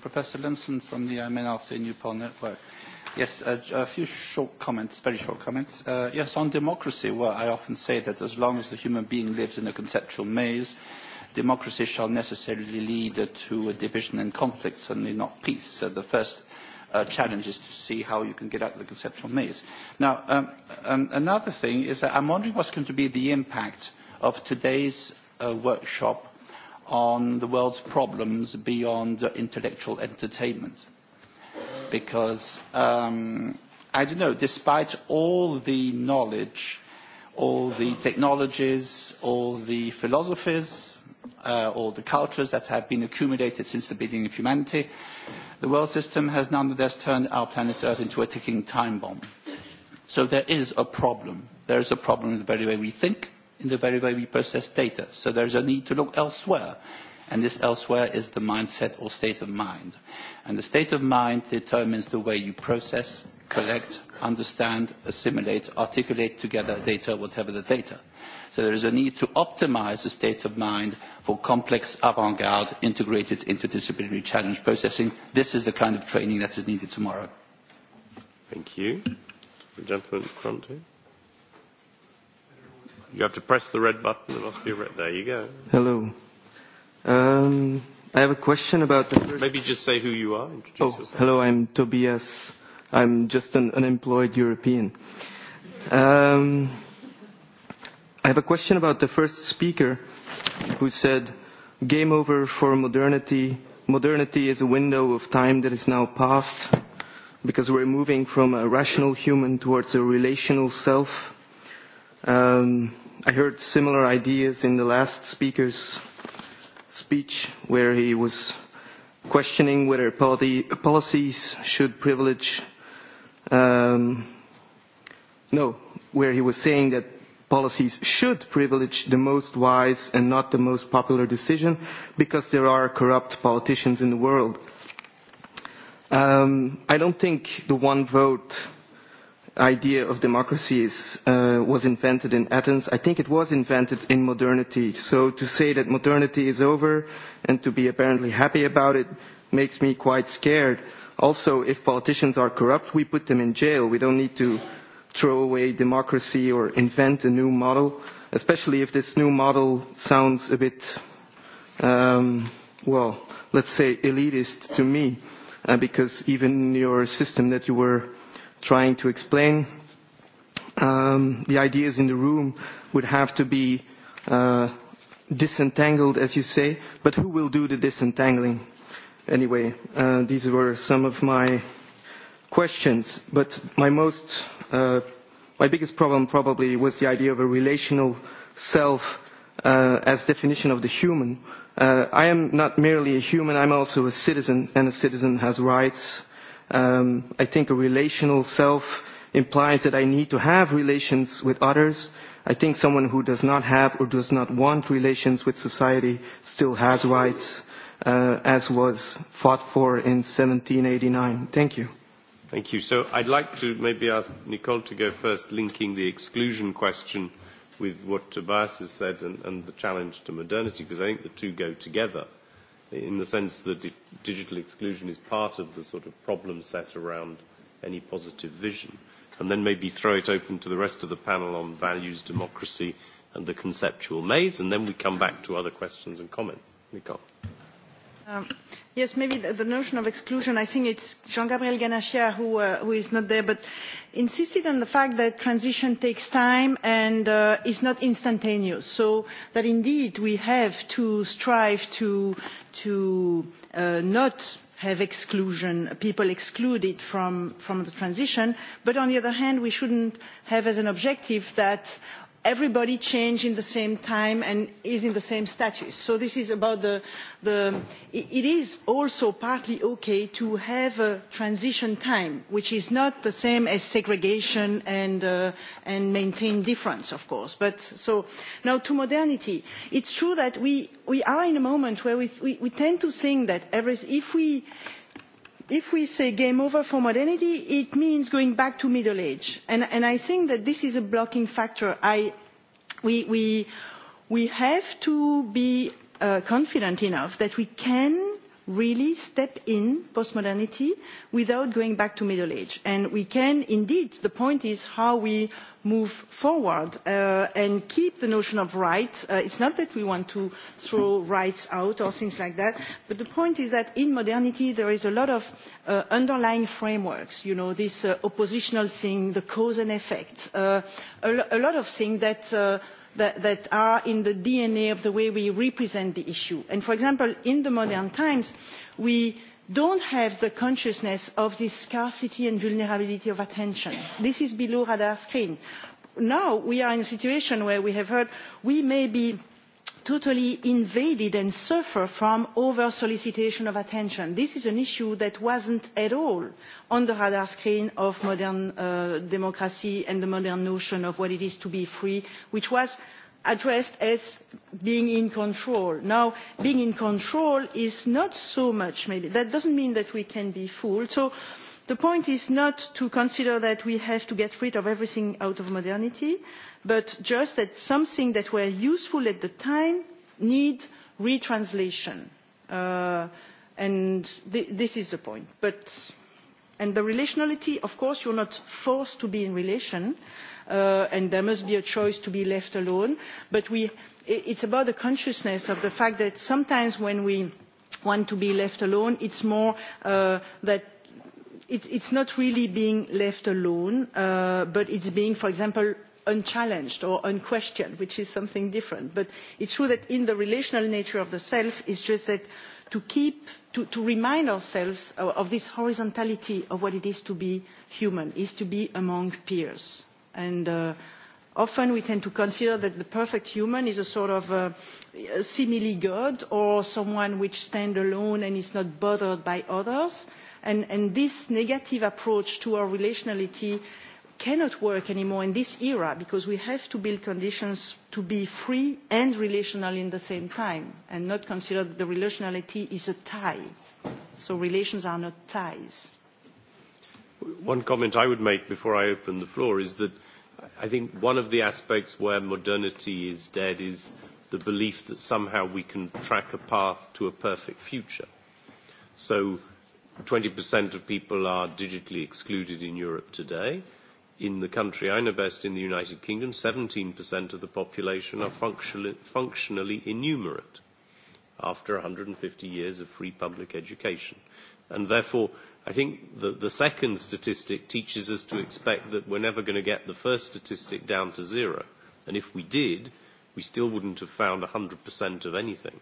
Professor Linson from the MNRC New Poll Network. Yes, a few short comments, very short comments. Yes, on democracy, well, I often say that as long as the human being lives in a conceptual maze, democracy shall necessarily lead to a division and conflict, certainly not peace. So the first challenge is to see how you can get out of the conceptual maze. Now, another thing is that I'm wondering what's going to be the impact of today's workshop on the world's problems beyond intellectual entertainment because um, I don't know, despite all the knowledge, all the technologies, all the philosophies, all the cultures that have been accumulated since the beginning of humanity, the world system has nonetheless turned our planet Earth into a ticking time bomb. So there is a problem. There is a problem in the very way we think, in the very way we process data. So there is a need to look elsewhere and this elsewhere is the mindset or state of mind. And the state of mind determines the way you process, collect, understand, assimilate, articulate together data, whatever the data. So there is a need to optimize the state of mind for complex, avant-garde, integrated, interdisciplinary challenge processing. This is the kind of training that is needed tomorrow. Thank you. The gentleman in front here. You have to press the red button. There must be a red. There you go. Hello. Um, I have a question about the first... Maybe just say who you are. Introduce yourself. hello, I'm Tobias. I'm just an unemployed European. Um, I have a question about the first speaker who said, game over for modernity. Modernity is a window of time that is now past because we're moving from a rational human towards a relational self. Um, I heard similar ideas in the last speaker's speech where he was questioning whether policies should privilege no where he was saying that policies should privilege the most wise and not the most popular decision because there are corrupt politicians in the world i don't think the one vote idea of democracy was invented in Athens. I think it was invented in modernity. So to say that modernity is over and to be apparently happy about it makes me quite scared. Also, if politicians are corrupt, we put them in jail. We don't need to throw away democracy or invent a new model, especially if this new model sounds a bit, well, let's say elitist to me, because even your system that you were trying to explain. The ideas in the room would have to be disentangled, as you say, but who will do the disentangling? Anyway, these were some of my questions, but my most, my biggest problem probably was the idea of a relational self as definition of the human. I am not merely a human, I'm also a citizen, and a citizen has rights I think a relational self implies that I need to have relations with others. I think someone who does not have or does not want relations with society still has rights, as was fought for in 1789. Thank you. Thank you. So I'd like to maybe ask Nicole to go first, linking the exclusion question with what Tobias has said and the challenge to modernity, because I think the two go together in the sense that digital exclusion is part of the sort of problem set around any positive vision, and then maybe throw it open to the rest of the panel on values, democracy, and the conceptual maze, and then we come back to other questions and comments. Nicole. Yes, maybe the notion of exclusion, I think it's Jean-Gabriel Ganachia who is not there, but insisted on the fact that transition takes time and is not instantaneous, so that indeed we have to strive to to not have exclusion people excluded from the transition but on the other hand we shouldn't have as an objective that everybody changes in the same time and is in the same status. so this is about the it is also partly okay to have a transition time which is not the same as segregation and maintain difference of course. but so now to modernity It's true that we we are in a moment where we tend to think that if we if we say game over for modernity it means going back to middle age and i think that this is a blocking factor. we have to be confident enough that we can really step in postmodernity without going back to middle age. And we can indeed, the point is how we move forward and keep the notion of right. It's not that we want to throw rights out or things like that, but the point is that in modernity there is a lot of underlying frameworks, you know, this oppositional thing, the cause and effect, a lot of things that that are in the DNA of the way we represent the issue. And for example, in the modern times, we don't have the consciousness of this scarcity and vulnerability of attention. This is below radar screen. Now we are in a situation where we have heard we may be totally invaded and suffer from over solicitation of attention. This is an issue that wasn't at all on the radar screen of modern democracy and the modern notion of what it is to be free, which was addressed as being in control. Now, being in control is not so much maybe. That doesn't mean that we can be fooled. So the point is not to consider that we have to get rid of everything out of modernity but just that something that were useful at the time need retranslation. And this is the point. But and the relationality, of course, you're not forced to be in relation, and there must be a choice to be left alone. But we, it's about the consciousness of the fact that sometimes when we want to be left alone, it's more that it's not really being left alone, but it's being, for example unchallenged or unquestioned, which is something different. But it's true that in the relational nature of the self, is just that to keep, to remind ourselves of this horizontality of what it is to be human, is to be among peers. And often we tend to consider that the perfect human is a sort of simile god or someone which stands alone and is not bothered by others. And this negative approach to our relationality cannot work anymore in this era because we have to build conditions to be free and relational at the same time and not consider that the relationality is a tie. So relations are not ties. One comment I would make before I open the floor is that I think one of the aspects where modernity is dead is the belief that somehow we can track a path to a perfect future. So 20% of people are digitally excluded in Europe today in the country I know best, in the United Kingdom, 17% of the population are functionally innumerate after 150 years of free public education. And therefore, I think that the second statistic teaches us to expect that we're never going to get the first statistic down to zero. And if we did, we still wouldn't have found 100% of anything.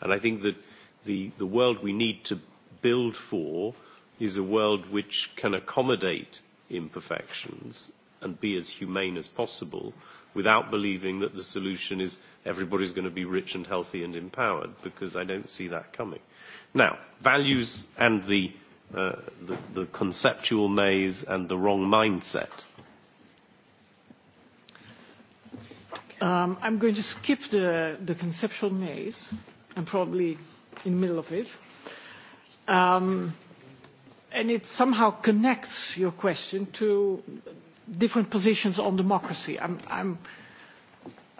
And I think that the, the world we need to build for is a world which can accommodate imperfections and be as humane as possible without believing that the solution is everybody's going to be rich and healthy and empowered because I don't see that coming. Now, values and the, the, conceptual maze and the wrong mindset. Um, I'm going to skip the, the conceptual maze. I'm probably in the middle of it. Um, and it somehow connects your question to different positions on democracy. I'm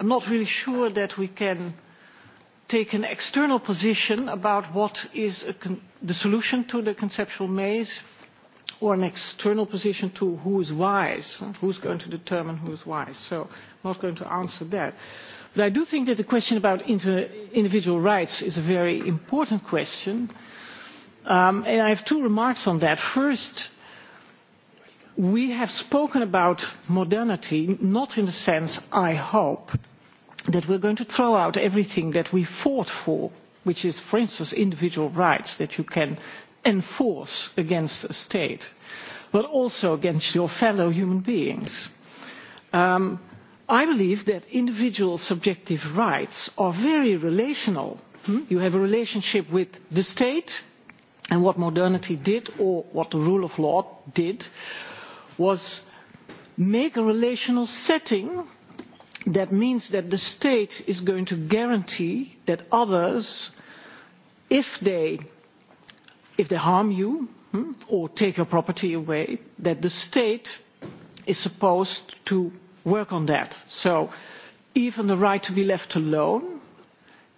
not really sure that we can take an external position about what is the solution to the conceptual maze or an external position to who is wise, who is going to determine who is wise. So I'm not going to answer that. But I do think that the question about individual rights is a very important question And I have two remarks on that. First, we have spoken about modernity, not in the sense, I hope, that we're going to throw out everything that we fought for, which is, for instance, individual rights that you can enforce against a state, but also against your fellow human beings. I believe that individual subjective rights are very relational. You have a relationship with the state And what modernity did, or what the rule of law did, was make a relational setting that means that the state is going to guarantee that others, if they harm you or take your property away, that the state is supposed to work on that. So even the right to be left alone,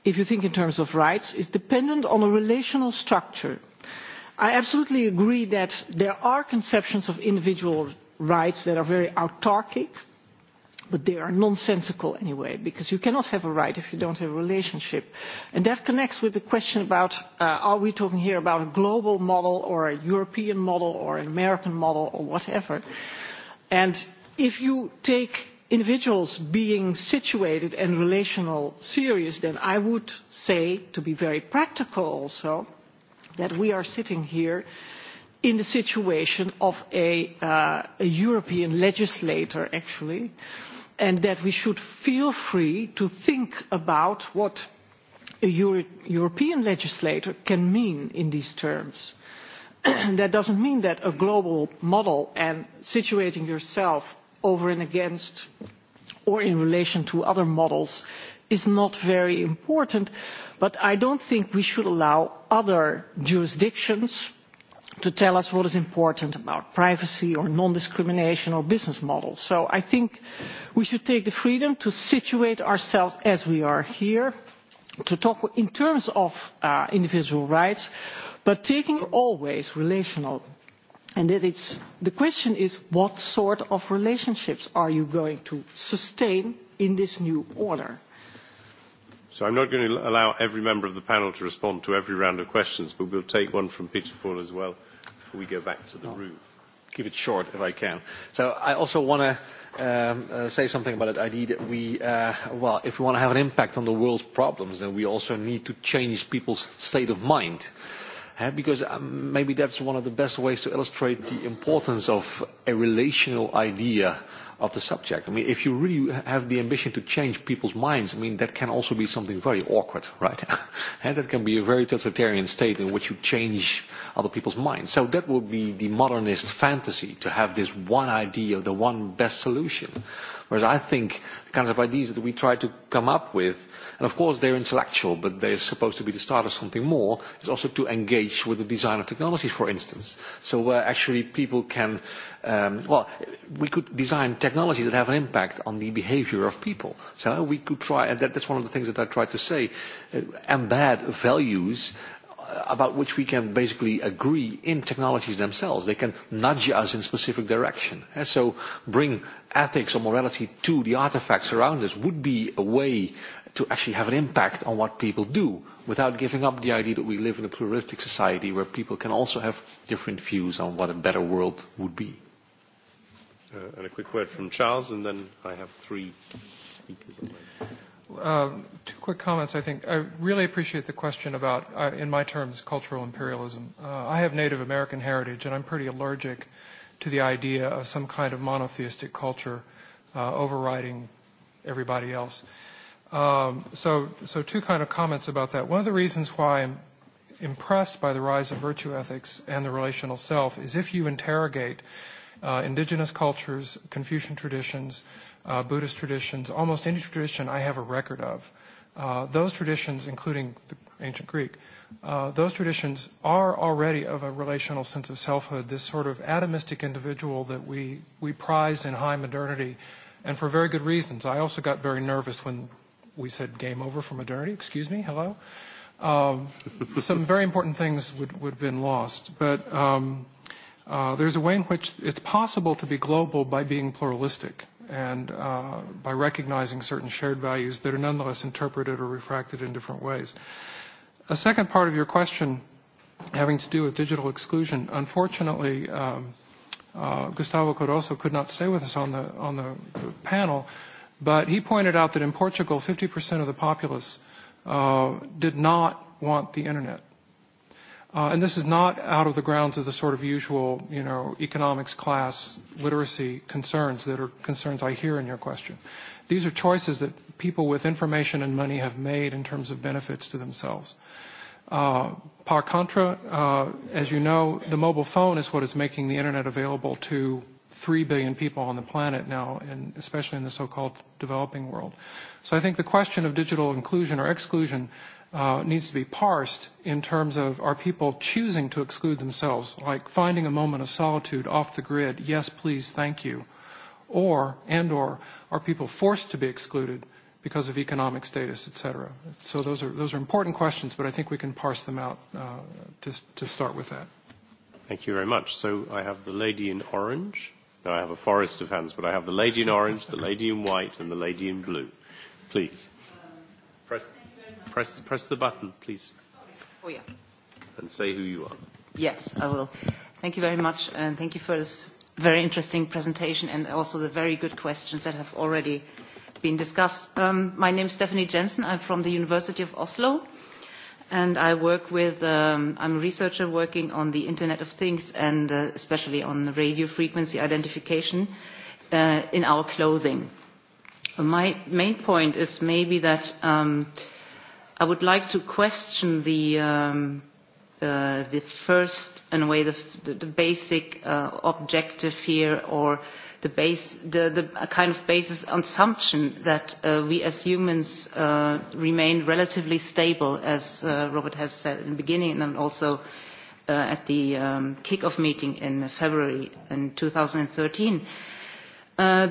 if you think in terms of rights, is dependent on a relational structure I absolutely agree that there are conceptions of individual rights that are very autarkic, but they are nonsensical anyway, because you cannot have a right if you don't have a relationship. And that connects with the question about are we talking here about a global model or a European model or an American model or whatever. And if you take individuals being situated and relational serious, then I would say, to be very practical also, that we are sitting here in the situation of a European legislator, actually, and that we should feel free to think about what a European legislator can mean in these terms. That doesn't mean that a global model and situating yourself over and against or in relation to other models is not very important, but I don't think we should allow other jurisdictions to tell us what is important about privacy or non-discrimination or business models. So I think we should take the freedom to situate ourselves as we are here, to talk in terms of individual rights, but taking always relational. And that it's, the question is what sort of relationships are you going to sustain in this new order? So I'm not going to allow every member of the panel to respond to every round of questions, but we'll take one from Peter Paul as well before we go back to the room. Keep it short if I can. So I also want to say something about the idea that we, well, if we want to have an impact on the world's problems, then we also need to change people's state of mind because maybe that's one of the best ways to illustrate the importance of a relational idea of the subject. I mean, if you really have the ambition to change people's minds, I mean, that can also be something very awkward, right? and that can be a very totalitarian state in which you change other people's minds. So that would be the modernist fantasy, to have this one idea, the one best solution. Whereas I think the kinds of ideas that we try to come up with And of course they're intellectual, but they're supposed to be the start of something more. It's also to engage with the design of technologies, for instance. So where actually people can, well, we could design technologies that have an impact on the behavior of people. So we could try, and that that's one of the things that I tried to say, embed values about which we can basically agree in technologies themselves. They can nudge us in specific direction. So bring ethics or morality to the artifacts around us would be a way to actually have an impact on what people do without giving up the idea that we live in a pluralistic society where people can also have different views on what a better world would be. And a quick word from Charles, and then I have three speakers. Two quick comments, I think. I really appreciate the question about, in my terms, cultural imperialism. I have Native American heritage, and I'm pretty allergic to the idea of some kind of monotheistic culture overriding everybody else. Um, so, so two kind of comments about that. One of the reasons why I'm impressed by the rise of virtue ethics and the relational self is if you interrogate uh, indigenous cultures, Confucian traditions, uh, Buddhist traditions, almost any tradition I have a record of, uh, those traditions, including the ancient Greek, uh, those traditions are already of a relational sense of selfhood, this sort of atomistic individual that we, we prize in high modernity, and for very good reasons. I also got very nervous when we said game over for modernity, excuse me, hello. Um, some very important things would, would have been lost. But um, uh, there's a way in which it's possible to be global by being pluralistic and uh, by recognizing certain shared values that are nonetheless interpreted or refracted in different ways. A second part of your question having to do with digital exclusion. Unfortunately, um, uh, Gustavo Codoso could not stay with us on the, on the panel, But he pointed out that in Portugal, 50% of the populace did not want the Internet. And this is not out of the grounds of the sort of usual, you know, economics class literacy concerns that are concerns I hear in your question. These are choices that people with information and money have made in terms of benefits to themselves. Par contra, as you know, the mobile phone is what is making the Internet available to 3 billion people on the planet now, and especially in the so-called developing world. So I think the question of digital inclusion or exclusion needs to be parsed in terms of are people choosing to exclude themselves, like finding a moment of solitude off the grid, yes, please, thank you, or and or are people forced to be excluded because of economic status, etc. So those are those are important questions, but I think we can parse them out to to start with that. Thank you very much. So I have the lady in orange. Now I have a forest of hands, but I have the lady in orange, the lady in white, and the lady in blue. Please. Press, press, press the button, please. Oh, yeah. And say who you are. Yes, I will. Thank you very much, and thank you for this very interesting presentation and also the very good questions that have already been discussed. Um, my name is Stephanie Jensen. I'm from the University of Oslo and I work with, I'm a researcher working on the Internet of Things and especially on radio frequency identification in our clothing. My main point is maybe that I would like to question the the first in a way the basic objective here or the base the kind of basis assumption that we as humans remain relatively stable as Robert has said in the beginning and also at the kick off meeting in February in 2013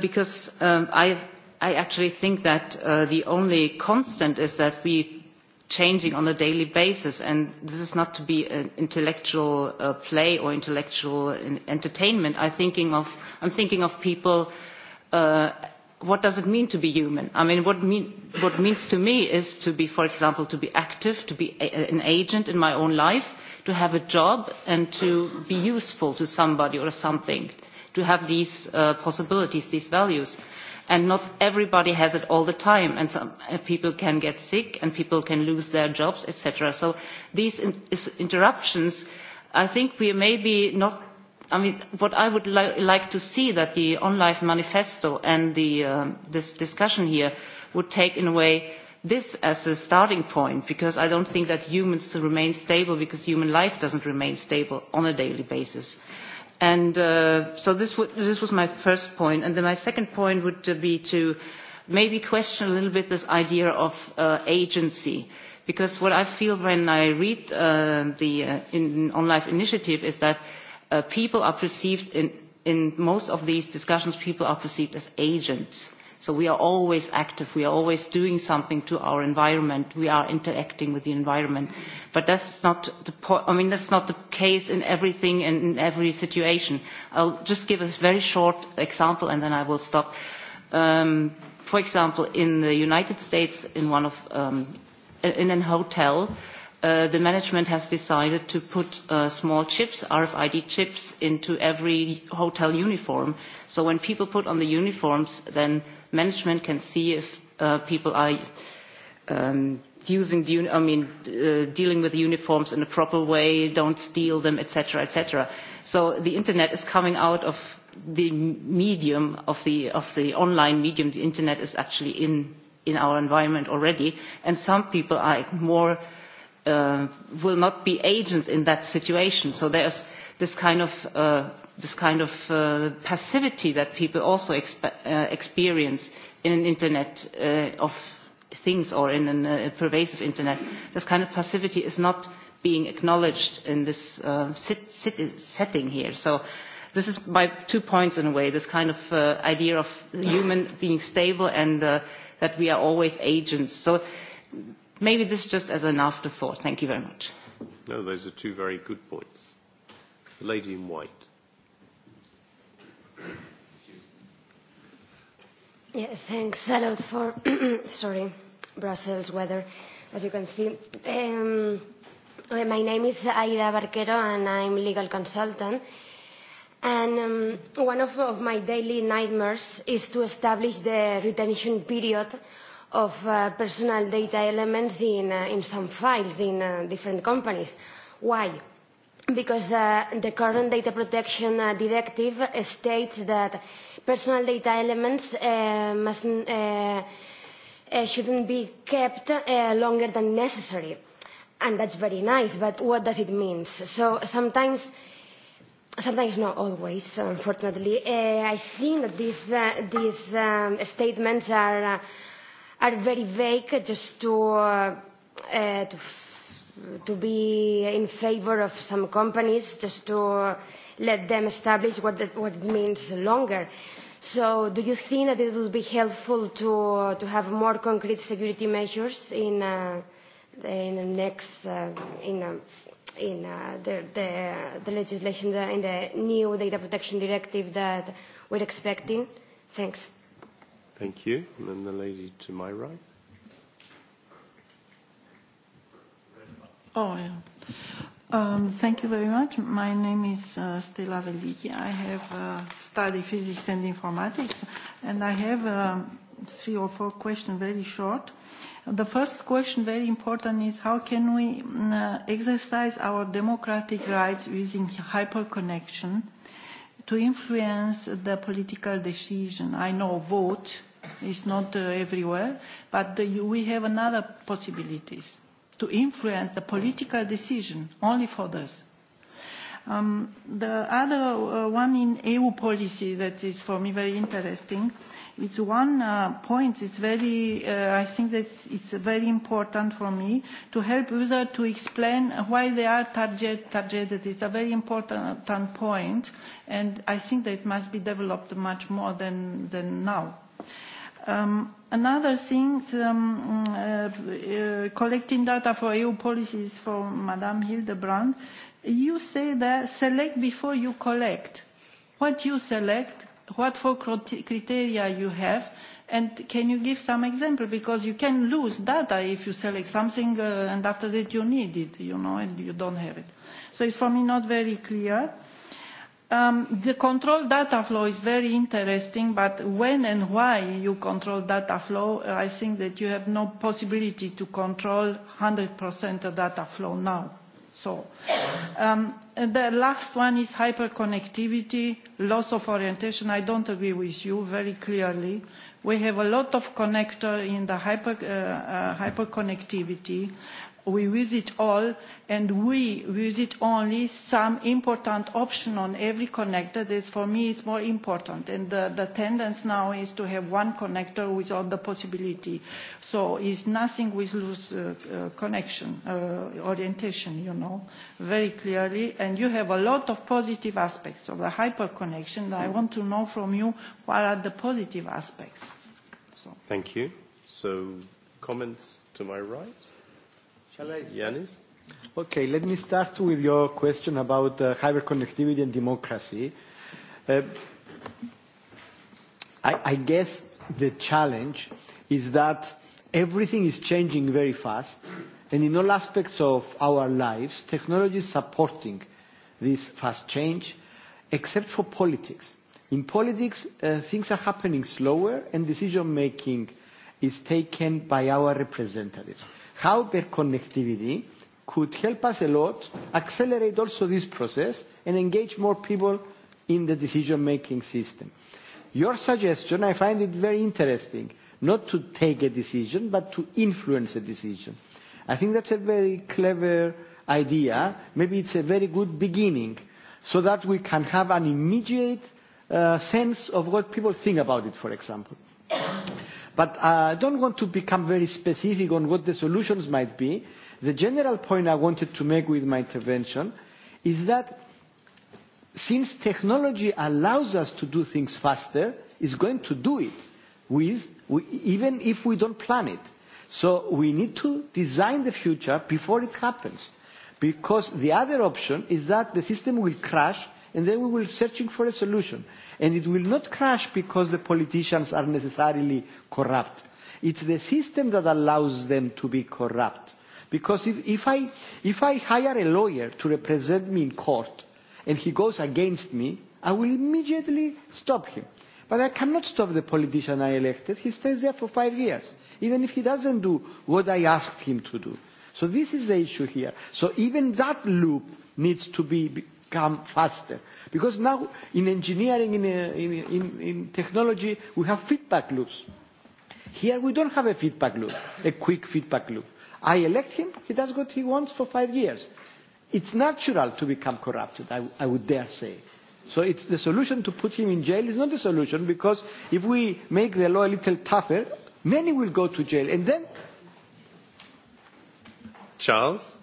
because I I actually think that the only constant is that we changing on a daily basis and this is not to be an intellectual play or intellectual entertainment i'm thinking of i'm thinking of people what does it mean to be human i mean what mean what means to me is to be for example to be active to be an agent in my own life to have a job and to be useful to somebody or something to have these possibilities these values and not everybody has it all the time and some people can get sick and people can lose their jobs etc so these interruptions i think we be not i mean what i would like to see that the on life manifesto and the this discussion here would take in a way this as a starting point because i don't think that humans remain stable because human life doesn't remain stable on a daily basis And so this was my first point. And then my second point would be to maybe question a little bit this idea of agency. Because what I feel when I read the On Life initiative is that people are perceived in most of these discussions, people are perceived as agents So we are always active, we are always doing something to our environment, we are interacting with the environment. But that's not the I mean that's not the case in everything and in every situation. I'll just give a very short example and then I will stop. For example, in the United States, in one of in an hotel, the management has decided to put small chips, RFID chips, into every hotel uniform. So when people put on the uniforms, then management can see if people are using I mean dealing with uniforms in a proper way, don't steal them, etc. etc. So the internet is coming out of the medium of the of the online medium. The internet is actually in in our environment already, and some people are more will not be agents in that situation. So there's this kind of this kind of passivity that people also experience in an Internet of things or in a pervasive Internet. This kind of passivity is not being acknowledged in this setting here. So this is my two points in a way, this kind of idea of human being stable and that we are always agents. So maybe this is just as an afterthought. Thank you very much. No, those are two very good points. The lady in white. Thanks a lot for, sorry, Brussels weather, as you can see. My name is Aida Barquero and I'm legal consultant. And one of my daily nightmares is to establish the retention period of personal data elements in some files in different companies. Why? because the current data protection directive states that personal data elements must shouldn't be kept longer than necessary and that's very nice but what does it mean so sometimes sometimes not always unfortunately i think that these these statements are are very vague just to to to be in favour of some companies just to let them establish what it means longer. So do you think that it will be helpful to have more concrete security measures in the next in the legislation in the new data protection directive that we're expecting? Thanks. Thank you. And then the lady to my right. Oh, Um, thank you very much. My name is Stella Veliki. I have uh, studied physics and informatics, and I have three or four questions, very short. The first question, very important, is how can we uh, exercise our democratic rights using hyperconnection to influence the political decision? I know vote is not uh, everywhere, but we have another possibilities to influence the political decision only for this. The other one in EU policy that is for me very interesting, it's one point, it's very, I think that it's very important for me to help users to explain why they are targeted. It's a very important point, and I think that it must be developed much more than now. Another thing, collecting data for EU policies for Madame Hildebrand, you say that select before you collect. What you select, what for criteria you have, and can you give some example? Because you can lose data if you select something and after that you need it, you know, and you don't have it. So it's for me not very clear. The control data flow is very interesting, but when and why you control data flow, I think that you have no possibility to control 100% of data flow now. So, the last one is hyperconnectivity, loss of orientation. I don't agree with you very clearly. We have a lot of connector in the hyper hyperconnectivity we visit it all and we use only some important option on every connector this for me is more important and the tendency now is to have one connector with all the possibility so is nothing with loose connection orientation you know very clearly and you have a lot of positive aspects of the hyperconnection I want to know from you what are the positive aspects so thank you so comments to my right Yanis? Okay, let me start with your question about uh, hyperconnectivity and democracy. I, I guess the challenge is that everything is changing very fast, and in all aspects of our lives, technology is supporting this fast change, except for politics. In politics, things are happening slower, and decision making is taken by our representatives. How connectivity could help us a lot accelerate also this process and engage more people in the decision-making system. Your suggestion, I find it very interesting, not to take a decision, but to influence a decision. I think that's a very clever idea. Maybe it's a very good beginning, so that we can have an immediate sense of what people think about it, for example. But I don't want to become very specific on what the solutions might be. The general point I wanted to make with my intervention is that since technology allows us to do things faster, is going to do it, with, even if we don't plan it. So we need to design the future before it happens, because the other option is that the system will crash and then we will be searching for a solution. And it will not crash because the politicians are necessarily corrupt. It's the system that allows them to be corrupt. Because if, if, I, if I hire a lawyer to represent me in court and he goes against me, I will immediately stop him. But I cannot stop the politician I elected. He stays there for five years, even if he doesn't do what I asked him to do. So this is the issue here. So even that loop needs to be come faster. Because now in engineering, in, in, in, in technology, we have feedback loops. Here we don't have a feedback loop, a quick feedback loop. I elect him, he does what he wants for five years. It's natural to become corrupted, I, I would dare say. So it's the solution to put him in jail is not the solution because if we make the law a little tougher, many will go to jail. And then... Charles?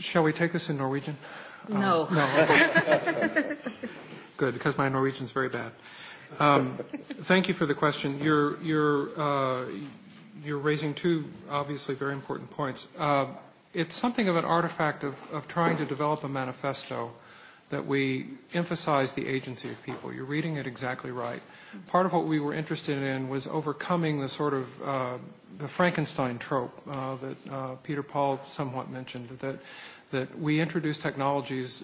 Shall we take this in Norwegian? No. No. Good, because my Norwegian's very bad. Um, thank you for the question. You're, you're, uh, you're raising two obviously very important points. Uh, it's something of an artifact of, of trying to develop a manifesto that we emphasize the agency of people. You're reading it exactly right. Part of what we were interested in was overcoming the sort of the Frankenstein trope that Peter Paul somewhat mentioned, that that we introduce technologies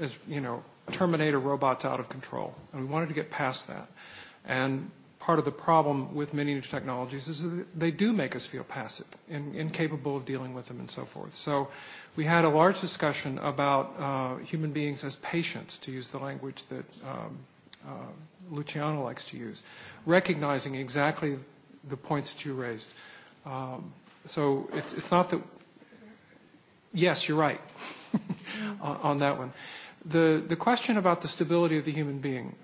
as, you know, Terminator robots out of control. And we wanted to get past that. And part of the problem with many new technologies is that they do make us feel passive and incapable of dealing with them and so forth. So we had a large discussion about human beings as patients, to use the language that Luciano likes to use, recognizing exactly the points that you raised. So it's it's not that. Yes, you're right on that one. The the question about the stability of the human being,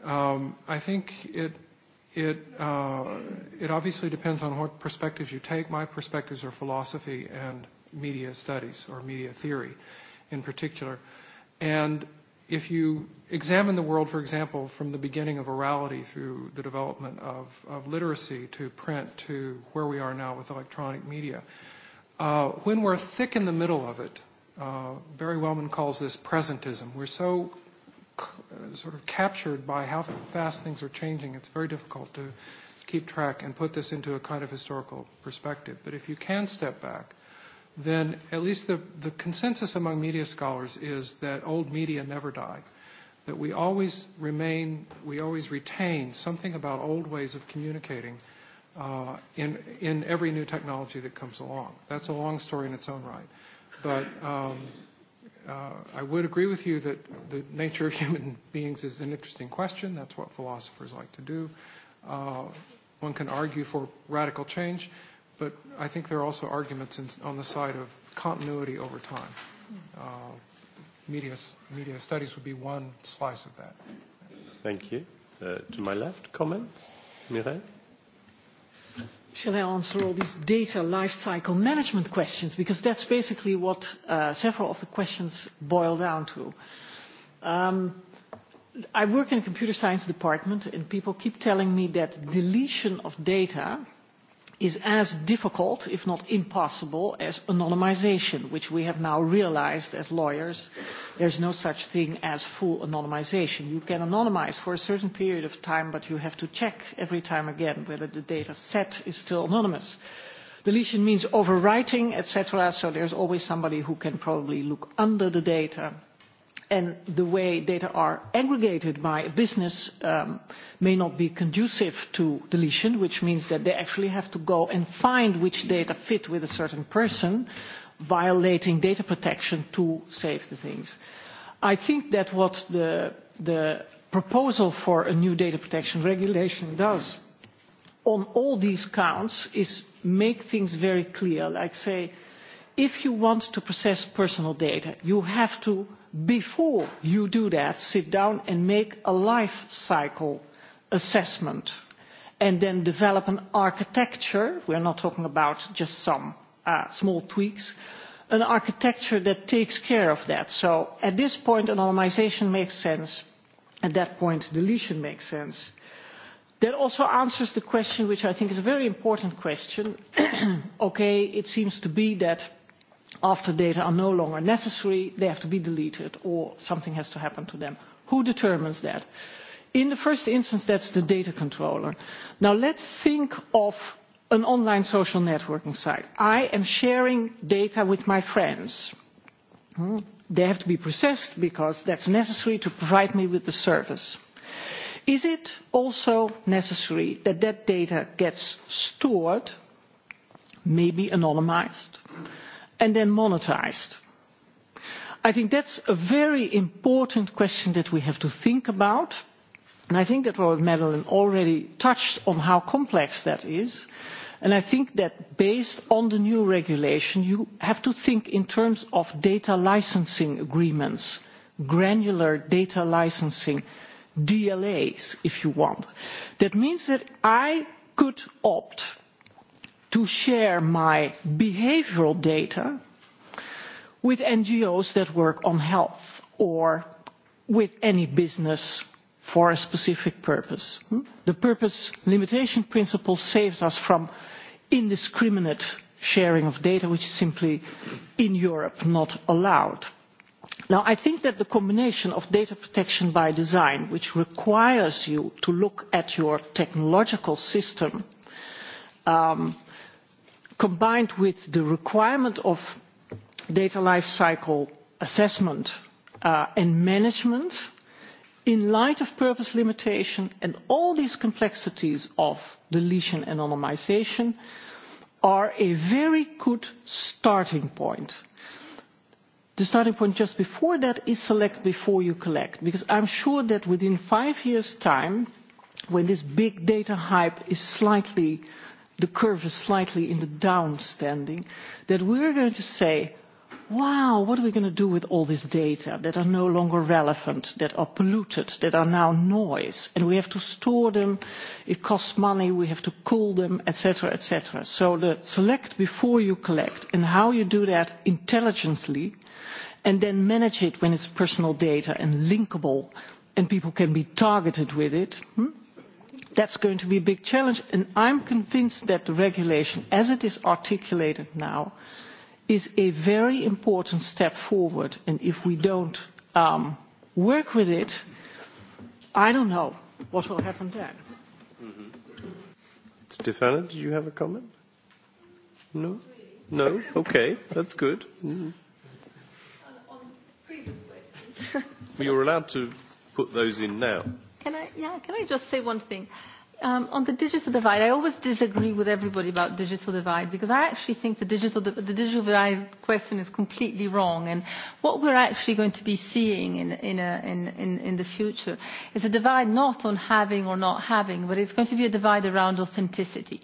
I think it it it obviously depends on what perspectives you take. My perspectives are philosophy and media studies or media theory in particular. And if you examine the world, for example, from the beginning of orality through the development of, of literacy to print to where we are now with electronic media, uh, when we're thick in the middle of it, uh, Barry Wellman calls this presentism. We're so sort of captured by how fast things are changing. It's very difficult to keep track and put this into a kind of historical perspective. But if you can step back, then at least the, the consensus among media scholars is that old media never die, that we always remain, we always retain something about old ways of communicating uh, in, in every new technology that comes along. That's a long story in its own right. But um, I would agree with you that the nature of human beings is an interesting question. That's what philosophers like to do. One can argue for radical change, but I think there are also arguments on the side of continuity over time. Media studies would be one slice of that. Thank you. To my left, comments? Mireille? Shall I answer all these data lifecycle management questions? Because that's basically what several of the questions boil down to. I work in a computer science department, and people keep telling me that deletion of data is as difficult, if not impossible, as anonymisation, which we have now realised as lawyers. There is no such thing as full anonymisation. You can anonymise for a certain period of time, but you have to check every time again whether the data set is still anonymous. Deletion means overwriting, etc., so there's always somebody who can probably look under the data and the way data are aggregated by a business may not be conducive to deletion, which means that they actually have to go and find which data fit with a certain person, violating data protection to save the things. I think that what the proposal for a new data protection regulation does on all these counts is make things very clear, like say if you want to process personal data, you have to, before you do that, sit down and make a life cycle assessment and then develop an architecture. We're not talking about just some small tweaks. An architecture that takes care of that. So at this point, anonymization makes sense. At that point, deletion makes sense. That also answers the question, which I think is a very important question. Okay, it seems to be that after data are no longer necessary, they have to be deleted or something has to happen to them. Who determines that? In the first instance, that's the data controller. Now let's think of an online social networking site. I am sharing data with my friends. They have to be processed because that's necessary to provide me with the service. Is it also necessary that that data gets stored, maybe anonymized? and then monetised. I think that's a very important question that we have to think about. And I think that Robert Madeline already touched on how complex that is. And I think that based on the new regulation, you have to think in terms of data licensing agreements, granular data licensing, DLAs, if you want. That means that I could opt to share my behavioral data with NGOs that work on health or with any business for a specific purpose. The purpose limitation principle saves us from indiscriminate sharing of data which is simply in Europe not allowed. Now I think that the combination of data protection by design which requires you to look at your technological system combined with the requirement of data life cycle assessment and management in light of purpose limitation and all these complexities of deletion and anonymisation are a very good starting point. The starting point just before that is select before you collect because I'm sure that within five years' time when this big data hype is slightly the curve is slightly in the downstanding, that we are going to say, wow, what are we going to do with all this data that are no longer relevant, that are polluted, that are now noise, and we have to store them, it costs money, we have to cool them, etc., etc. So the select before you collect and how you do that intelligently and then manage it when it's personal data and linkable and people can be targeted with it, That's going to be a big challenge, and I'm convinced that the regulation, as it is articulated now, is a very important step forward. And if we don't work with it, I don't know what will happen then. Stefano, did you have a comment? No? No? Okay, that's good. You're allowed to put those in now. Can I, yeah, can I just say one thing? on the digital divide, I always disagree with everybody about digital divide because I actually think the digital, the digital divide question is completely wrong. And what we're actually going to be seeing in, in, a, in, in, in the future is a divide not on having or not having, but it's going to be a divide around authenticity.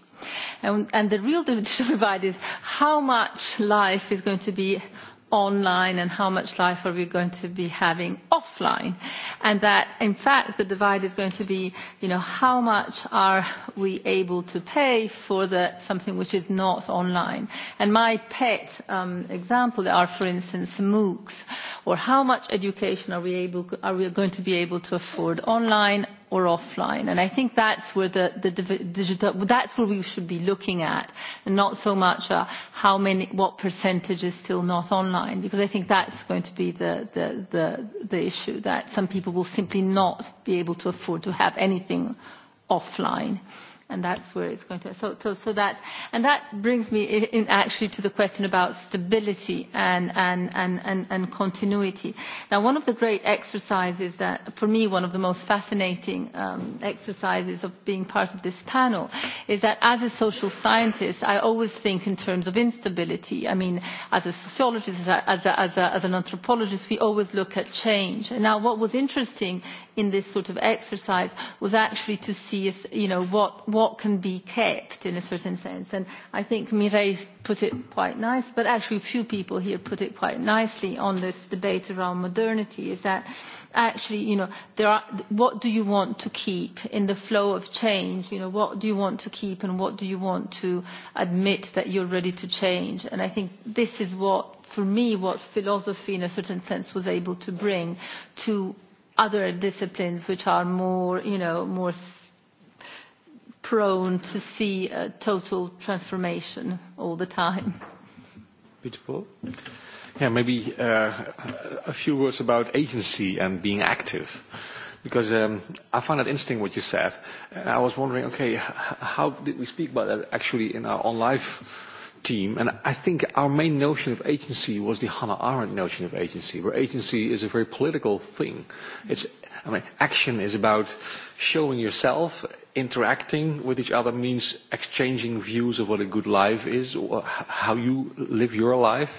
And, and the real digital divide is how much life is going to be online and how much life are we going to be having offline and that in fact the divide is going to be you know how much are we able to pay for the something which is not online and my pet example are for instance MOOCs or how much education are we able are we going to be able to afford online or offline. And I think that's where the, the digital, that's where we should be looking at, and not so much uh, how many, what percentage is still not online, because I think that's going to be the, the, the, the issue that some people will simply not be able to afford to have anything offline and that's where it's going to. So, so, so that and that brings me in actually to the question about stability and and and and, and continuity. Now, one of the great exercises that, for me, one of the most fascinating um, exercises of being part of this panel is that as a social scientist, I always think in terms of instability. I mean, as a sociologist, as as, a, as, a, as an anthropologist, we always look at change. And now, what was interesting in this sort of exercise was actually to see you know what what can be kept in a certain sense and I think Mireille put it quite nice but actually a few people here put it quite nicely on this debate around modernity is that actually you know there are what do you want to keep in the flow of change you know what do you want to keep and what do you want to admit that you're ready to change and I think this is what for me what philosophy in a certain sense was able to bring to other disciplines which are more, you know, more prone to see a total transformation all the time. Beautiful. Yeah, maybe a few words about agency and being active, because I find it interesting what you said. I was wondering, okay, how did we speak about that actually in our own life? team, and I think our main notion of agency was the Hannah Arendt notion of agency, where agency is a very political thing. It's, I mean, action is about showing yourself, interacting with each other means exchanging views of what a good life is, or how you live your life.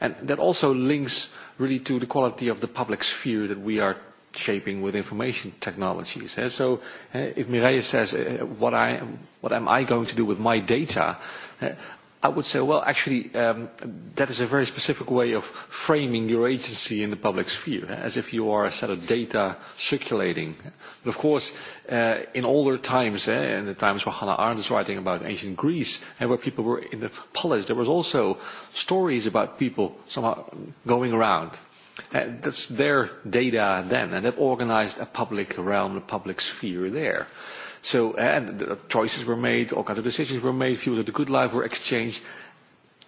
And that also links really to the quality of the public sphere that we are shaping with information technologies. So if Mireille says, what, I, what am I going to do with my data? I would say, well, actually, that is a very specific way of framing your agency in the public sphere, as if you are a set of data circulating. But of course, in older times, in the times where Hannah Arendt is writing about ancient Greece, and where people were in the polis, there was also stories about people somehow going around. That's their data then, and they've organized a public realm, a public sphere there. So and choices were made, all kinds of decisions were made, views of the good life were exchanged.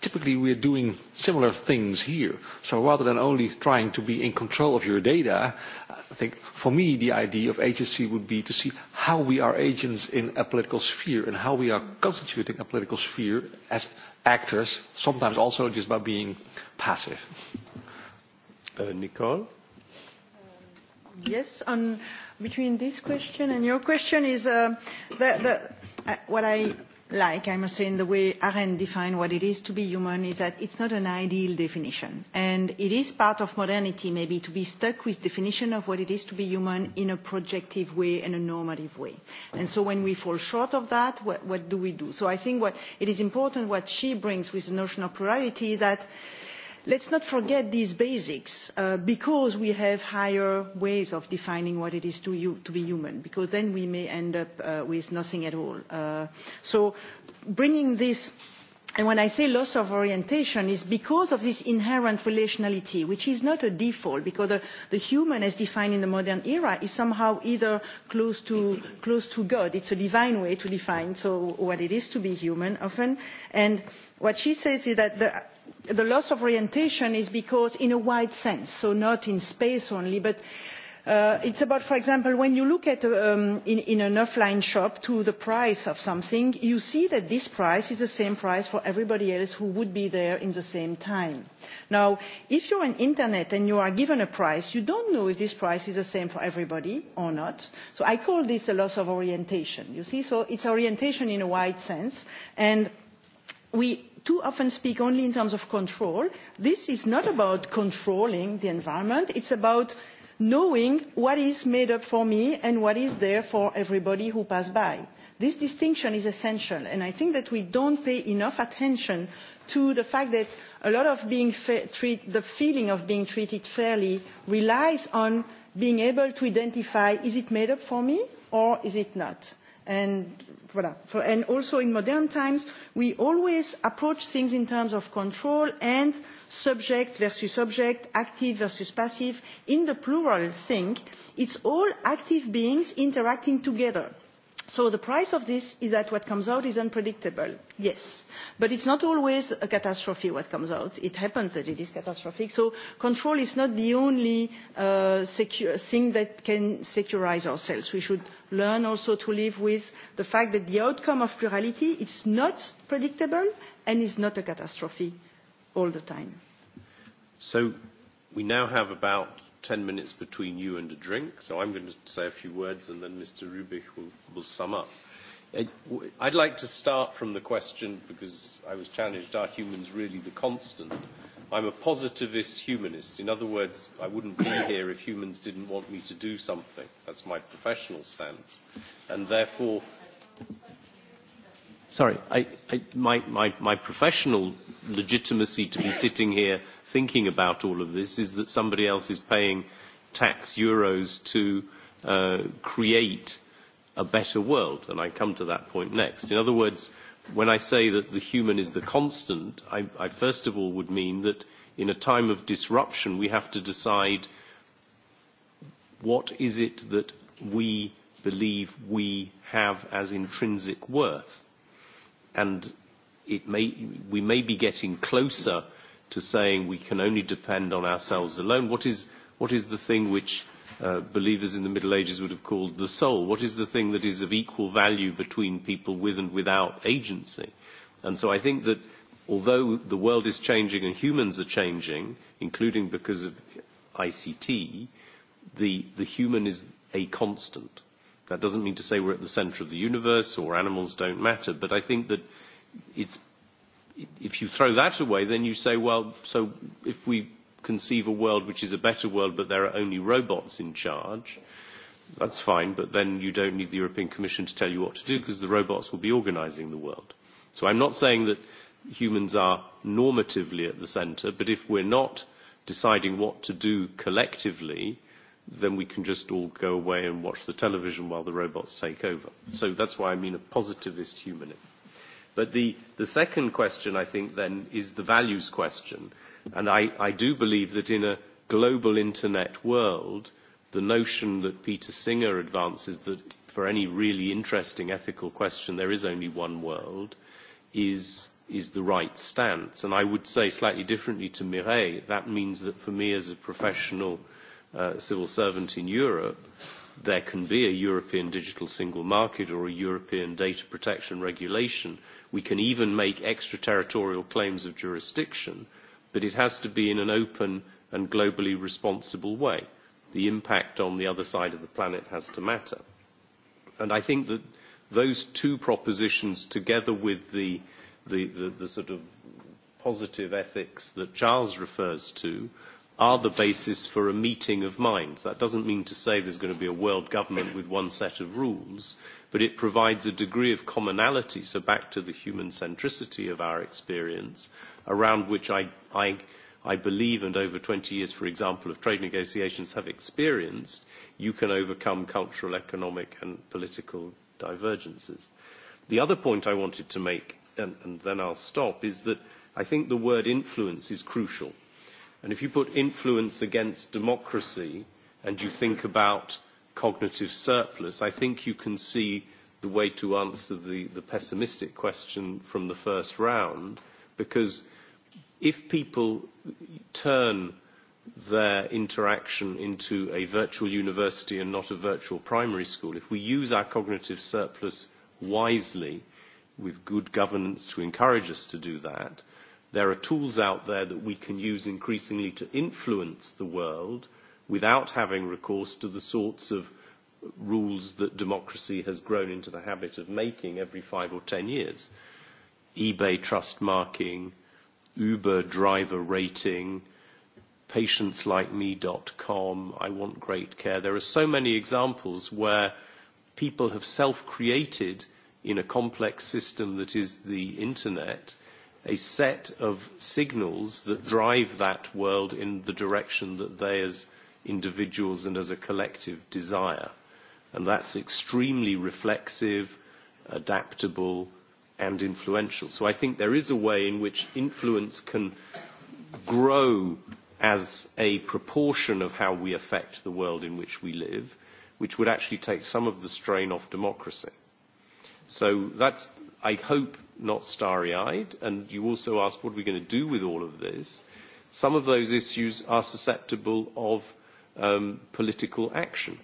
Typically we are doing similar things here. So rather than only trying to be in control of your data, I think for me the idea of agency would be to see how we are agents in a political sphere and how we are constituting a political sphere as actors, sometimes also just by being passive. Nicole? Yes, on between this question and your question is what I like, I must say, in the way Arendt defined what it is to be human is that it's not an ideal definition, and it is part of modernity maybe to be stuck with definition of what it is to be human in a projective way and a normative way. And so when we fall short of that, what do we do? So I think what it is important what she brings with the notion of plurality that let's not forget these basics because we have higher ways of defining what it is to be human because then we may end up with nothing at all. so bringing this and when i say loss of orientation is because of this inherent relationality which is not a default because the human as defined in the modern era is somehow either close to close to god it's a divine way to define so what it is to be human often and what she says is that the loss of orientation is because in a wide sense so not in space only but It's about, for example, when you look at in an offline shop to the price of something, you see that this price is the same price for everybody else who would be there in the same time. Now, if you are on internet and you are given a price, you don't know if this price is the same for everybody or not. So I call this a loss of orientation. You see, so it's orientation in a wide sense, and we too often speak only in terms of control. This is not about controlling the environment. It's about knowing what is made up for me and what is there for everybody who passes by. This distinction is essential, and I think that we don't pay enough attention to the fact that a lot of the feeling of being treated fairly relies on being able to identify is it made up for me or is it not? and voila. and also in modern times we always approach things in terms of control and subject versus object active versus passive in the plural thing it's all active beings interacting together So the price of this is that what comes out is unpredictable, yes. But it's not always a catastrophe what comes out. It happens that it is catastrophic. So control is not the only thing that can securize ourselves. We should learn also to live with the fact that the outcome of plurality is not predictable and is not a catastrophe all the time. So we now have about 10 minutes between you and a drink, so I'm going to say a few words and then Mr. Rubich will, will sum up. I'd like to start from the question, because I was challenged, are humans really the constant? I'm a positivist humanist. In other words, I wouldn't be here if humans didn't want me to do something. That's my professional stance. And therefore, Sorry, my professional legitimacy to be sitting here thinking about all of this is that somebody else is paying tax euros to create a better world, and I come to that point next. In other words, when I say that the human is the constant, I first of all would mean that in a time of disruption we have to decide what is it that we believe we have as intrinsic worth and it may we may be getting closer to saying we can only depend on ourselves alone what is what is the thing which believers in the middle ages would have called the soul what is the thing that is of equal value between people with and without agency and so i think that although the world is changing and humans are changing including because of ict the the human is a constant That doesn't mean to say we're at the center of the universe or animals don't matter, but I think that it's if you throw that away, then you say, well, so if we conceive a world which is a better world, but there are only robots in charge, that's fine, but then you don't need the European Commission to tell you what to do because the robots will be organising the world. So I'm not saying that humans are normatively at the center, but if we're not deciding what to do collectively, then we can just all go away and watch the television while the robots take over. So that's why I mean a positivist humanist. But the, the second question, I think, then, is the values question. And I, I do believe that in a global internet world, the notion that Peter Singer advances that for any really interesting ethical question there is only one world is, is the right stance. And I would say slightly differently to Mireille, that means that for me as a professional – civil servant in Europe, there can be a European digital single market or a European data protection regulation. We can even make extraterritorial claims of jurisdiction, but it has to be in an open and globally responsible way. The impact on the other side of the planet has to matter. And I think that those two propositions, together with the sort of positive ethics that Charles refers to, are the basis for a meeting of minds. That doesn't mean to say there's going to be a world government with one set of rules, but it provides a degree of commonality, so back to the human centricity of our experience, around which I, I, I believe, and over 20 years, for example, of trade negotiations have experienced, you can overcome cultural, economic, and political divergences. The other point I wanted to make, and, and then I'll stop, is that I think the word influence is crucial And if you put influence against democracy and you think about cognitive surplus, I think you can see the way to answer the, the pessimistic question from the first round, because if people turn their interaction into a virtual university and not a virtual primary school, if we use our cognitive surplus wisely with good governance to encourage us to do that, There are tools out there that we can use increasingly to influence the world without having recourse to the sorts of rules that democracy has grown into the habit of making every five or ten years. eBay trust marking, Uber driver rating, patientslikeme.com, I want great care. There are so many examples where people have self-created in a complex system that is the internet – a set of signals that drive that world in the direction that they as individuals and as a collective desire. And that's extremely reflexive, adaptable and influential. So I think there is a way in which influence can grow as a proportion of how we affect the world in which we live, which would actually take some of the strain off democracy. So that's I hope not starry-eyed, and you also asked what are we going to do with all of this. Some of those issues are susceptible of political action.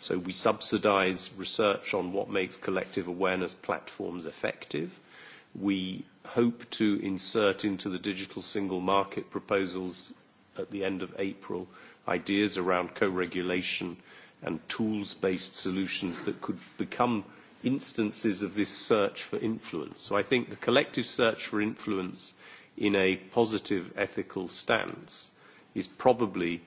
So we subsidise research on what makes collective awareness platforms effective. We hope to insert into the digital single market proposals at the end of April ideas around co-regulation and tools-based solutions that could become instances of this search for influence. So I think the collective search for influence in a positive ethical stance is probably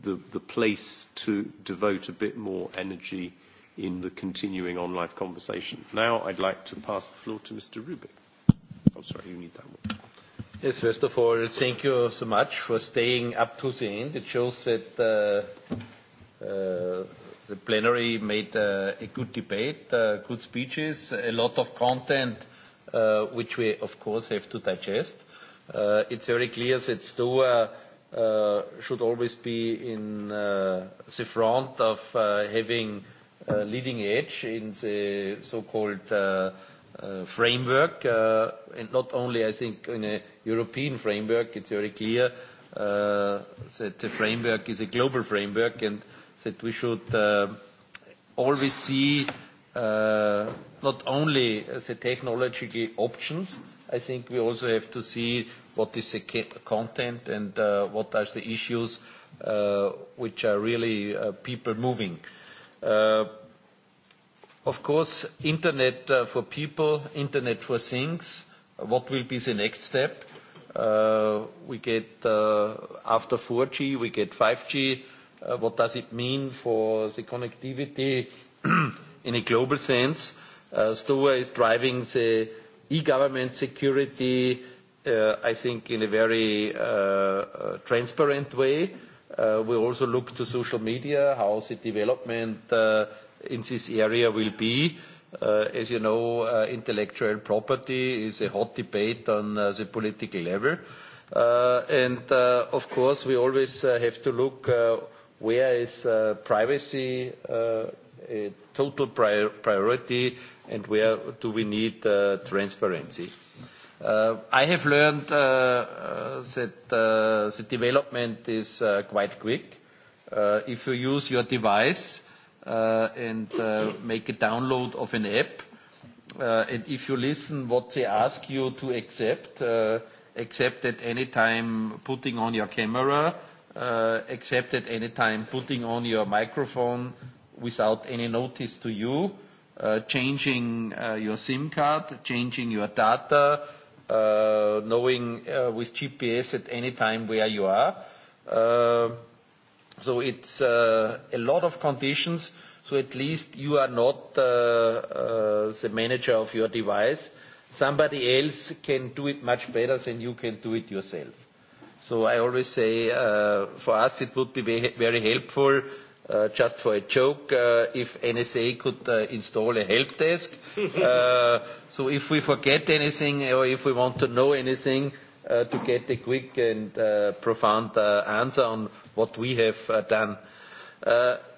the, the place to devote a bit more energy in the continuing on life conversation. Now I'd like to pass the floor to Mr. Rubik. I'm sorry, you need that one. Yes, first of all, thank you so much for staying up to the end. It shows that The plenary made a good debate, good speeches, a lot of content which we of course have to digest. It's very clear that STOA should always be in the front of having a leading edge in the so-called framework, and not only, I think, in a European framework. It's very clear that the framework is a global framework and that we should always see not only the technological options, I think we also have to see what is the content and what are the issues which are really people moving. Of course, Internet for people, Internet for things, what will be the next step? We get after 4G, we get 5G What does it mean for the connectivity in a global sense? STOA is driving the e-government security, I think, in a very transparent way. We also look to social media, how the development in this area will be. As you know, intellectual property is a hot debate on the political level. And, of course, we always have to look where is privacy a total priority and where do we need transparency. I have learned that the development is quite quick. If you use your device and make a download of an app, and if you listen what they ask you to accept, accept at any time putting on your camera, except at any time putting on your microphone without any notice to you, changing your SIM card, changing your data, knowing with GPS at any time where you are. So it's a lot of conditions, so at least you are not the manager of your device. Somebody else can do it much better than you can do it yourself. So I always say for us it would be very helpful, just for a joke, if NSA could install a help desk. So if we forget anything or if we want to know anything, to get a quick and profound answer on what we have done.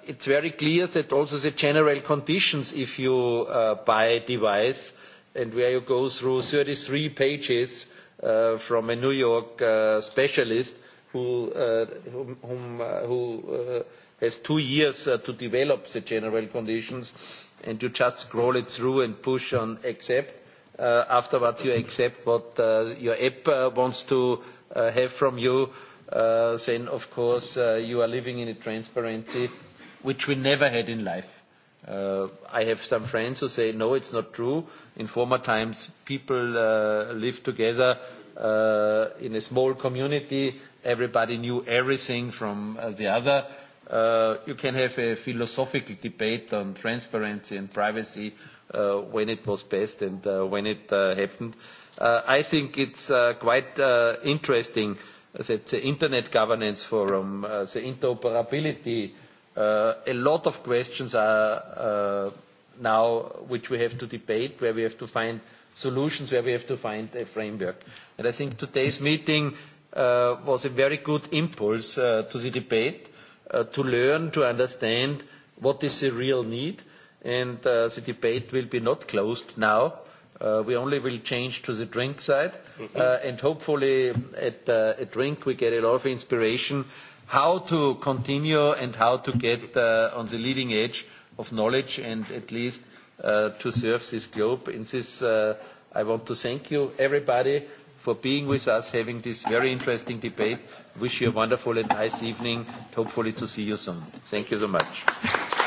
It's very clear that also the general conditions if you buy a device and where you go through 33 pages from a New York specialist who who has two years to develop the general conditions and you just scroll it through and push on accept. Afterwards you accept what your app wants to have from you, then of course you are living in a transparency which we never had in life. I have some friends who say, no, it's not true. In former times, people lived together in a small community. Everybody knew everything from the other. You can have a philosophical debate on transparency and privacy when it was best and when it happened. I think it's quite interesting that the Internet Governance Forum, the interoperability a lot of questions are now which we have to debate, where we have to find solutions, where we have to find a framework. And I think today's meeting was a very good impulse to the debate, to learn, to understand what is the real need. And the debate will be not closed now. We only will change to the drink side. And hopefully at a drink we get a lot of inspiration how to continue and how to get on the leading edge of knowledge and at least to serve this globe. In this, I want to thank you, everybody, for being with us, having this very interesting debate. Wish you a wonderful and nice evening. Hopefully to see you soon. Thank you so much.